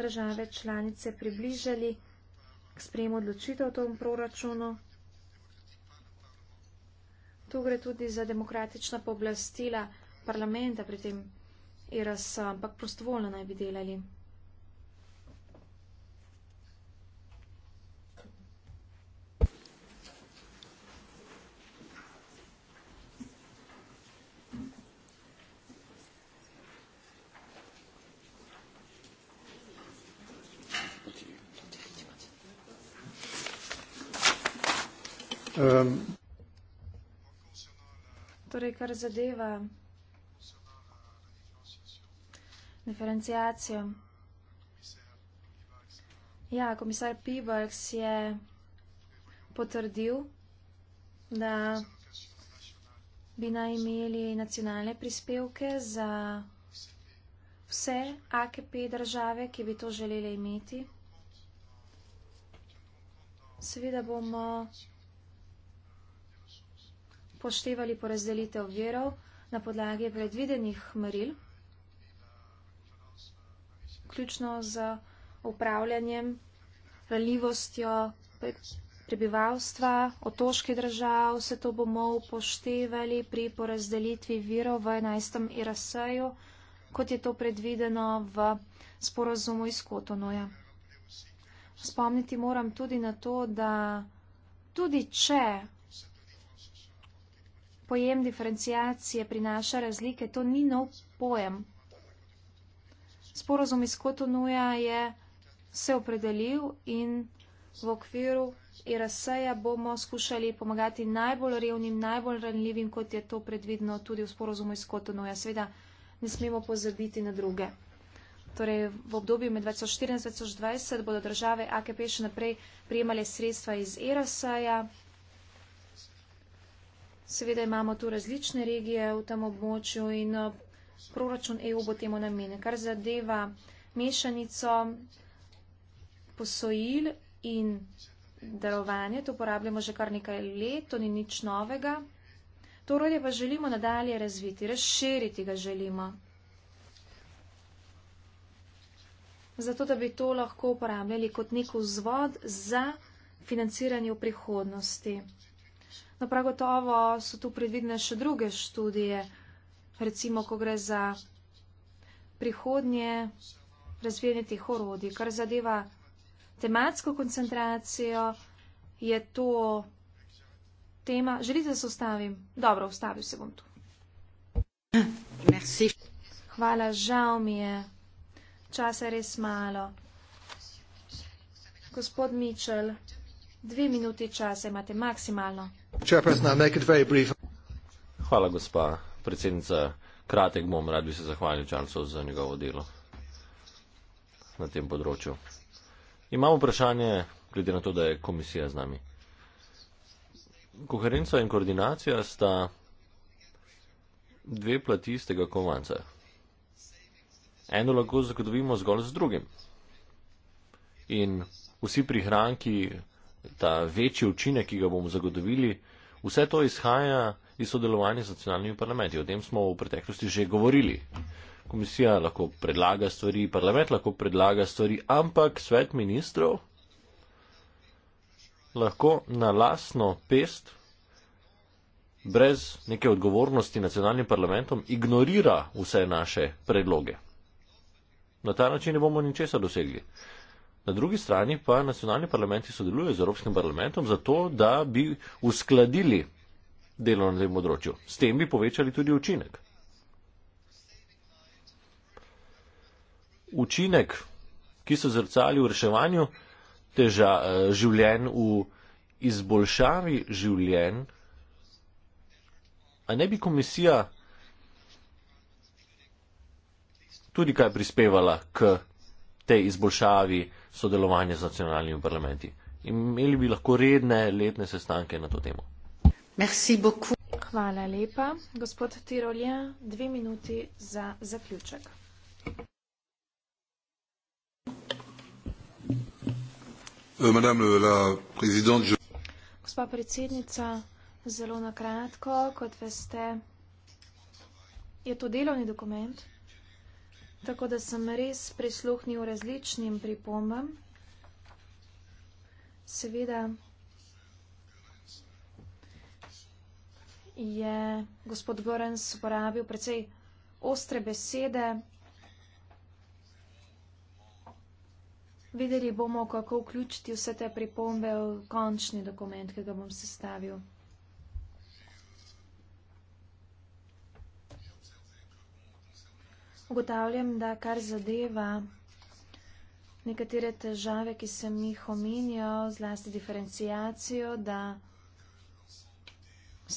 države članice približali k sprejemu odločitev v tom proračunu. Tu gre tudi za demokratična pooblastila parlamenta pri tem IRS, e ampak prostovoljno naj bi delali. Um, torej, kar zadeva diferencijacijo. Ja, komisar Pibalks je potrdil, da bi naj imeli nacionalne prispevke za vse AKP države, ki bi to želeli imeti. Seveda bomo upoštevali porazdelitev verov na podlagi predvidenih meril, vključno z upravljanjem, hraljivostjo prebivalstva, otoški držav, vse to bomo upoštevali pri porazdelitvi virov v 11. IRS-ju, kot je to predvideno v sporozumu iz Kotonoja. Spomniti moram tudi na to, da tudi če pojem diferencijacije prinaša razlike, to ni nov pojem. Sporozum iz Kotonuja je se opredelil in v okviru IRS-ja e bomo skušali pomagati najbolj revnim, najbolj ranljivim, kot je to predvidno tudi v sporozumu iz Kotonuja. Seveda ne smemo pozabiti na druge. Torej, v obdobju med 2014 in 2020 bodo države AKP še naprej prijemale sredstva iz IRS-ja. E Seveda imamo tu različne regije v tem območju in eh, proračun EU bo temu namenjen. Kar zadeva mešanico posojil in darovanje, to uporabljamo že kar nekaj let, to ni nič novega. To orodje pa želimo nadalje razviti, razširiti ga želimo. Zato, da bi to lahko uporabljali kot nek vzvod za financiranje v prihodnosti. No, prav gotovo so tu predvidene še druge študije, recimo, ko gre za prihodnje razvijanje teh orodij. Kar zadeva tematsko koncentracijo, je to tema. Želite, da se ustavim? Dobro, ustavil se bom tu. Merci. Hvala, žal mi je. Časa je res malo. Gospod Mičel, dve minuti časa imate maksimalno. Hvala, gospa predsednica. Kratek bom, rad bi se zahvalil Čarlsov za njegovo delo na tem področju. Imam vprašanje, glede na to, da je komisija z nami. Koherenca in koordinacija sta dve plati istega kovanca. Eno lahko zagotovimo zgolj z drugim. In vsi prihranki ta večji učinek, ki ga bomo zagotovili, vse to izhaja iz sodelovanja z nacionalnimi parlamenti. O tem smo v preteklosti že govorili. Komisija lahko predlaga stvari, parlament lahko predlaga stvari, ampak svet ministrov lahko na lasno pest, brez neke odgovornosti nacionalnim parlamentom, ignorira vse naše predloge. Na ta način ne bomo ničesar dosegli. Na drugi strani pa nacionalni parlamenti sodelujejo z Evropskim parlamentom zato, da bi uskladili delo na tem področju. S tem bi povečali tudi učinek. Učinek, ki so zrcali v reševanju teža, eh, življenj, v izboljšavi življenj, a ne bi komisija tudi kaj prispevala k tej izboljšavi življenj? sodelovanje z nacionalnimi parlamenti. Imeli bi lahko redne letne sestanke na to temo. Hvala lepa. Gospod Tirolja, dve minuti za zaključek. Euh, Gospa predsednica, zelo nakratko, kot veste, je to delovni dokument, Tako da sem res prisluhnil različnim pripombam. Seveda je gospod Gorens uporabil precej ostre besede. Videli bomo, kako vključiti vse te pripombe v končni dokument, ki ga bom sestavil. ugotavljam, da kar zadeva nekatere težave, ki sem jih omenjal, zlasti diferencijacijo, da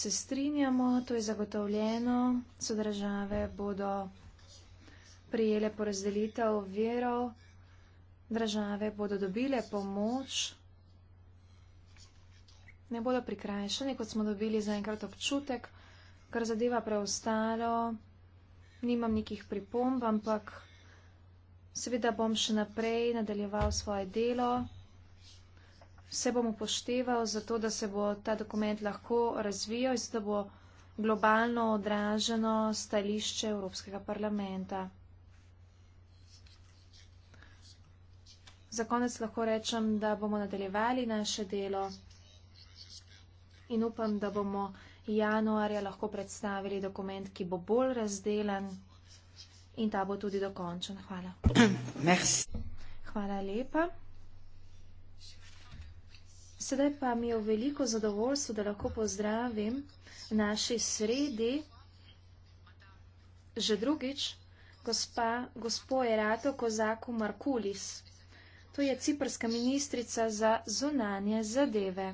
se strinjamo, to je zagotovljeno, so države bodo prijele porazdelitev verov, države bodo dobile pomoč, ne bodo prikrajšane, kot smo dobili zaenkrat občutek, kar zadeva preostalo nimam nekih pripomb, ampak seveda bom še naprej nadaljeval svoje delo. Vse bom upošteval zato, da se bo ta dokument lahko razvijal in da bo globalno odraženo stališče Evropskega parlamenta. Za konec lahko rečem, da bomo nadaljevali naše delo in upam, da bomo januarja lahko predstavili dokument, ki bo bolj razdelen in ta bo tudi dokončen. Hvala. Merci. Hvala lepa. Sedaj pa mi je v veliko zadovoljstvo, da lahko pozdravim naši sredi že drugič, gospa, gospo Erato Kozaku Markulis. To je ciprska ministrica za zunanje zadeve.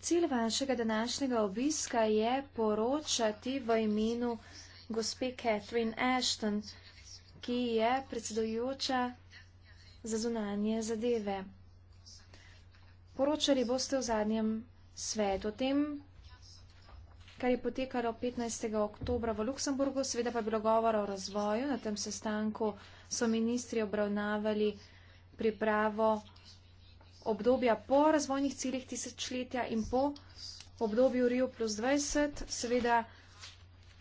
Cilj vašega današnjega obiska je poročati v imenu gospe Catherine Ashton, ki je predsedujoča za zunanje zadeve. Poročali boste v zadnjem svetu o tem, kar je potekalo 15. oktobra v Luksemburgu, seveda pa je bilo govora o razvoju. Na tem sestanku so ministri obravnavali pripravo obdobja po razvojnih ciljih tisočletja in po obdobju Rio plus 20. Seveda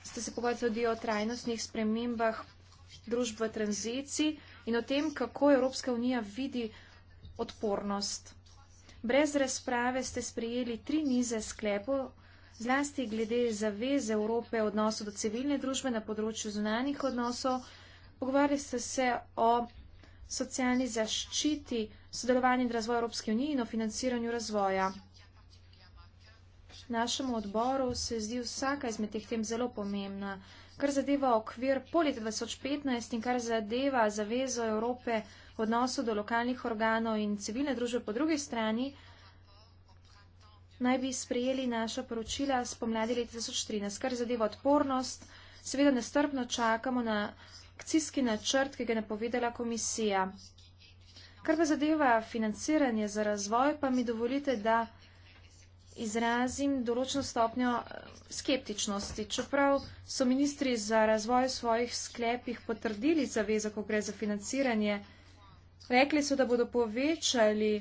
ste se pogovarjali tudi o trajnostnih spremembah družb v tranziciji in o tem, kako Evropska unija vidi odpornost. Brez razprave ste sprejeli tri nize sklepov, zlasti glede zaveze Evrope v odnosu do civilne družbe na področju zunanjih odnosov. Pogovarjali ste se o socialni zaščiti, sodelovanju in razvoju Evropske unije in o financiranju razvoja. Našemu odboru se zdi vsaka izmed teh tem zelo pomembna, kar zadeva okvir polje 2015 in kar zadeva zavezo Evrope v odnosu do lokalnih organov in civilne družbe po drugi strani, naj bi sprejeli naša poročila spomladi leta 2013, kar zadeva odpornost. Seveda nestrpno čakamo na akcijski načrt, ki ga je napovedala komisija. Kar pa zadeva financiranje za razvoj, pa mi dovolite, da izrazim določeno stopnjo eh, skeptičnosti. Čeprav so ministri za razvoj v svojih sklepih potrdili zaveza, ko gre za financiranje, rekli so, da bodo povečali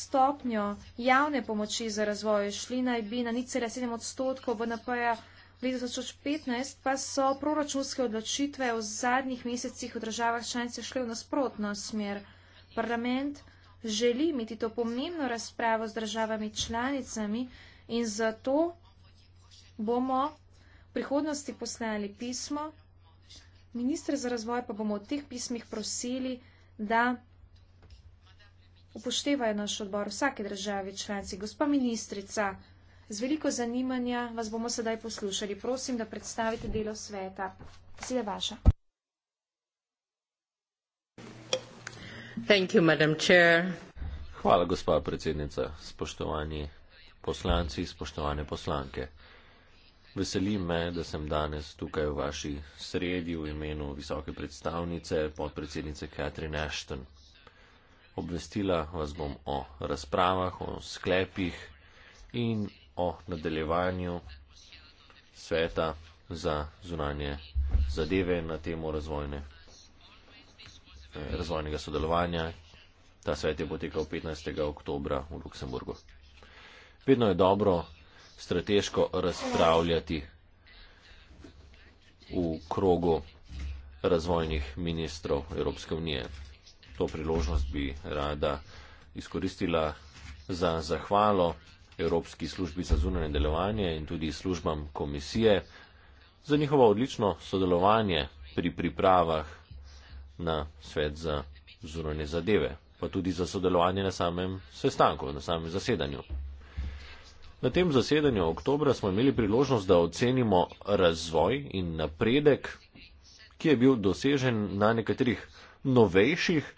stopnjo javne pomoči za razvoj. Šli naj bi na 0,7 odstotkov BNP-ja leta 2015 pa so proračunske odločitve v zadnjih mesecih v državah članice šle v nasprotno smer. Parlament želi imeti to pomembno razpravo z državami članicami in zato bomo v prihodnosti poslali pismo. Ministr za razvoj pa bomo v teh pismih prosili, da upoštevajo naš odbor vsake države članice. Gospa ministrica, Z veliko zanimanja vas bomo sedaj poslušali. Prosim, da predstavite delo sveta. Sile vaša. Thank you, chair. Hvala, gospa predsednica, spoštovani poslanci, spoštovane poslanke. Veselim me, da sem danes tukaj v vaši sredi v imenu visoke predstavnice podpredsednice Catherine Ashton. Obvestila vas bom o razpravah, o sklepih in o nadaljevanju sveta za zunanje zadeve na temo razvojne, eh, razvojnega sodelovanja. Ta svet je potekal 15. oktobra v Luksemburgu. Vedno je dobro strateško razpravljati v krogu razvojnih ministrov Evropske unije. To priložnost bi rada izkoristila za zahvalo Evropski službi za zunanje delovanje in tudi službam komisije za njihovo odlično sodelovanje pri pripravah na svet za zunanje zadeve, pa tudi za sodelovanje na samem sestanku, na samem zasedanju. Na tem zasedanju oktobra smo imeli priložnost, da ocenimo razvoj in napredek, ki je bil dosežen na nekaterih novejših,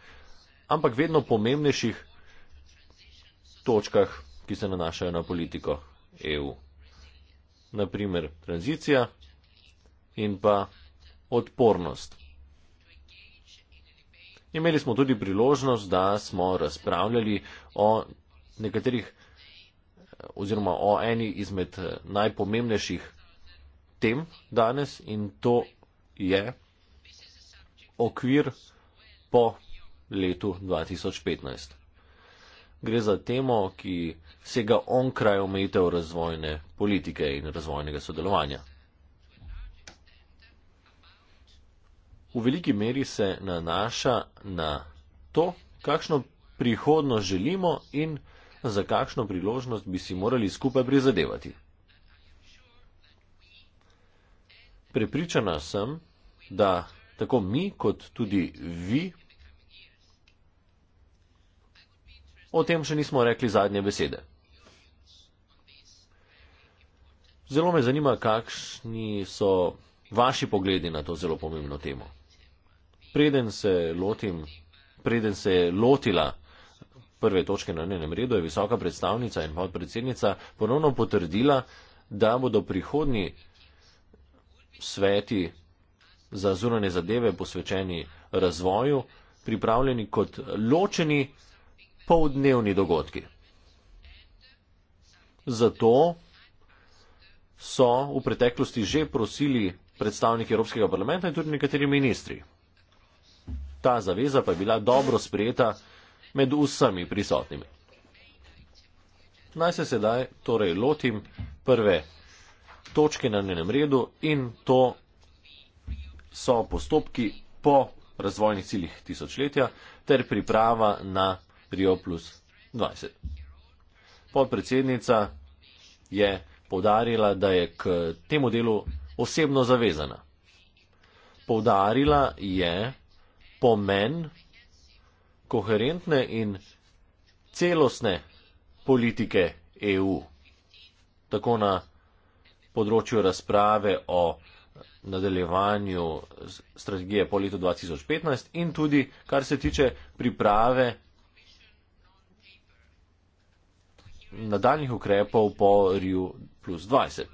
ampak vedno pomembnejših točkah ki se nanašajo na politiko EU. Naprimer, tranzicija in pa odpornost. Imeli smo tudi priložnost, da smo razpravljali o nekaterih oziroma o eni izmed eh, najpomembnejših tem danes in to je okvir po letu 2015 gre za temo, ki sega onkraj omejitev razvojne politike in razvojnega sodelovanja. V veliki meri se nanaša na to, kakšno prihodno želimo in za kakšno priložnost bi si morali skupaj prizadevati. Prepričana sem, da tako mi kot tudi vi O tem še nismo rekli zadnje besede. Zelo me zanima, kakšni so vaši pogledi na to zelo pomembno temo. Preden se lotim, preden se je lotila prve točke na njenem redu, je visoka predstavnica in podpredsednica ponovno potrdila, da bodo prihodni sveti za zunanje zadeve posvečeni razvoju pripravljeni kot ločeni poldnevni dogodki. Zato so v preteklosti že prosili predstavniki Evropskega parlamenta in tudi nekateri ministri. Ta zaveza pa je bila dobro sprejeta med vsemi prisotnimi. Naj se sedaj torej lotim prve točke na njenem redu in to so postopki po razvojnih ciljih tisočletja ter priprava na Rio plus 20. Podpredsednica je povdarila, da je k temu delu osebno zavezana. Povdarila je pomen koherentne in celostne politike EU, tako na področju razprave o nadaljevanju strategije po letu 2015 in tudi kar se tiče priprave nadaljnih ukrepov po Riu plus 20.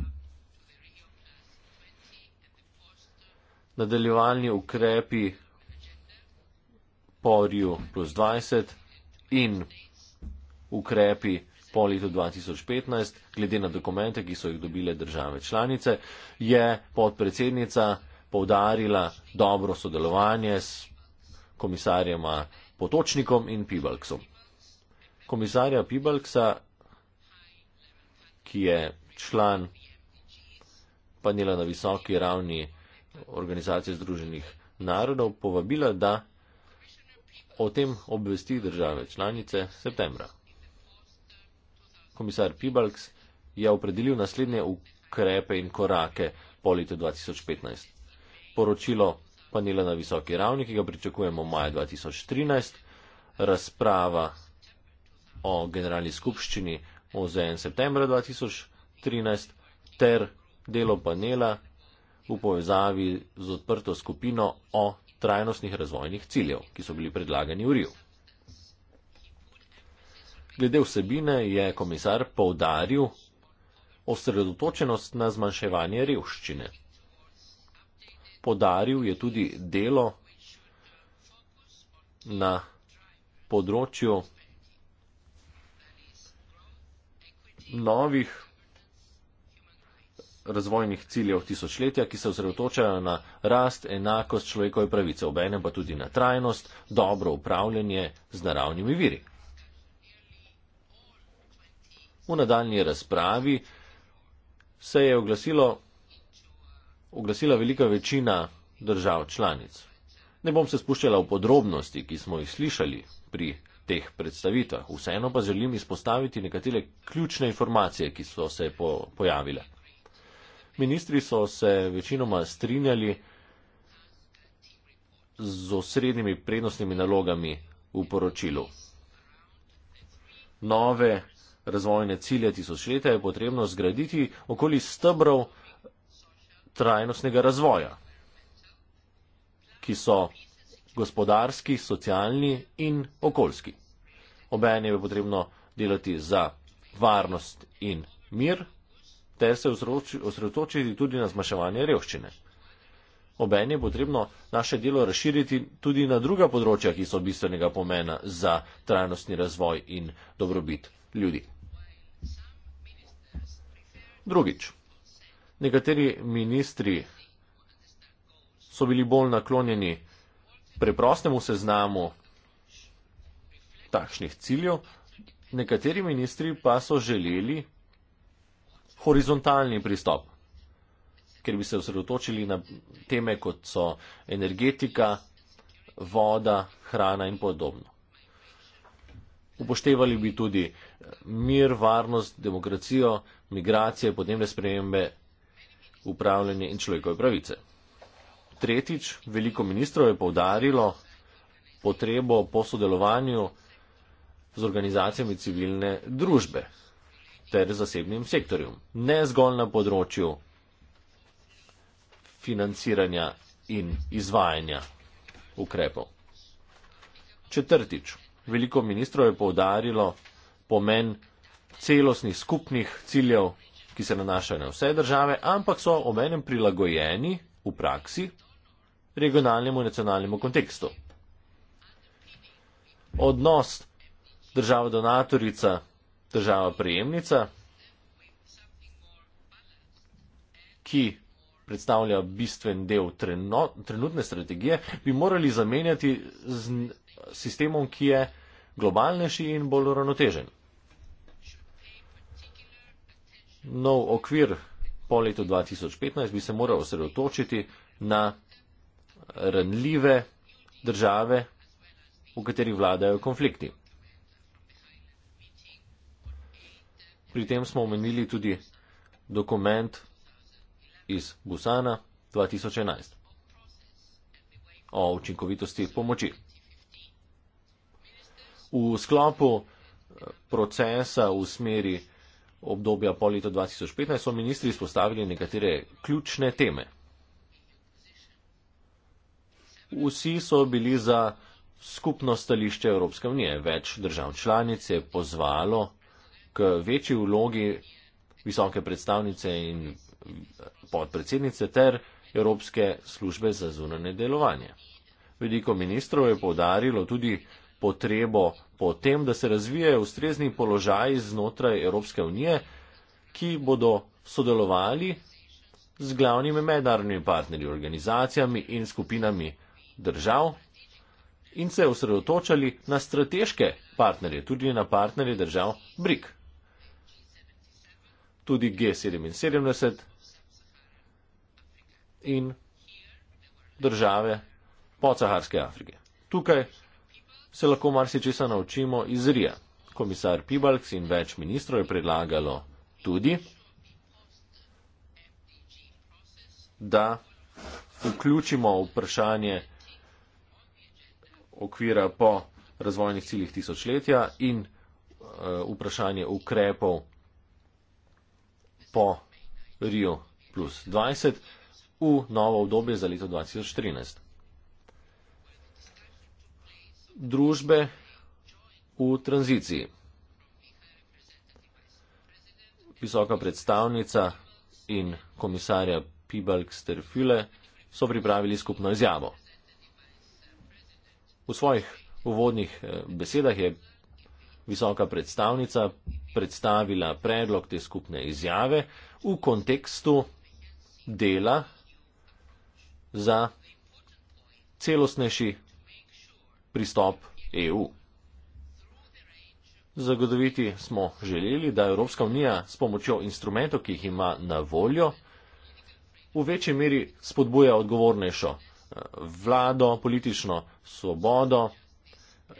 Nadaljevalni ukrepi po Riu plus 20 in ukrepi po letu 2015, glede na dokumente, ki so jih dobile države članice, je podpredsednica povdarila dobro sodelovanje s komisarjema Potočnikom in Pibalksom. Komisarja Pibalksa ki je član panela na visoki ravni Organizacije združenih narodov, povabila, da o tem obvesti države članice septembra. Komisar Pibalks je opredelil naslednje ukrepe in korake po letu 2015. Poročilo panela na visoki ravni, ki ga pričakujemo maja 2013, razprava o generalni skupščini OZN septembra 2013 ter delo panela v povezavi z odprto skupino o trajnostnih razvojnih ciljev, ki so bili predlagani v Riju. Glede vsebine je komisar povdaril osredotočenost na zmanjševanje revščine. Podaril je tudi delo na področju novih razvojnih ciljev tisočletja, ki se osredotočajo na rast, enakost človekove pravice, obenem pa tudi na trajnost, dobro upravljanje z naravnimi viri. V nadaljni razpravi se je oglasilo, oglasila velika večina držav članic. Ne bom se spuščala v podrobnosti, ki smo jih slišali pri teh predstavitvah. Vseeno pa želim izpostaviti nekatere ključne informacije, ki so se po, pojavile. Ministri so se večinoma strinjali z osrednjimi prednostnimi nalogami v poročilu. Nove razvojne cilje tisočletja je potrebno zgraditi okoli stebrov trajnostnega razvoja, ki so gospodarski, socialni in okoljski. Obenem je potrebno delati za varnost in mir, ter se osredotočiti tudi na zmaševanje revščine. Obenem je potrebno naše delo razširiti tudi na druga področja, ki so bistvenega pomena za trajnostni razvoj in dobrobit ljudi. Drugič. Nekateri ministri so bili bolj naklonjeni preprostemu seznamu takšnih ciljev, nekateri ministri pa so želeli horizontalni pristop, ker bi se osredotočili na teme, kot so energetika, voda, hrana in podobno. Upoštevali bi tudi eh, mir, varnost, demokracijo, migracije, podnebne spremembe, upravljanje in človekove pravice. Tretjič, veliko ministrov je povdarilo potrebo po sodelovanju z organizacijami civilne družbe ter zasebnim sektorjem, ne zgolj na področju financiranja in izvajanja ukrepov. Četrtič, veliko ministrov je povdarilo pomen celostnih skupnih ciljev, ki se nanašajo na vse države, ampak so omenjem prilagojeni v praksi regionalnemu in nacionalnemu kontekstu. Odnos država donatorica, država prejemnica, ki predstavlja bistven del treno, trenutne strategije, bi morali zamenjati z sistemom, ki je globalnejši in bolj uravnotežen. Nov okvir po letu 2015 bi se moral osredotočiti na ranljive države, v katerih vladajo konflikti. Pri tem smo omenili tudi dokument iz Busana 2011 o učinkovitosti pomoči. V sklopu eh, procesa v smeri obdobja po leto 2015 so ministri izpostavili nekatere ključne teme vsi so bili za skupno stališče Evropske unije. Več držav članic je pozvalo k večji vlogi visoke predstavnice in podpredsednice ter Evropske službe za zunanje delovanje. Veliko ministrov je povdarilo tudi potrebo po tem, da se razvijajo ustrezni položaji znotraj Evropske unije, ki bodo sodelovali z glavnimi mednarodnimi partnerji, organizacijami in skupinami držav in se osredotočali na strateške partnerje, tudi na partnerje držav BRIC. Tudi G77 in države podsaharske Afrike. Tukaj se lahko marsičesa naučimo iz Rija. Komisar Pibalks in več ministrov je predlagalo tudi, da vključimo vprašanje okvira po razvojnih ciljih tisočletja in eh, vprašanje ukrepov po Rio plus 20 v novo obdobje za leto 2014. Družbe v tranziciji. Visoka predstavnica in komisarja Pibalk Sterfile so pripravili skupno izjavo. V svojih uvodnih eh, besedah je visoka predstavnica predstavila predlog te skupne izjave v kontekstu dela za celostnejši pristop EU. Zagotoviti smo želeli, da Evropska unija s pomočjo instrumentov, ki jih ima na voljo, v večji meri spodbuja odgovornejšo vlado, politično svobodo,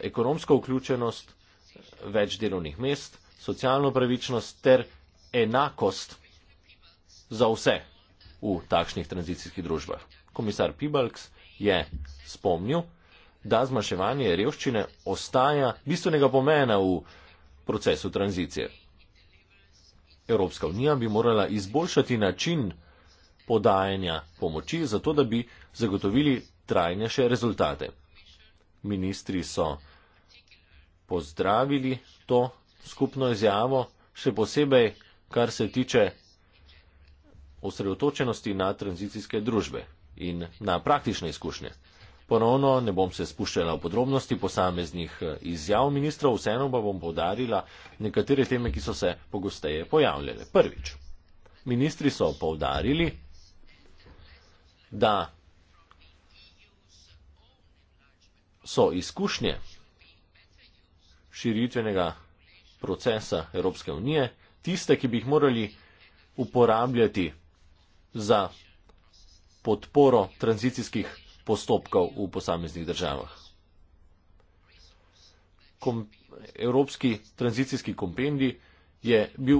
ekonomsko vključenost, več delovnih mest, socialno pravičnost ter enakost za vse v takšnih tranzicijskih družbah. Komisar Pibalks je spomnil, da zmaševanje revščine ostaja bistvenega pomena v procesu tranzicije. Evropska unija bi morala izboljšati način podajanja pomoči, zato da bi zagotovili trajnejše rezultate. Ministri so pozdravili to skupno izjavo, še posebej, kar se tiče osredotočenosti na tranzicijske družbe in na praktične izkušnje. Ponovno ne bom se spuščala v podrobnosti posameznih eh, izjav ministrov, vseeno pa bom povdarila nekatere teme, ki so se pogosteje pojavljale. Prvič, ministri so povdarili, da so izkušnje širitvenega procesa Evropske unije tiste, ki bi jih morali uporabljati za podporo tranzicijskih postopkov v posameznih državah. Kom, Evropski tranzicijski kompendi je bil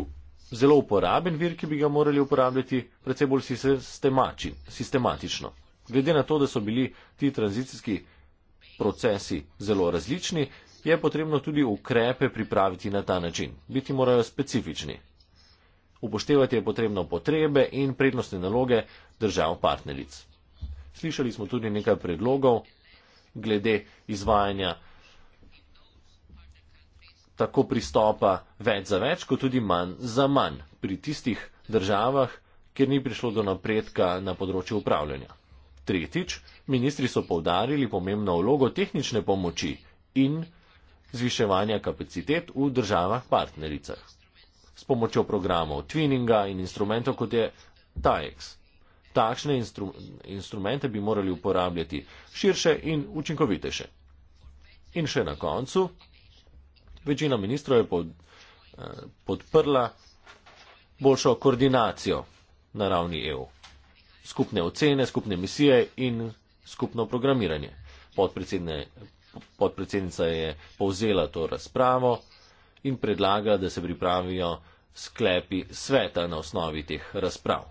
zelo uporaben vir, ki bi ga morali uporabljati predvsej bolj sistemači, sistematično. Glede na to, da so bili ti tranzicijski procesi zelo različni, je potrebno tudi ukrepe pripraviti na ta način. Biti morajo specifični. Upoštevati je potrebno potrebe in prednostne naloge držav partneric. Slišali smo tudi nekaj predlogov glede izvajanja tako pristopa več za več, kot tudi manj za manj pri tistih državah, kjer ni prišlo do napredka na področju upravljanja. Tretjič, ministri so povdarili pomembno vlogo tehnične pomoči in zviševanja kapacitet v državah partnericah. S pomočjo programov Twinninga in instrumentov kot je TAEX. Takšne instru instrumente bi morali uporabljati širše in učinkovitejše. In še na koncu, večina ministrov je pod, eh, podprla boljšo koordinacijo na ravni EU skupne ocene, skupne misije in skupno programiranje. Podpredsednica je povzela to razpravo in predlaga, da se pripravijo sklepi sveta na osnovi teh razprav.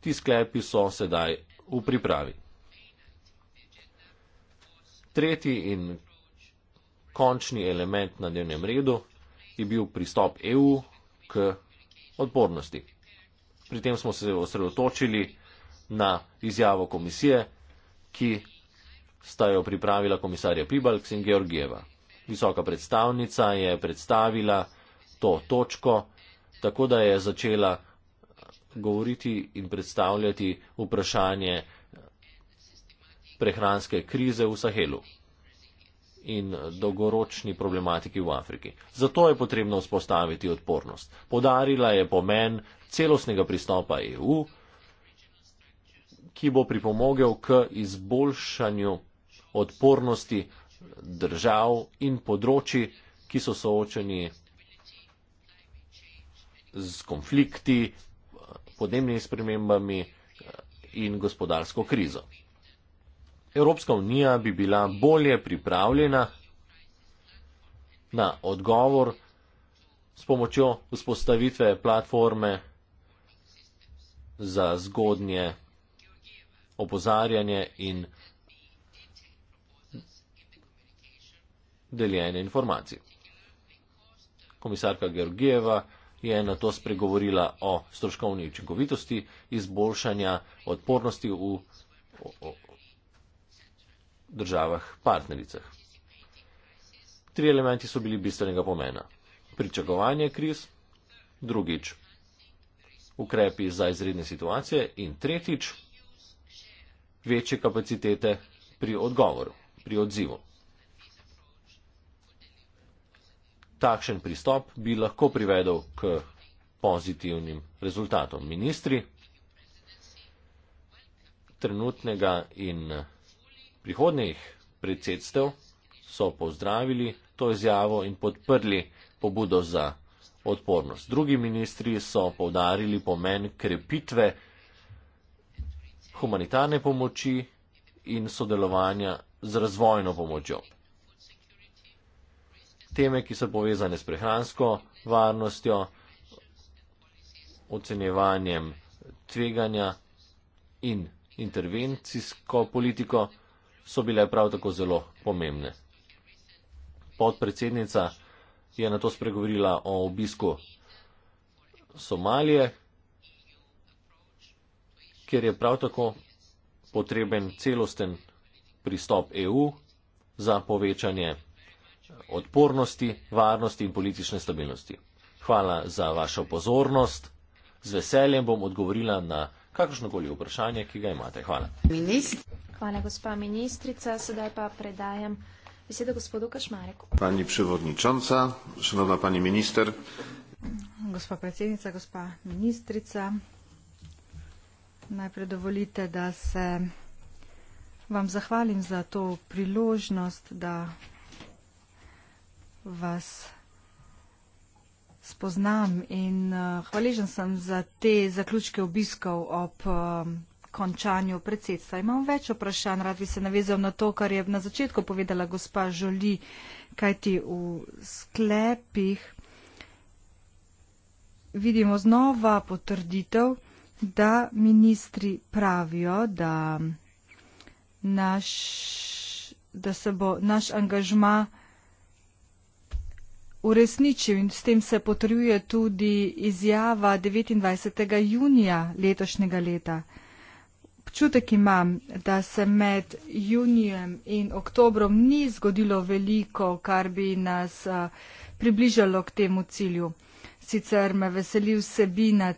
Ti sklepi so sedaj v pripravi. Tretji in končni element na dnevnem redu je bil pristop EU k odpornosti. Pri tem smo se osredotočili na izjavo komisije, ki sta jo pripravila komisarja Pibalks in Georgieva. Visoka predstavnica je predstavila to točko, tako da je začela govoriti in predstavljati vprašanje prehranske krize v Sahelu in dolgoročni problematiki v Afriki. Zato je potrebno vzpostaviti odpornost. Podarila je pomen celostnega pristopa EU, ki bo pripomogel k izboljšanju odpornosti držav in področji, ki so soočeni z konflikti, podnebnimi spremembami in gospodarsko krizo. Evropska unija bi bila bolje pripravljena na odgovor s pomočjo vzpostavitve platforme za zgodnje opozarjanje in deljene informacije. Komisarka Georgijeva je na to spregovorila o stroškovni učinkovitosti izboljšanja odpornosti v državah partnericah. Tri elementi so bili bistvenega pomena. Pričakovanje kriz, drugič ukrepi za izredne situacije in tretjič večje kapacitete pri odgovoru, pri odzivu. Takšen pristop bi lahko privedel k pozitivnim rezultatom. Ministri trenutnega in prihodnih predsedstev so pozdravili to izjavo in podprli pobudo za odpornost. Drugi ministri so povdarili pomen krepitve humanitarne pomoči in sodelovanja z razvojno pomočjo. Teme, ki so povezane s prehransko varnostjo, ocenjevanjem tveganja in intervencijsko politiko, so bile prav tako zelo pomembne. Podpredsednica je na to spregovorila o obisku Somalije, kjer je prav tako potreben celosten pristop EU za povečanje odpornosti, varnosti in politične stabilnosti. Hvala za vašo pozornost. Z veseljem bom odgovorila na kakršnokoli vprašanje, ki ga imate. Hvala. Minist. Hvala, gospa ministrica. Sedaj pa predajam besedo gospodu Kašmareku. Pani prevodničanca, šanovna pani minister. Gospa predsednica, gospa ministrica, najprej dovolite, da se vam zahvalim za to priložnost, da vas spoznam in eh, hvaležen sem za te zaključke obiskov ob eh, končanju predsedstva. Imam več vprašanj, rad bi se navezal na to, kar je na začetku povedala gospa Žoli, kajti v sklepih vidimo znova potrditev, da ministri pravijo, da, naš, da se bo naš angažma uresničil in s tem se potrjuje tudi izjava 29. junija letošnjega leta. Čutek imam, da se med junijem in oktobrom ni zgodilo veliko, kar bi nas približalo k temu cilju. Sicer me veseli vsebina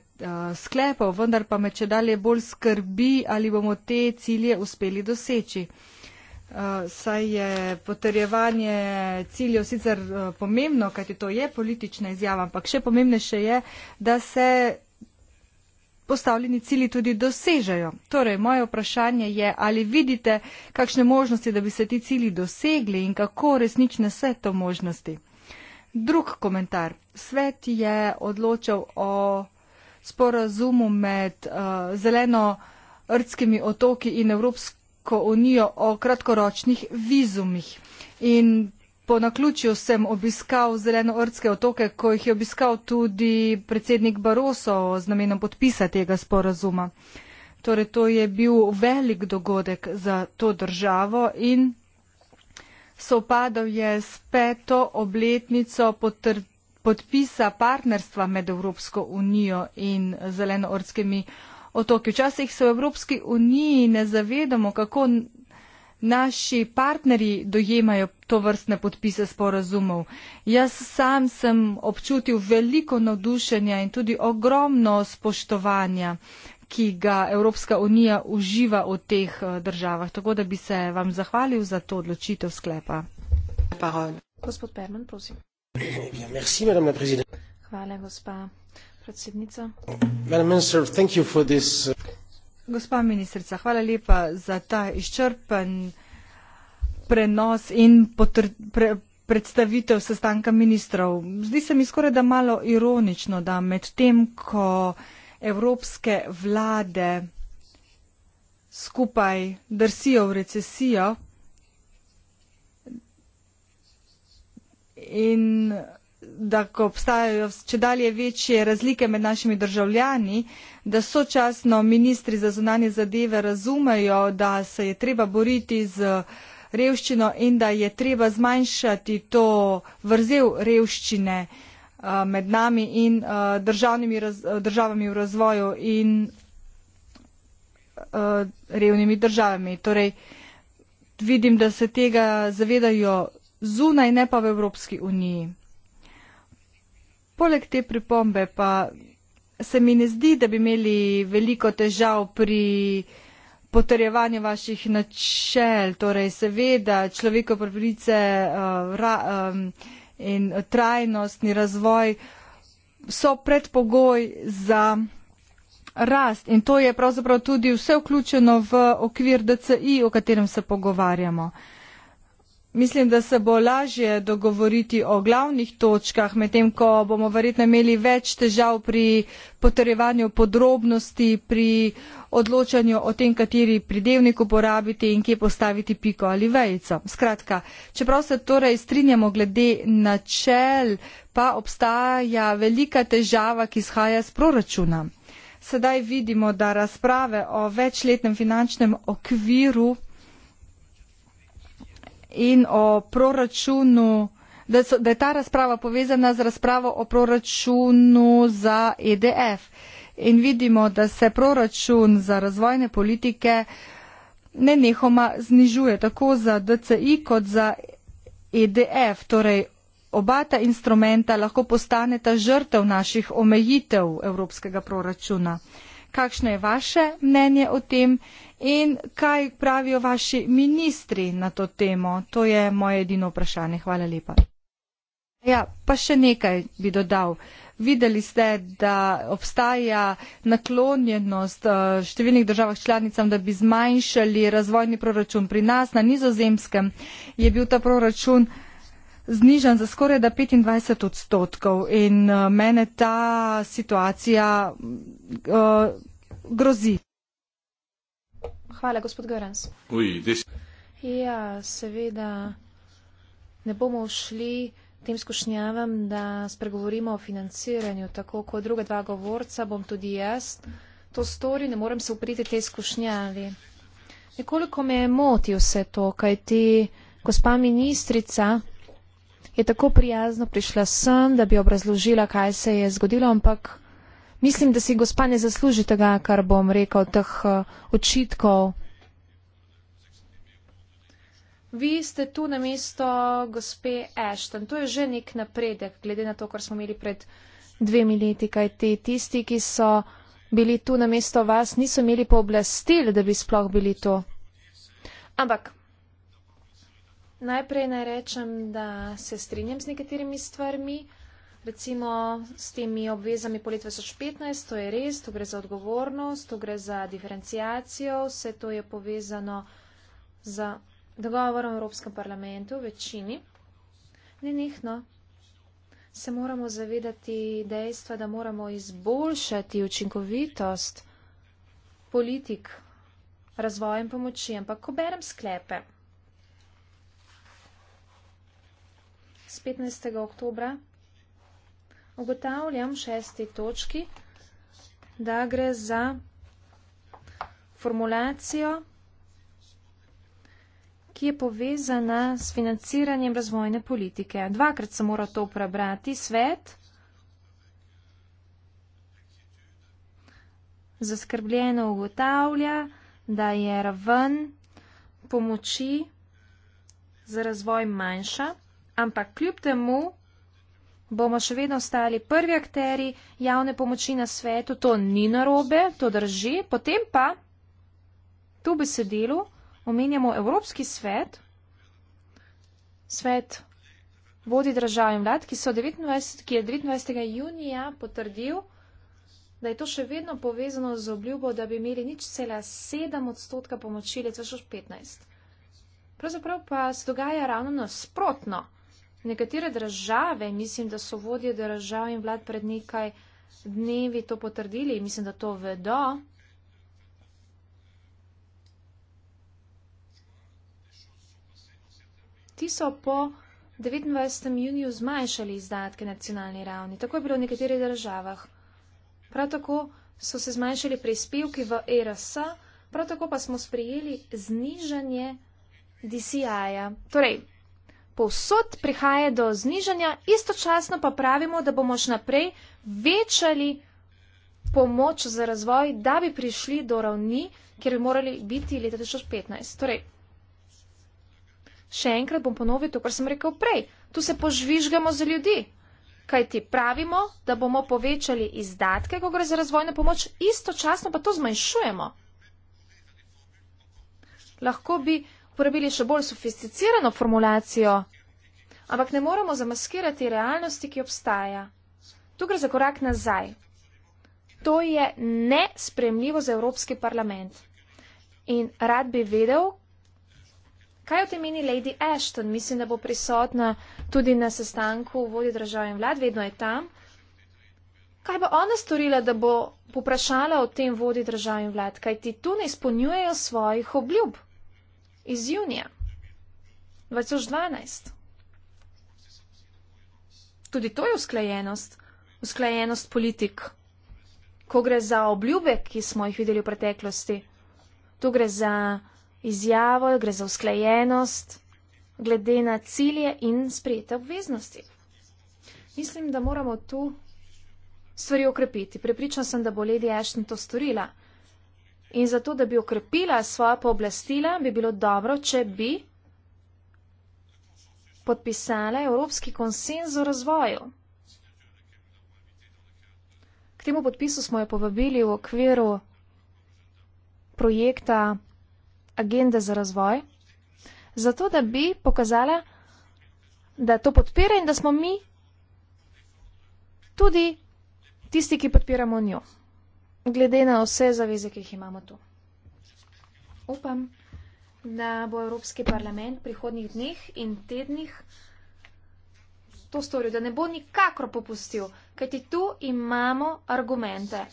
sklepov, vendar pa me če dalje bolj skrbi, ali bomo te cilje uspeli doseči. Eh, saj je potrjevanje ciljev sicer eh, pomembno, kajti to je politična izjava, ampak še pomembnejše je, da se postavljeni cilji tudi dosežejo. Torej, moje vprašanje je, ali vidite kakšne možnosti, da bi se ti cilji dosegli in kako resnične so to možnosti. Drug komentar. Svet je odločal o sporazumu med uh, eh, zeleno. Rdskimi otoki in Evropsko Evropsko unijo o kratkoročnih vizumih. In po naključju sem obiskal Zelenoordske otoke, ko jih je obiskal tudi predsednik Baroso z namenom podpisa tega sporazuma. Torej, to je bil velik dogodek za to državo in sopadal je s peto obletnico podpisa partnerstva med Evropsko unijo in Zelenoordskimi otoki otoki. Včasih se v Evropski uniji ne zavedamo, kako naši partnerji dojemajo to vrstne podpise sporazumov. Jaz sam sem občutil veliko navdušenja in tudi ogromno spoštovanja, ki ga Evropska unija uživa v teh eh, državah. Tako da bi se vam zahvalil za to odločitev sklepa. Parole. Gospod Perman, prosim. Eh, merci, Hvala, gospa predsednica. Uh, Gospa ministrica, hvala lepa za ta izčrpen prenos in predstavitev sestanka ministrov. Zdi se mi skoraj da malo ironično, da med tem, ko evropske vlade skupaj drsijo v recesijo in da ko obstajajo če dalje večje razlike med našimi državljani, da sočasno ministri za zunanje zadeve razumejo, da se je treba boriti z revščino in da je treba zmanjšati to vrzel revščine eh, med nami in eh, državnimi raz, državami v razvoju in eh, revnimi državami. Torej, vidim, da se tega zavedajo zunaj, ne pa v Evropski uniji. Poleg te pripombe pa se mi ne zdi, da bi imeli veliko težav pri potrjevanju vaših načel. Torej, seveda, človeko pravice uh, ra, um, in trajnostni razvoj so predpogoj za rast in to je pravzaprav tudi vse vključeno v okvir DCI, o katerem se pogovarjamo. Uh, Mislim, da se bo lažje dogovoriti o glavnih točkah, medtem ko bomo verjetno imeli več težav pri potrjevanju podrobnosti, pri odločanju o tem, kateri pridevnik uporabiti in kje postaviti piko ali vejico. Skratka, čeprav se torej strinjamo glede načel, pa obstaja velika težava, ki izhaja z proračuna. Sedaj vidimo, da razprave o večletnem finančnem okviru in o proračunu, da, so, da je ta razprava povezana z razpravo o proračunu za EDF. In vidimo, da se proračun za razvojne politike ne nehoma znižuje, tako za DCI kot za EDF. Torej, oba ta instrumenta lahko postaneta žrtev naših omejitev evropskega proračuna kakšno je vaše mnenje o tem in kaj pravijo vaši ministri na to temo. To je moje edino vprašanje. Hvala lepa. Ja, pa še nekaj bi dodal. Videli ste, da obstaja naklonjenost eh, številnih državah članicam, da bi zmanjšali razvojni proračun. Pri nas na nizozemskem je bil ta proračun znižan za skoraj da 25 odstotkov in uh, mene ta situacija uh, grozi. Hvala, gospod Gorans. Ja, seveda ne bomo šli tem skušnjavam, da spregovorimo o financiranju, tako kot druga dva govorca, bom tudi jaz to storil, ne morem se upriti te skušnjavi. Nekoliko me moti vse to, kaj ti gospa ministrica je tako prijazno prišla sem, da bi obrazložila, kaj se je zgodilo, ampak mislim, da si gospa ne zasluži tega, kar bom rekel, teh eh, očitkov. Vi ste tu na mesto gospe Ashton. To je že nek napredek, glede na to, kar smo imeli pred dvemi leti, kaj te tisti, ki so bili tu na mesto vas, niso imeli pooblastil, da bi sploh bili tu. Ampak Najprej naj rečem, da se strinjam z nekaterimi stvarmi, recimo s temi obvezami po letu 2015, to je res, to gre za odgovornost, to gre za diferencijacijo, vse to je povezano z dogovorom v Evropskem parlamentu, v večini. Ne njihno. Se moramo zavedati dejstva, da moramo izboljšati učinkovitost politik razvojem pomoči, ampak ko berem sklepe, 15. oktobra. Ugotavljam v šesti točki, da gre za formulacijo, ki je povezana s financiranjem razvojne politike. Dvakrat sem moral to prebrati. Svet, zaskrbljeno ugotavlja, da je raven pomoči za razvoj manjša ampak kljub temu bomo še vedno ostali prvi akteri javne pomoči na svetu, to ni narobe, to drži. Potem pa tu besedilu omenjamo Evropski svet, svet vodi držav in vlad, ki, 29, ki je 29. junija potrdil, da je to še vedno povezano z obljubo, da bi imeli nič cela 7 odstotka pomoči, leta 2015. Pravzaprav pa se dogaja ravno nasprotno. Nekatere države, mislim, da so vodje držav in vlad pred nekaj dnevi to potrdili, mislim, da to vedo. Ti so po 29. juniju zmanjšali izdatke na nacionalni ravni. Tako je bilo v nekaterih državah. Prav tako so se zmanjšali prispevki v ERS, prav tako pa smo sprejeli znižanje DCI-ja. Torej, povsod prihaja do znižanja, istočasno pa pravimo, da bomo še naprej večali pomoč za razvoj, da bi prišli do ravni, kjer bi morali biti leta 2015. Torej, še enkrat bom ponovil to, kar sem rekel prej. Tu se požvižgamo za ljudi, kaj ti pravimo, da bomo povečali izdatke, ko gre za razvojno pomoč, istočasno pa to zmanjšujemo. Lahko bi uporabili še bolj sofisticirano formulacijo, ampak ne moremo zamaskirati realnosti, ki obstaja. Tu gre za korak nazaj. To je nespremljivo za Evropski parlament. In rad bi vedel, kaj o tem meni Lady Ashton. Mislim, da bo prisotna tudi na sestanku vodje države in vlad, vedno je tam. Kaj bo ona storila, da bo poprašala o tem vodi državi in vlad, kaj ti tu ne izpolnjujejo svojih obljub? iz junija 2012. Tudi to je usklajenost, usklajenost politik, ko gre za obljube, ki smo jih videli v preteklosti. Tu gre za izjavo, gre za usklajenost, glede na cilje in sprejete obveznosti. Mislim, da moramo tu stvari okrepiti. Prepričan sem, da bo Lady Ashton to storila. In zato, da bi okrepila svoja pooblastila, bi bilo dobro, če bi podpisala Evropski konsenz o razvoju. K temu podpisu smo jo povabili v okviru projekta Agenda za razvoj, zato da bi pokazala, da to podpira in da smo mi tudi tisti, ki podpiramo njo glede na vse zaveze, ki jih imamo tu. Upam, da bo Evropski parlament v prihodnih dneh in tednih to storil, da ne bo nikakor popustil, kajti tu imamo argumente.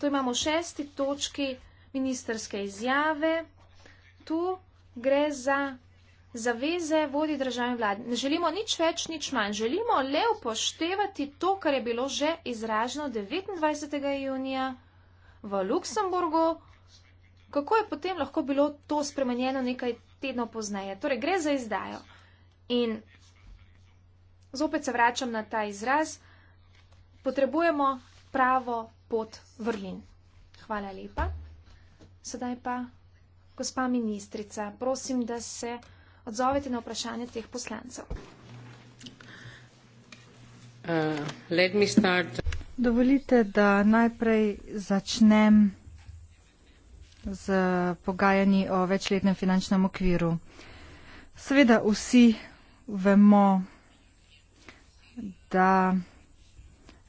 Tu imamo šesti točki ministerske izjave. Tu gre za zaveze vodi državne vlade. Ne želimo nič več, nič manj. Želimo le upoštevati to, kar je bilo že izraženo 29. junija v Luksemburgu. Kako je potem lahko bilo to spremenjeno nekaj tednov pozneje? Torej, gre za izdajo. In zopet se vračam na ta izraz. Potrebujemo pravo pot vrlin. Hvala lepa. Sedaj pa, gospa ministrica, prosim, da se odzovete na vprašanje teh poslancev. Uh, Dovolite, da najprej začnem z pogajanji o večletnem finančnem okviru. Seveda vsi vemo, da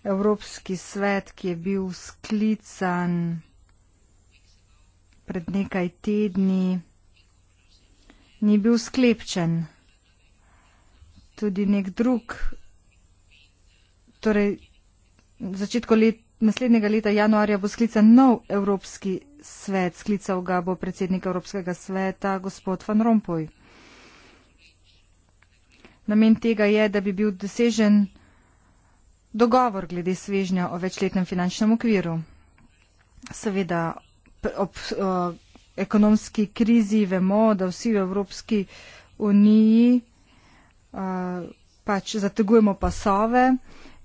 Evropski svet, ki je bil sklican pred nekaj tedni, ni bil sklepčen. Tudi nek drug, torej v začetku let, naslednjega leta januarja bo sklican nov Evropski svet, sklical ga bo predsednik Evropskega sveta gospod Van Rompuy. Namen tega je, da bi bil dosežen dogovor glede svežnja o večletnem finančnem okviru. Seveda ob. Uh, ekonomski krizi vemo, da vsi v Evropski uniji uh, pač zategujemo pasove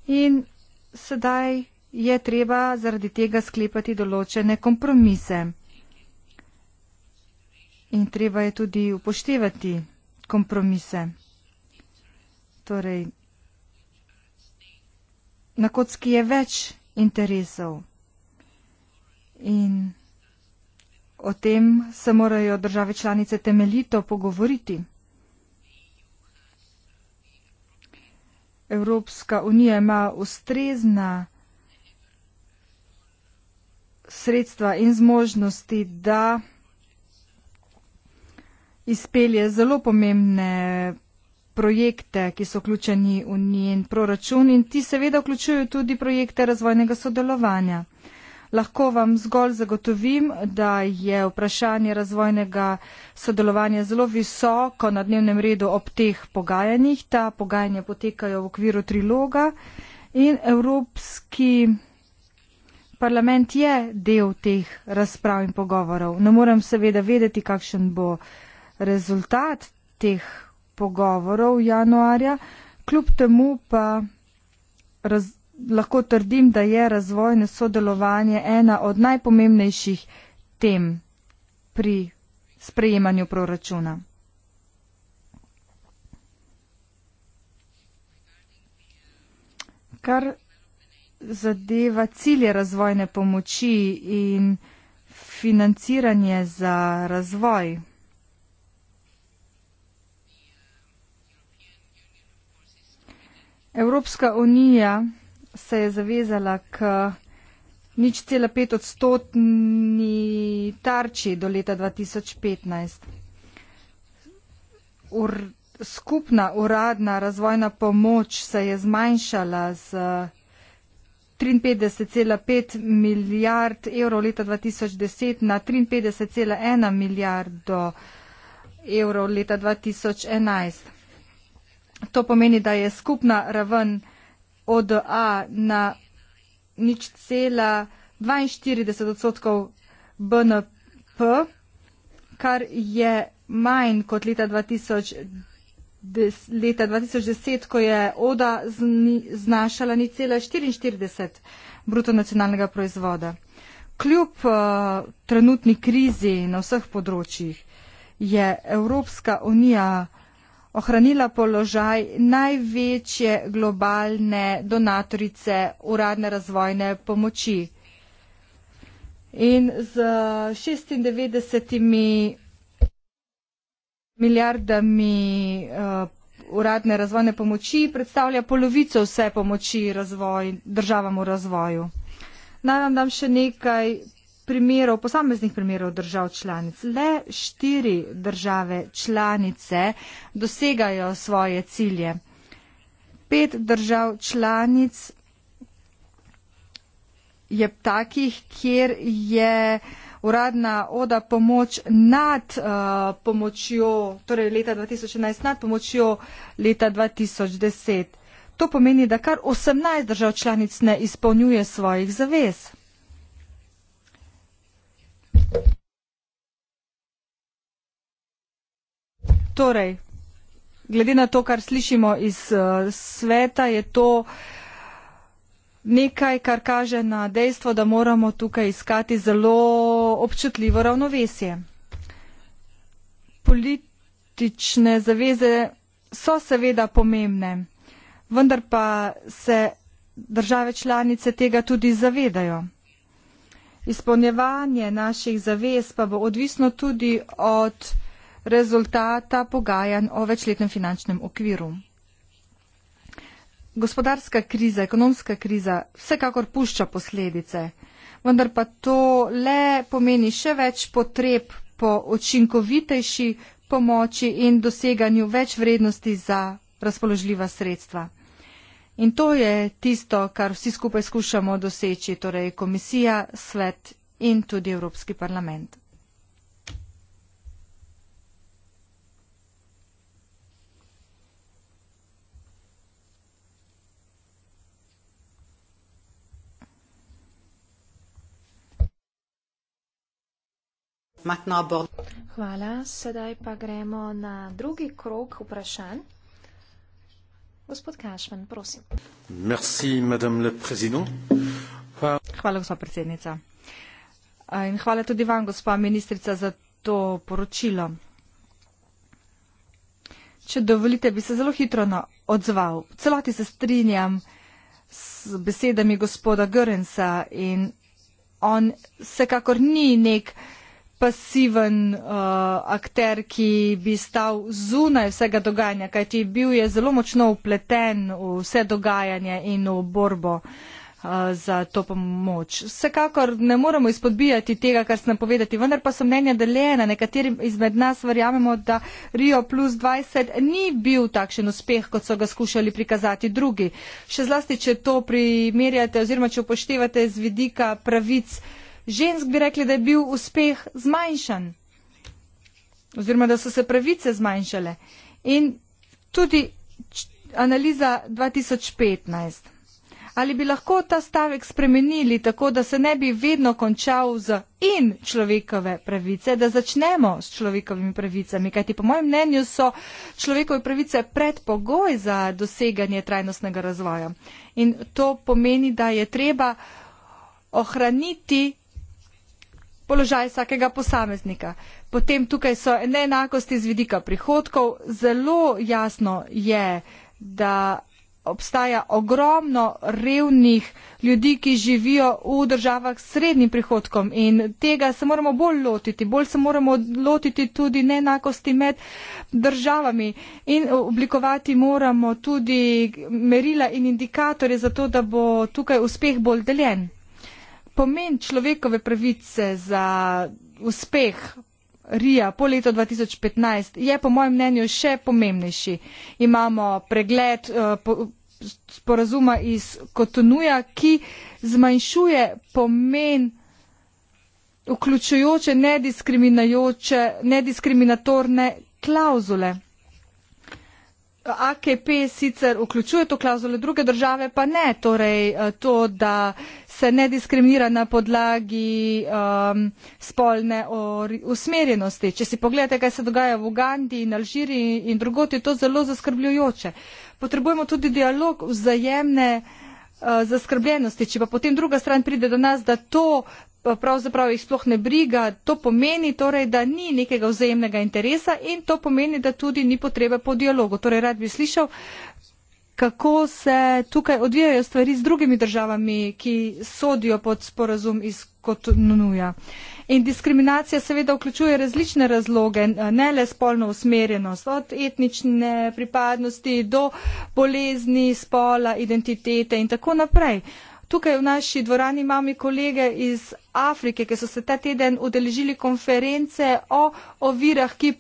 in sedaj je treba zaradi tega sklepati določene kompromise. In treba je tudi upoštevati kompromise. Torej, na kocki je več interesov. In o tem se morajo države članice temeljito pogovoriti. Evropska unija ima ustrezna sredstva in zmožnosti, da izpelje zelo pomembne projekte, ki so vključeni v njen proračun in ti seveda vključujejo tudi projekte razvojnega sodelovanja. Lahko vam zgolj zagotovim, da je vprašanje razvojnega sodelovanja zelo visoko na dnevnem redu ob teh pogajanjih. Ta pogajanja potekajo v okviru triloga in Evropski parlament je del teh razprav in pogovorov. Ne morem seveda vedeti, kakšen bo rezultat teh pogovorov januarja, kljub temu pa. Raz, lahko trdim, da je razvojno sodelovanje ena od najpomembnejših tem pri sprejemanju proračuna. Kar zadeva cilje razvojne pomoči in financiranje za razvoj. Evropska unija se je zavezala k nič cela pet odstotni tarči do leta 2015. Ur, skupna uradna razvojna pomoč se je zmanjšala z 53,5 milijard evrov leta 2010 na 53,1 milijardo evrov leta 2011. To pomeni, da je skupna raven od A na nič cela 42 odstotkov BNP, kar je manj kot leta 2000. Des, leta 2010, ko je ODA zni, znašala ni cela 44 bruto nacionalnega proizvoda. Kljub uh, trenutni krizi na vseh področjih je Evropska unija ohranila položaj največje globalne donatorice uradne razvojne pomoči. In z 96 milijardami uh, uradne razvojne pomoči predstavlja polovico vse pomoči razvoj, državam v razvoju. Naj vam dam še nekaj primerov, posameznih primerov držav članic. Le štiri države članice dosegajo svoje cilje. Pet držav članic je takih, kjer je uradna oda pomoč nad uh, pomočjo, torej leta 2011 nad pomočjo leta 2010. To pomeni, da kar 18 držav članic ne izpolnjuje svojih zavez. Torej, glede na to, kar slišimo iz uh, sveta, je to nekaj, kar kaže na dejstvo, da moramo tukaj iskati zelo občutljivo ravnovesje. Politične zaveze so seveda pomembne, vendar pa se države članice tega tudi zavedajo. Izpolnjevanje naših zavez pa bo odvisno tudi od rezultata pogajanj o večletnem finančnem okviru. Gospodarska kriza, ekonomska kriza vsekakor pušča posledice, vendar pa to le pomeni še več potreb po učinkovitejši pomoči in doseganju več vrednosti za razpoložljiva sredstva. In to je tisto, kar vsi skupaj skušamo doseči, torej komisija, svet in tudi Evropski parlament. Hvala, sedaj pa gremo na drugi krok vprašanj. Gospod Kašman, prosim. Merci, pa... Hvala, gospa predsednica. In hvala tudi vam, gospa ministrica, za to poročilo. Če dovolite, bi se zelo hitro odzval. V celoti se strinjam s besedami gospoda Görensa in on vsekakor ni nek pasiven uh, akter, ki bi stal zunaj vsega dogajanja, kajti bil je zelo močno upleten v vse dogajanje in v borbo uh, za to pomoč. Vsekakor ne moramo izpodbijati tega, kar sem povedati, vendar pa so mnenja deljena. Nekateri izmed nas verjamemo, da Rio plus 20 ni bil takšen uspeh, kot so ga skušali prikazati drugi. Še zlasti, če to primerjate oziroma če upoštevate z vidika pravic žensk bi rekli, da je bil uspeh zmanjšan oziroma da so se pravice zmanjšale. In tudi analiza 2015. Ali bi lahko ta stavek spremenili tako, da se ne bi vedno končal z in človekove pravice, da začnemo s človekovimi pravicami, kajti po mojem mnenju so človekove pravice predpogoj za doseganje trajnostnega razvoja. In to pomeni, da je treba ohraniti položaj vsakega posameznika. Potem tukaj so neenakosti z vidika prihodkov. Zelo jasno je, da obstaja ogromno revnih ljudi, ki živijo v državah s srednjim prihodkom in tega se moramo bolj lotiti. Bolj se moramo lotiti tudi neenakosti med državami in oblikovati moramo tudi merila in indikatorje za to, da bo tukaj uspeh bolj deljen pomen človekove pravice za uspeh Rija po letu 2015 je po mojem mnenju še pomembnejši. Imamo pregled uh, po, sporazuma iz Kotonuja, ki zmanjšuje pomen vključujoče nediskriminatorne klauzule. AKP sicer vključuje to klauzulo, druge države pa ne. Torej, eh, to, da se ne diskriminira na podlagi um, spolne usmerjenosti. Če si pogledate, kaj se dogaja v Ugandi in Alžiriji in drugot, je to zelo zaskrbljujoče. Potrebujemo tudi dialog vzajemne uh, zaskrbljenosti. Če pa potem druga stran pride do nas, da to pravzaprav jih sploh ne briga. To pomeni torej, da ni nekega vzajemnega interesa in to pomeni, da tudi ni potrebe po dialogu. Torej, rad bi slišal, kako se tukaj odvijajo stvari z drugimi državami, ki sodijo pod sporazum iz Kotonuja. In diskriminacija seveda vključuje različne razloge, ne le spolno usmerjenost, od etnične pripadnosti do bolezni, spola, identitete in tako naprej. Uh, Tukaj v naši dvorani imamo kolege iz Afrike, ki so se ta teden udeležili konference o ovirah, ki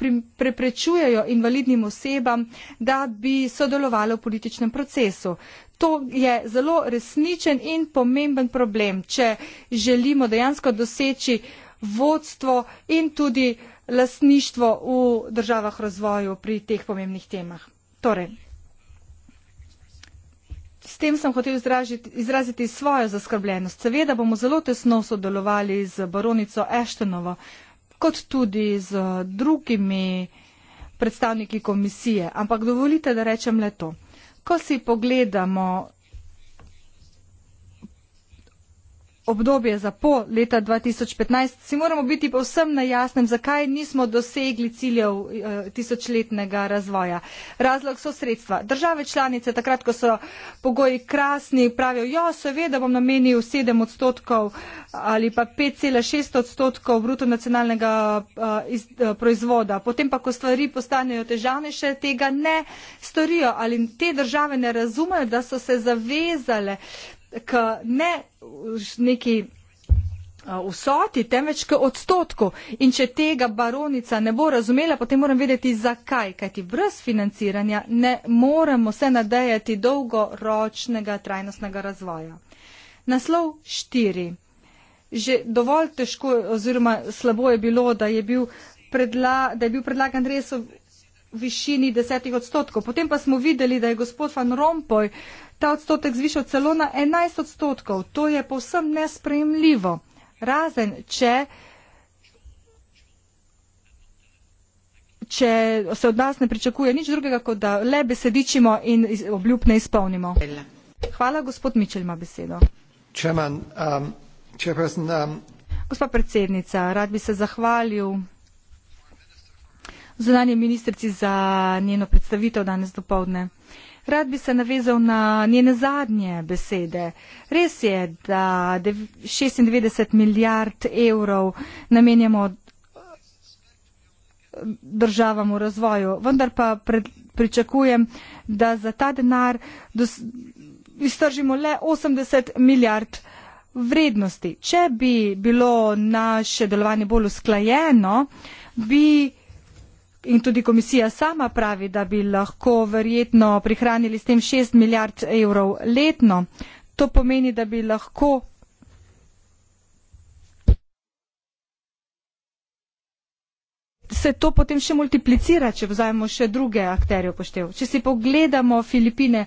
preprečujejo invalidnim osebam, da bi sodelovali v političnem procesu. To je zelo resničen in pomemben problem, če želimo dejansko doseči vodstvo in tudi lasništvo v državah razvoju pri teh pomembnih temah. Torej, tem sem hotel izražiti, izraziti svojo zaskrbljenost. Seveda bomo zelo tesno sodelovali z baronico Eštenovo, kot tudi z drugimi predstavniki komisije. Ampak dovolite, da rečem le to. Ko si pogledamo obdobje za pol leta 2015, si moramo biti povsem na jasnem, zakaj nismo dosegli ciljev eh, tisočletnega razvoja. Razlog so sredstva. Države članice, takrat, ko so pogoji krasni, pravijo, jo, seveda bom namenil 7 odstotkov ali pa 5,6 odstotkov bruto nacionalnega eh, iz, eh, proizvoda. Potem pa, ko stvari postanejo težavne, še tega ne storijo ali te države ne razumejo, da so se zavezale ka ne neki vsoti, temveč k odstotku. In če tega baronica ne bo razumela, potem moram vedeti, zakaj. Kajti brez financiranja ne moremo se nadejati dolgoročnega trajnostnega razvoja. Naslov 4. Že dovolj težko oziroma slabo je bilo, da je bil, predla, da je bil predlagan res višini desetih odstotkov. Potem pa smo videli, da je gospod Van Rompuy ta odstotek zvišal celo na enajst odstotkov. To je povsem nespremljivo. Razen, če, če se od nas ne pričakuje nič drugega, kot da le besedičimo in obljub ne izpolnimo. Hvala, gospod Mičel ima besedo. Um, um, Gospa predsednica, rad bi se zahvalil zunanje ministrici za njeno predstavitev danes dopovdne. Rad bi se navezal na njene zadnje besede. Res je, da 96 milijard evrov namenjamo eh, državam v razvoju, vendar pa pred, pričakujem, da za ta denar dos, iztržimo le 80 milijard vrednosti. Če bi bilo naše delovanje bolj usklajeno, bi In tudi komisija sama pravi, da bi lahko verjetno prihranili s tem 6 milijard evrov letno. To pomeni, da bi lahko. Se to potem še multiplicira, če vzajemo še druge akterje upoštev. Če si pogledamo Filipine,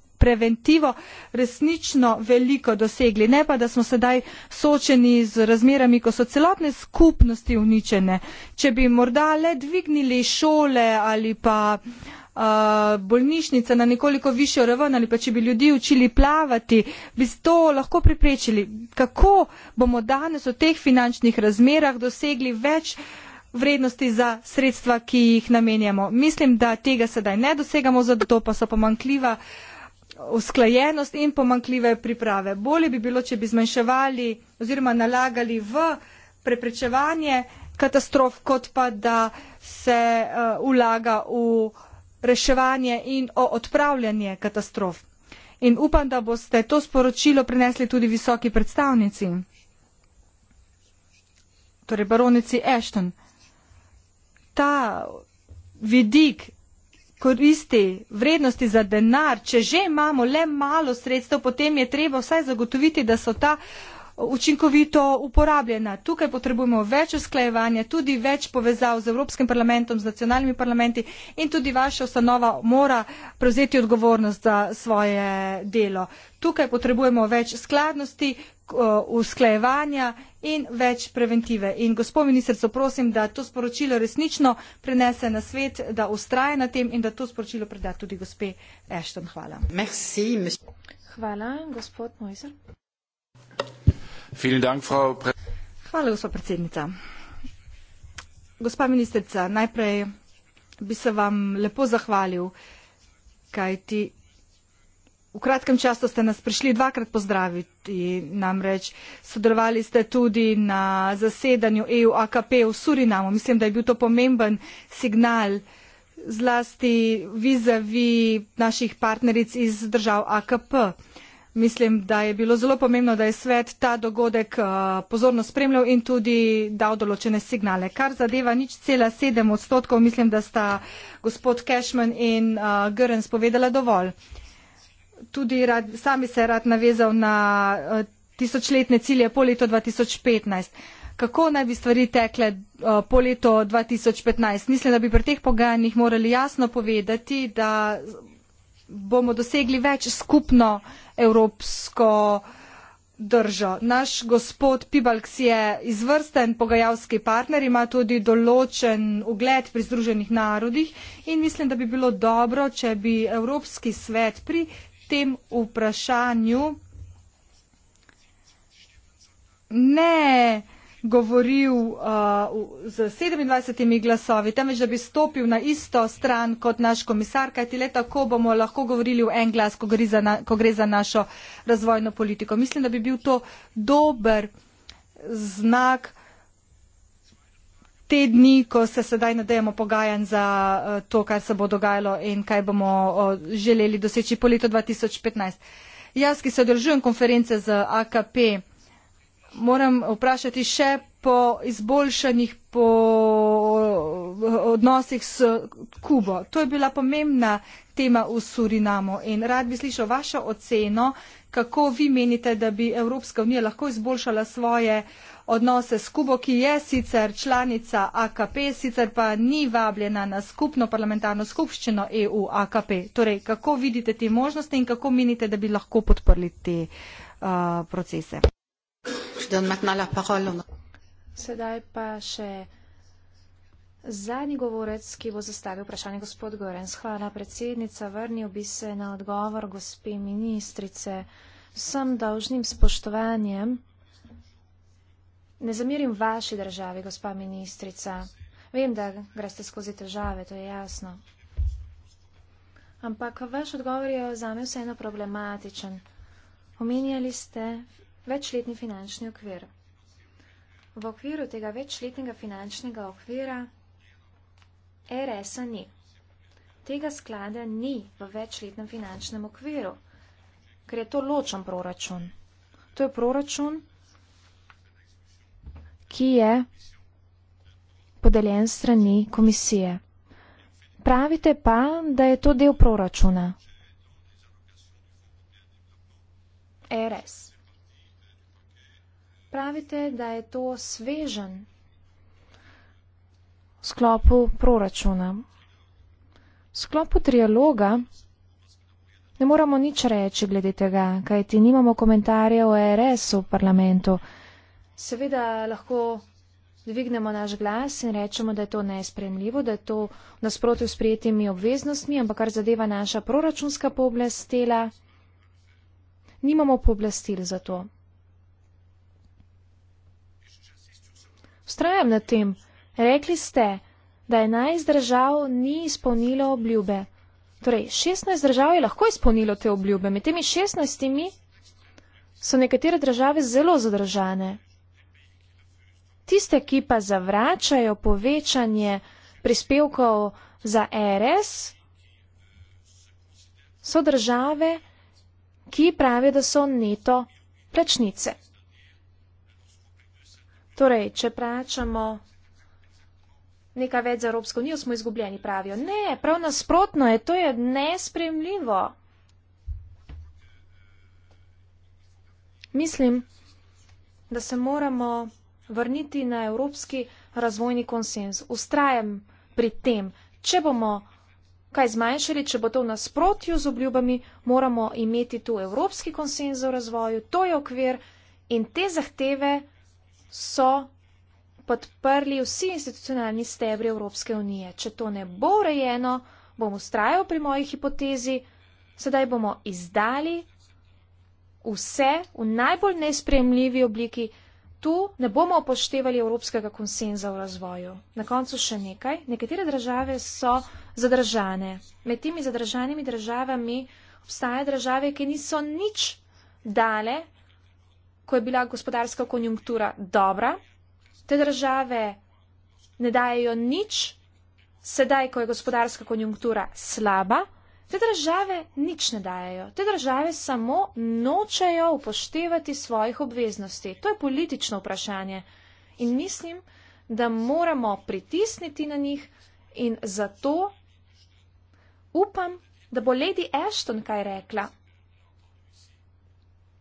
preventivo resnično veliko dosegli, ne pa da smo sedaj soočeni z razmerami, ko so celotne skupnosti uničene. Če bi morda le dvignili šole ali pa bolnišnice na nekoliko višjo raven ali pa če bi ljudi učili plavati, bi to lahko priprečili. Kako bomo danes v teh finančnih razmerah dosegli več vrednosti za sredstva, ki jih namenjamo? Mislim, da tega sedaj ne dosegamo, zato pa so pomankljiva uh, usklajenost in pomankljive priprave. Bolje bi bilo, če bi zmanjševali oziroma nalagali v preprečevanje katastrof, kot pa da se uh, vlaga v reševanje in odpravljanje katastrof. In upam, da boste to sporočilo prenesli tudi visoki predstavnici, torej baronici Ashton. Ta vidik koristi, vrednosti za denar, če že imamo le malo sredstev, potem je treba vsaj zagotoviti, da so ta uh, učinkovito uporabljena. Tukaj potrebujemo več usklajevanja, tudi več povezav z Evropskim parlamentom, z nacionalnimi parlamenti in tudi vaša ustanova mora prevzeti odgovornost za svoje delo. Tukaj potrebujemo več skladnosti, Eh, usklajevanja in več preventive. In gospod ministrico prosim, da to sporočilo resnično prenese na svet, da ustraje na tem in da to sporočilo preda tudi gospe Ashton. Hvala. Merci, Hvala, gospod Mojzer. Hvala, gospa predsednica. Gospa ministrica, najprej bi se vam lepo zahvalil, kaj ti V kratkem času ste nas prišli dvakrat pozdraviti, namreč sodelovali ste tudi na zasedanju EU-AKP v Surinamu. Mislim, da je bil to pomemben signal zlasti vizavi naših partneric iz držav AKP. Mislim, da je bilo zelo pomembno, da je svet ta dogodek eh, pozorno spremljal in tudi dal določene signale. Kar zadeva nič cela sedem odstotkov, mislim, da sta gospod Cashman in eh, Grens povedala dovolj tudi rad, sami se rad navezal na eh, tisočletne cilje po leto 2015. Kako naj bi stvari tekle eh, po leto 2015? Mislim, da bi pri teh pogajanjih morali jasno povedati, da bomo dosegli več skupno evropsko držo. Naš gospod Pibalks je izvrsten pogajalski partner, ima tudi določen ugled pri Združenih narodih in mislim, da bi bilo dobro, če bi Evropski svet pri tem vprašanju ne govoril uh, z 27 glasovi, temveč da bi stopil na isto stran kot naš komisar, kajti le tako bomo lahko govorili v en glas, ko gre, za na, ko gre za našo razvojno politiko. Mislim, da bi bil to dober znak te dni, ko se sedaj nadejamo pogajanj za eh, to, kar se bo dogajalo in kaj bomo želeli doseči po letu 2015. Jaz, ki se održujem konference z AKP, moram vprašati še po izboljšanih po odnosih s Kubo. To je bila pomembna tema v Surinamo in rad bi slišal vašo oceno, kako vi menite, da bi Evropska unija lahko izboljšala svoje uh, odnose s Kubo, ki je sicer članica AKP, sicer pa ni vabljena na skupno parlamentarno skupščino EU-AKP. Torej, kako vidite te možnosti in kako menite, da bi lahko podprli te uh, procese? Sedaj pa še zadnji govorec, ki bo zastavil vprašanje gospod Gorens. Hvala predsednica. Vrnil bi se na odgovor gospe ministrice. Sem dolžnim spoštovanjem. Ne zamirim vaši državi, gospa ministrica. Vem, da greste skozi težave, to je jasno. Ampak vaš odgovor je za me vseeno problematičen. Omenjali ste večletni finančni okvir. V okviru tega večletnega finančnega okvira RS-a ni. Tega sklada ni v večletnem finančnem okviru, ker je to ločen proračun. To je proračun, ki je podeljen strani komisije. Pravite pa, da je to del proračuna. E RS. Pravite, da je to svežen v sklopu proračuna. V sklopu trialoga ne moramo nič reči glede tega, kajti nimamo komentarja o e RS-u v parlamentu seveda lahko dvignemo naš glas in rečemo, da je to nespremljivo, da je to nasprotju s prijetimi obveznostmi, ampak kar zadeva naša proračunska pooblastila, nimamo pooblastil za to. Vstrajam na tem. Rekli ste, da je enajst držav ni izpolnilo obljube. Torej, šestnajst držav je lahko izpolnilo te obljube. Med temi šestnajstimi so nekatere države zelo zadržane tiste, ki pa zavračajo povečanje prispevkov za RS, so države, ki pravijo, da so neto plačnice. Torej, če plačamo nekaj več za Evropsko unijo, smo izgubljeni, pravijo. Ne, prav nasprotno je, to je nespremljivo. Mislim, da se moramo vrniti na evropski razvojni konsens. Ustrajam pri tem, če bomo kaj zmanjšali, če bo to v nasprotju z obljubami, moramo imeti tu evropski konsens o razvoju, to je okvir in te zahteve so podprli vsi institucionalni stebri Evropske unije. Če to ne bo urejeno, bom ustrajal pri moji hipotezi, sedaj bomo izdali vse v najbolj nespremljivi obliki, tu ne bomo upoštevali evropskega konsenza v razvoju. Na koncu še nekaj. Nekatere države so zadržane. Med temi zadržanimi državami obstajajo države, ki niso nič dale, ko je bila gospodarska konjunktura dobra. Te države ne dajo nič, sedaj, ko je gospodarska konjunktura slaba. Te države nič ne dajajo, te države samo nočejo upoštevati svojih obveznosti. To je politično vprašanje in mislim, da moramo pritisniti na njih in zato upam, da bo Lady Ashton kaj rekla,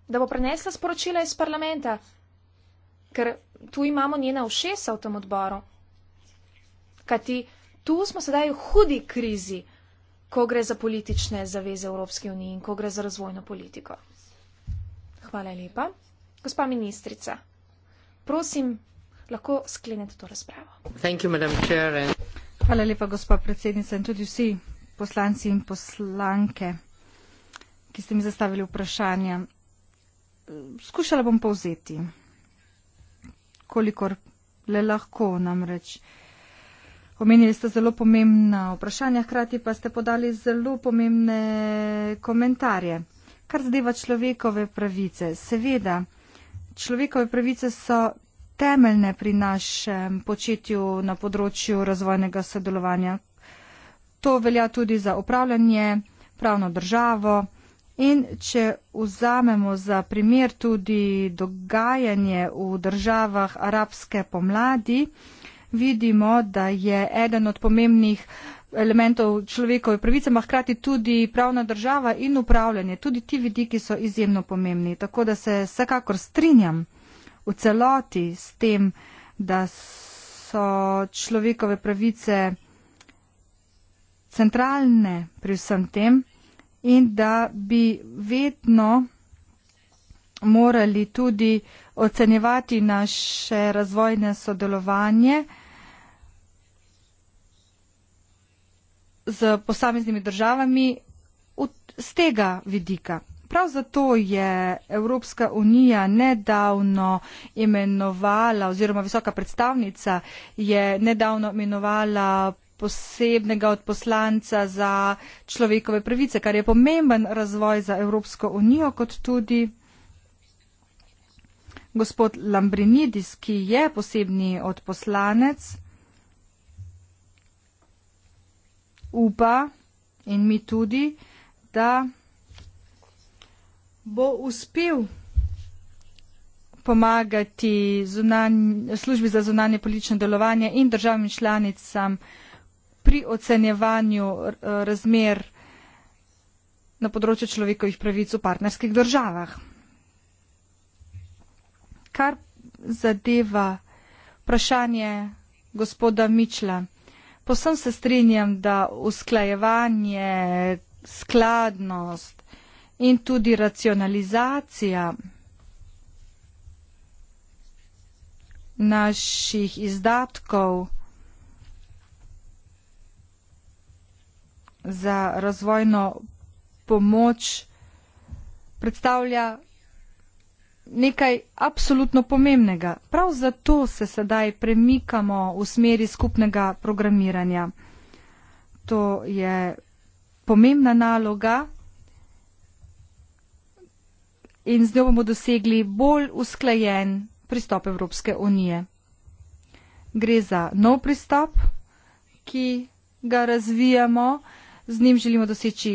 da bo prenesla sporočila iz parlamenta, ker tu imamo njena ušesa v tem odboru. Kajti tu smo sedaj v hudi krizi ko gre za politične zaveze Evropske unije in ko gre za razvojno politiko. Hvala lepa. Gospa ministrica, prosim, lahko sklenete to razpravo. You, Hvala lepa, gospa predsednica in tudi vsi poslanci in poslanke, ki ste mi zastavili vprašanja. Skušala bom povzeti, kolikor le lahko namreč. Omenili ste zelo pomembna vprašanja, hkrati pa ste podali zelo pomembne komentarje. Kar zadeva človekove pravice. Seveda, človekove pravice so temeljne pri našem početju na področju razvojnega sodelovanja. To velja tudi za upravljanje, pravno državo in če vzamemo za primer tudi dogajanje v državah arabske pomladi, vidimo, da je eden od pomembnih elementov človekove pravice, ma hkrati tudi pravna država in upravljanje. Tudi ti vidiki so izjemno pomembni. Tako da se vsekakor strinjam v celoti s tem, da so človekove pravice centralne pri vsem tem in da bi vedno morali tudi ocenjevati naše razvojne sodelovanje. z posameznimi državami z tega vidika. Prav zato je Evropska unija nedavno imenovala oziroma visoka predstavnica je nedavno imenovala posebnega odposlanca za človekove pravice, kar je pomemben razvoj za Evropsko unijo, kot tudi gospod Lambrinidis, ki je posebni odposlanec. upa in mi tudi, da bo uspel pomagati zunanj, službi za zunanje politično delovanje in državnim članicam pri ocenjevanju eh, razmer na področju človekovih pravic v partnerskih državah. Kar zadeva vprašanje gospoda Mičla. Posem se strinjam, da usklajevanje, skladnost in tudi racionalizacija naših izdatkov za razvojno pomoč predstavlja nekaj absolutno pomembnega. Prav zato se sedaj premikamo v smeri skupnega programiranja. To je pomembna naloga in z njo bomo dosegli bolj usklajen pristop Evropske unije. Gre za nov pristop, ki ga razvijamo, z njim želimo doseči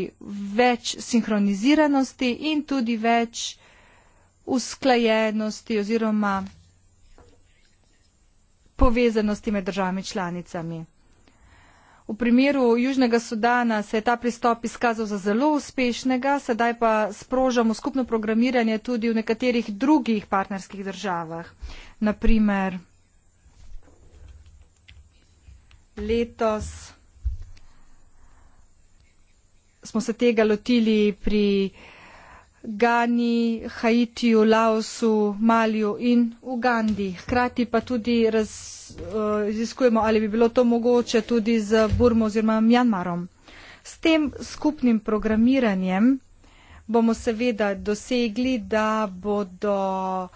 več sinhroniziranosti in tudi več usklajenosti oziroma povezanosti med državami članicami. V primeru Južnega Sudana se je ta pristop izkazal za zelo uspešnega, sedaj pa sprožamo skupno programiranje tudi v nekaterih drugih partnerskih državah. Naprimer, letos smo se tega lotili pri Gani, Haitiju, Laosu, Maliju in Ugandi. Hkrati pa tudi raziskujemo, eh, uh, ali bi bilo to mogoče tudi z Burmo oziroma Mjanmarom. S tem skupnim programiranjem bomo seveda dosegli, da bodo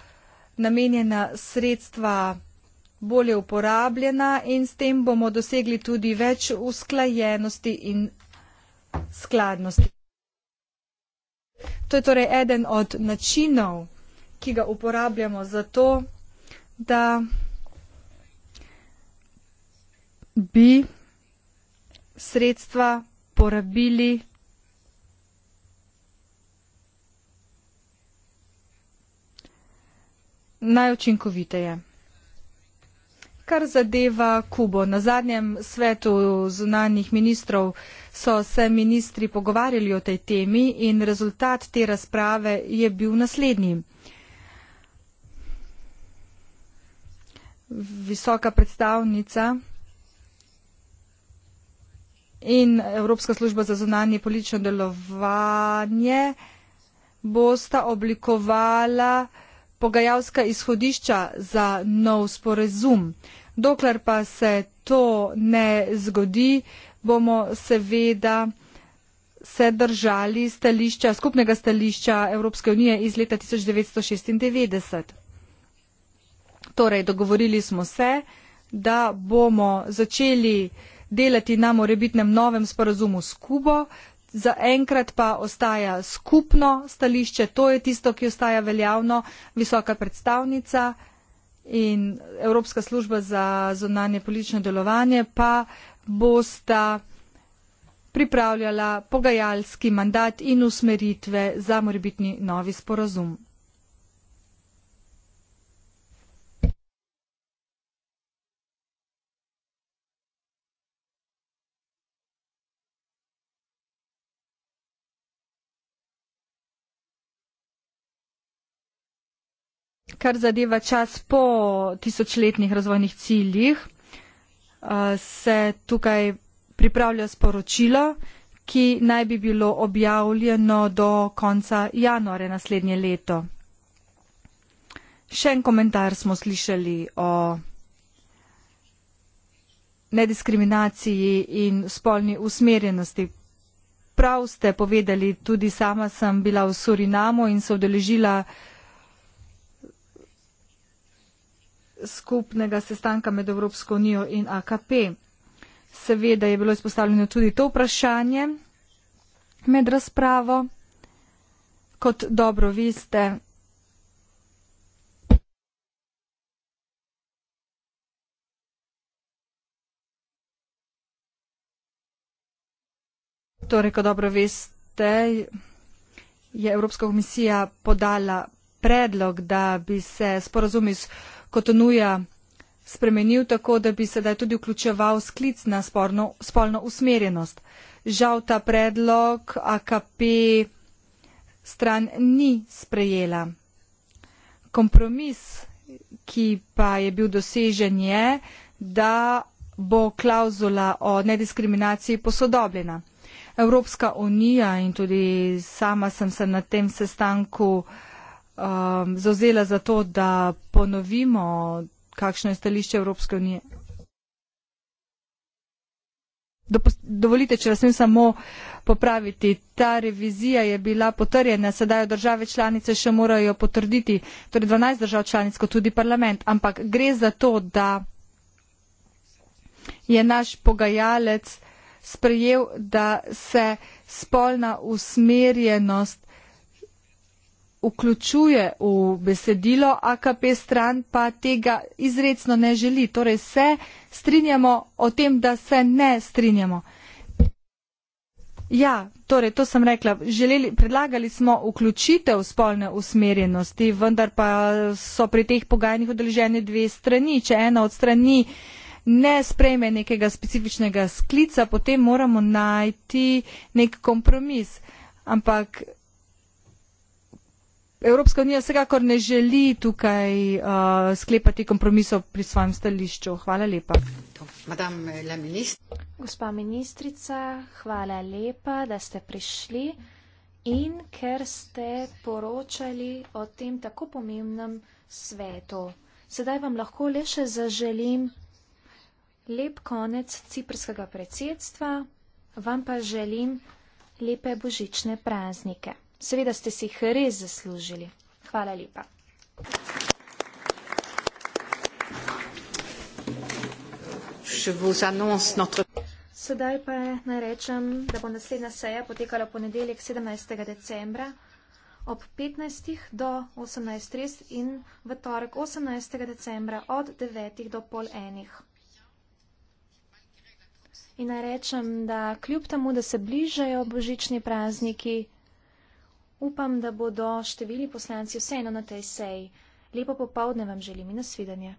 namenjena sredstva bolje uporabljena in s tem bomo dosegli tudi več usklajenosti in skladnosti. To je torej eden od načinov, ki ga uporabljamo za to, da bi sredstva porabili najučinkoviteje kar zadeva Kubo. Na zadnjem svetu zunanjih ministrov so se ministri pogovarjali o tej temi in rezultat te razprave je bil naslednji. Visoka predstavnica in Evropska služba za zunanje politično delovanje bosta oblikovala pogajalska izhodišča za nov sporezum. Dokler pa se to ne zgodi, bomo seveda se držali stališča, skupnega stališča Evropske unije iz leta 1996. Torej, dogovorili smo se, da bomo začeli delati na morebitnem novem sporazumu s Kubo, Zaenkrat pa ostaja skupno stališče, to je tisto, ki ostaja veljavno, visoka predstavnica in Evropska služba za zonanje politično delovanje pa bosta pripravljala pogajalski mandat in usmeritve za morebitni novi sporazum. kar zadeva čas po tisočletnih razvojnih ciljih, eh, se tukaj pripravlja sporočilo, ki naj bi bilo objavljeno do konca januarja naslednje leto. Še en komentar smo slišali o nediskriminaciji in spolni usmerjenosti. Prav ste povedali, tudi sama sem bila v Surinamu in se odeležila uh, skupnega sestanka med Evropsko unijo in AKP. Seveda je bilo izpostavljeno tudi to vprašanje med razpravo. Kot dobro veste, torej, kot dobro veste, je Evropska komisija podala predlog, da bi se sporazumi s Kotonuja spremenil tako, da bi sedaj tudi vključeval sklic na sporno, spolno usmerjenost. Žal ta predlog AKP stran ni sprejela. Kompromis, ki pa je bil dosežen, je, da bo klauzula o nediskriminaciji posodobljena. Evropska unija in tudi sama sem se na tem sestanku uh, um, zauzela za to, da ponovimo, kakšno je stališče Evropske unije. Dovolite, če vas ne samo popraviti. Ta revizija je bila potrjena, sedaj jo države članice še morajo potrditi, torej 12 držav članic, kot tudi parlament. Ampak gre za to, da je naš pogajalec sprejel, da se spolna usmerjenost vključuje v besedilo AKP stran, pa tega izredno ne želi. Torej se strinjamo o tem, da se ne strinjamo. Ja, torej to sem rekla, želeli, predlagali smo vključitev spolne usmerjenosti, vendar pa so pri teh pogajanjih odeležene dve strani. Če ena od strani ne sprejme nekega specifičnega sklica, potem moramo najti nek kompromis. Ampak Evropska unija vsekakor ne želi tukaj uh, sklepati kompromisov pri svojem stališču. Hvala lepa. Gospa ministrica, hvala lepa, da ste prišli in ker ste poročali o tem tako pomembnem svetu. Sedaj vam lahko le še zaželim lep konec ciprskega predsedstva, vam pa želim lepe božične praznike. Seveda ste si jih res zaslužili. Hvala lepa. Sedaj pa naj rečem, da bo naslednja seja potekala v ponedeljek 17. decembra ob 15. do 18.30 in v torek 18. decembra od 9. do pol enih. In naj rečem, da kljub temu, da se bližajo božični prazniki, Upam, da bodo števili poslanci vseeno na tej seji. Lepo popovdne vam želim in nasvidenje.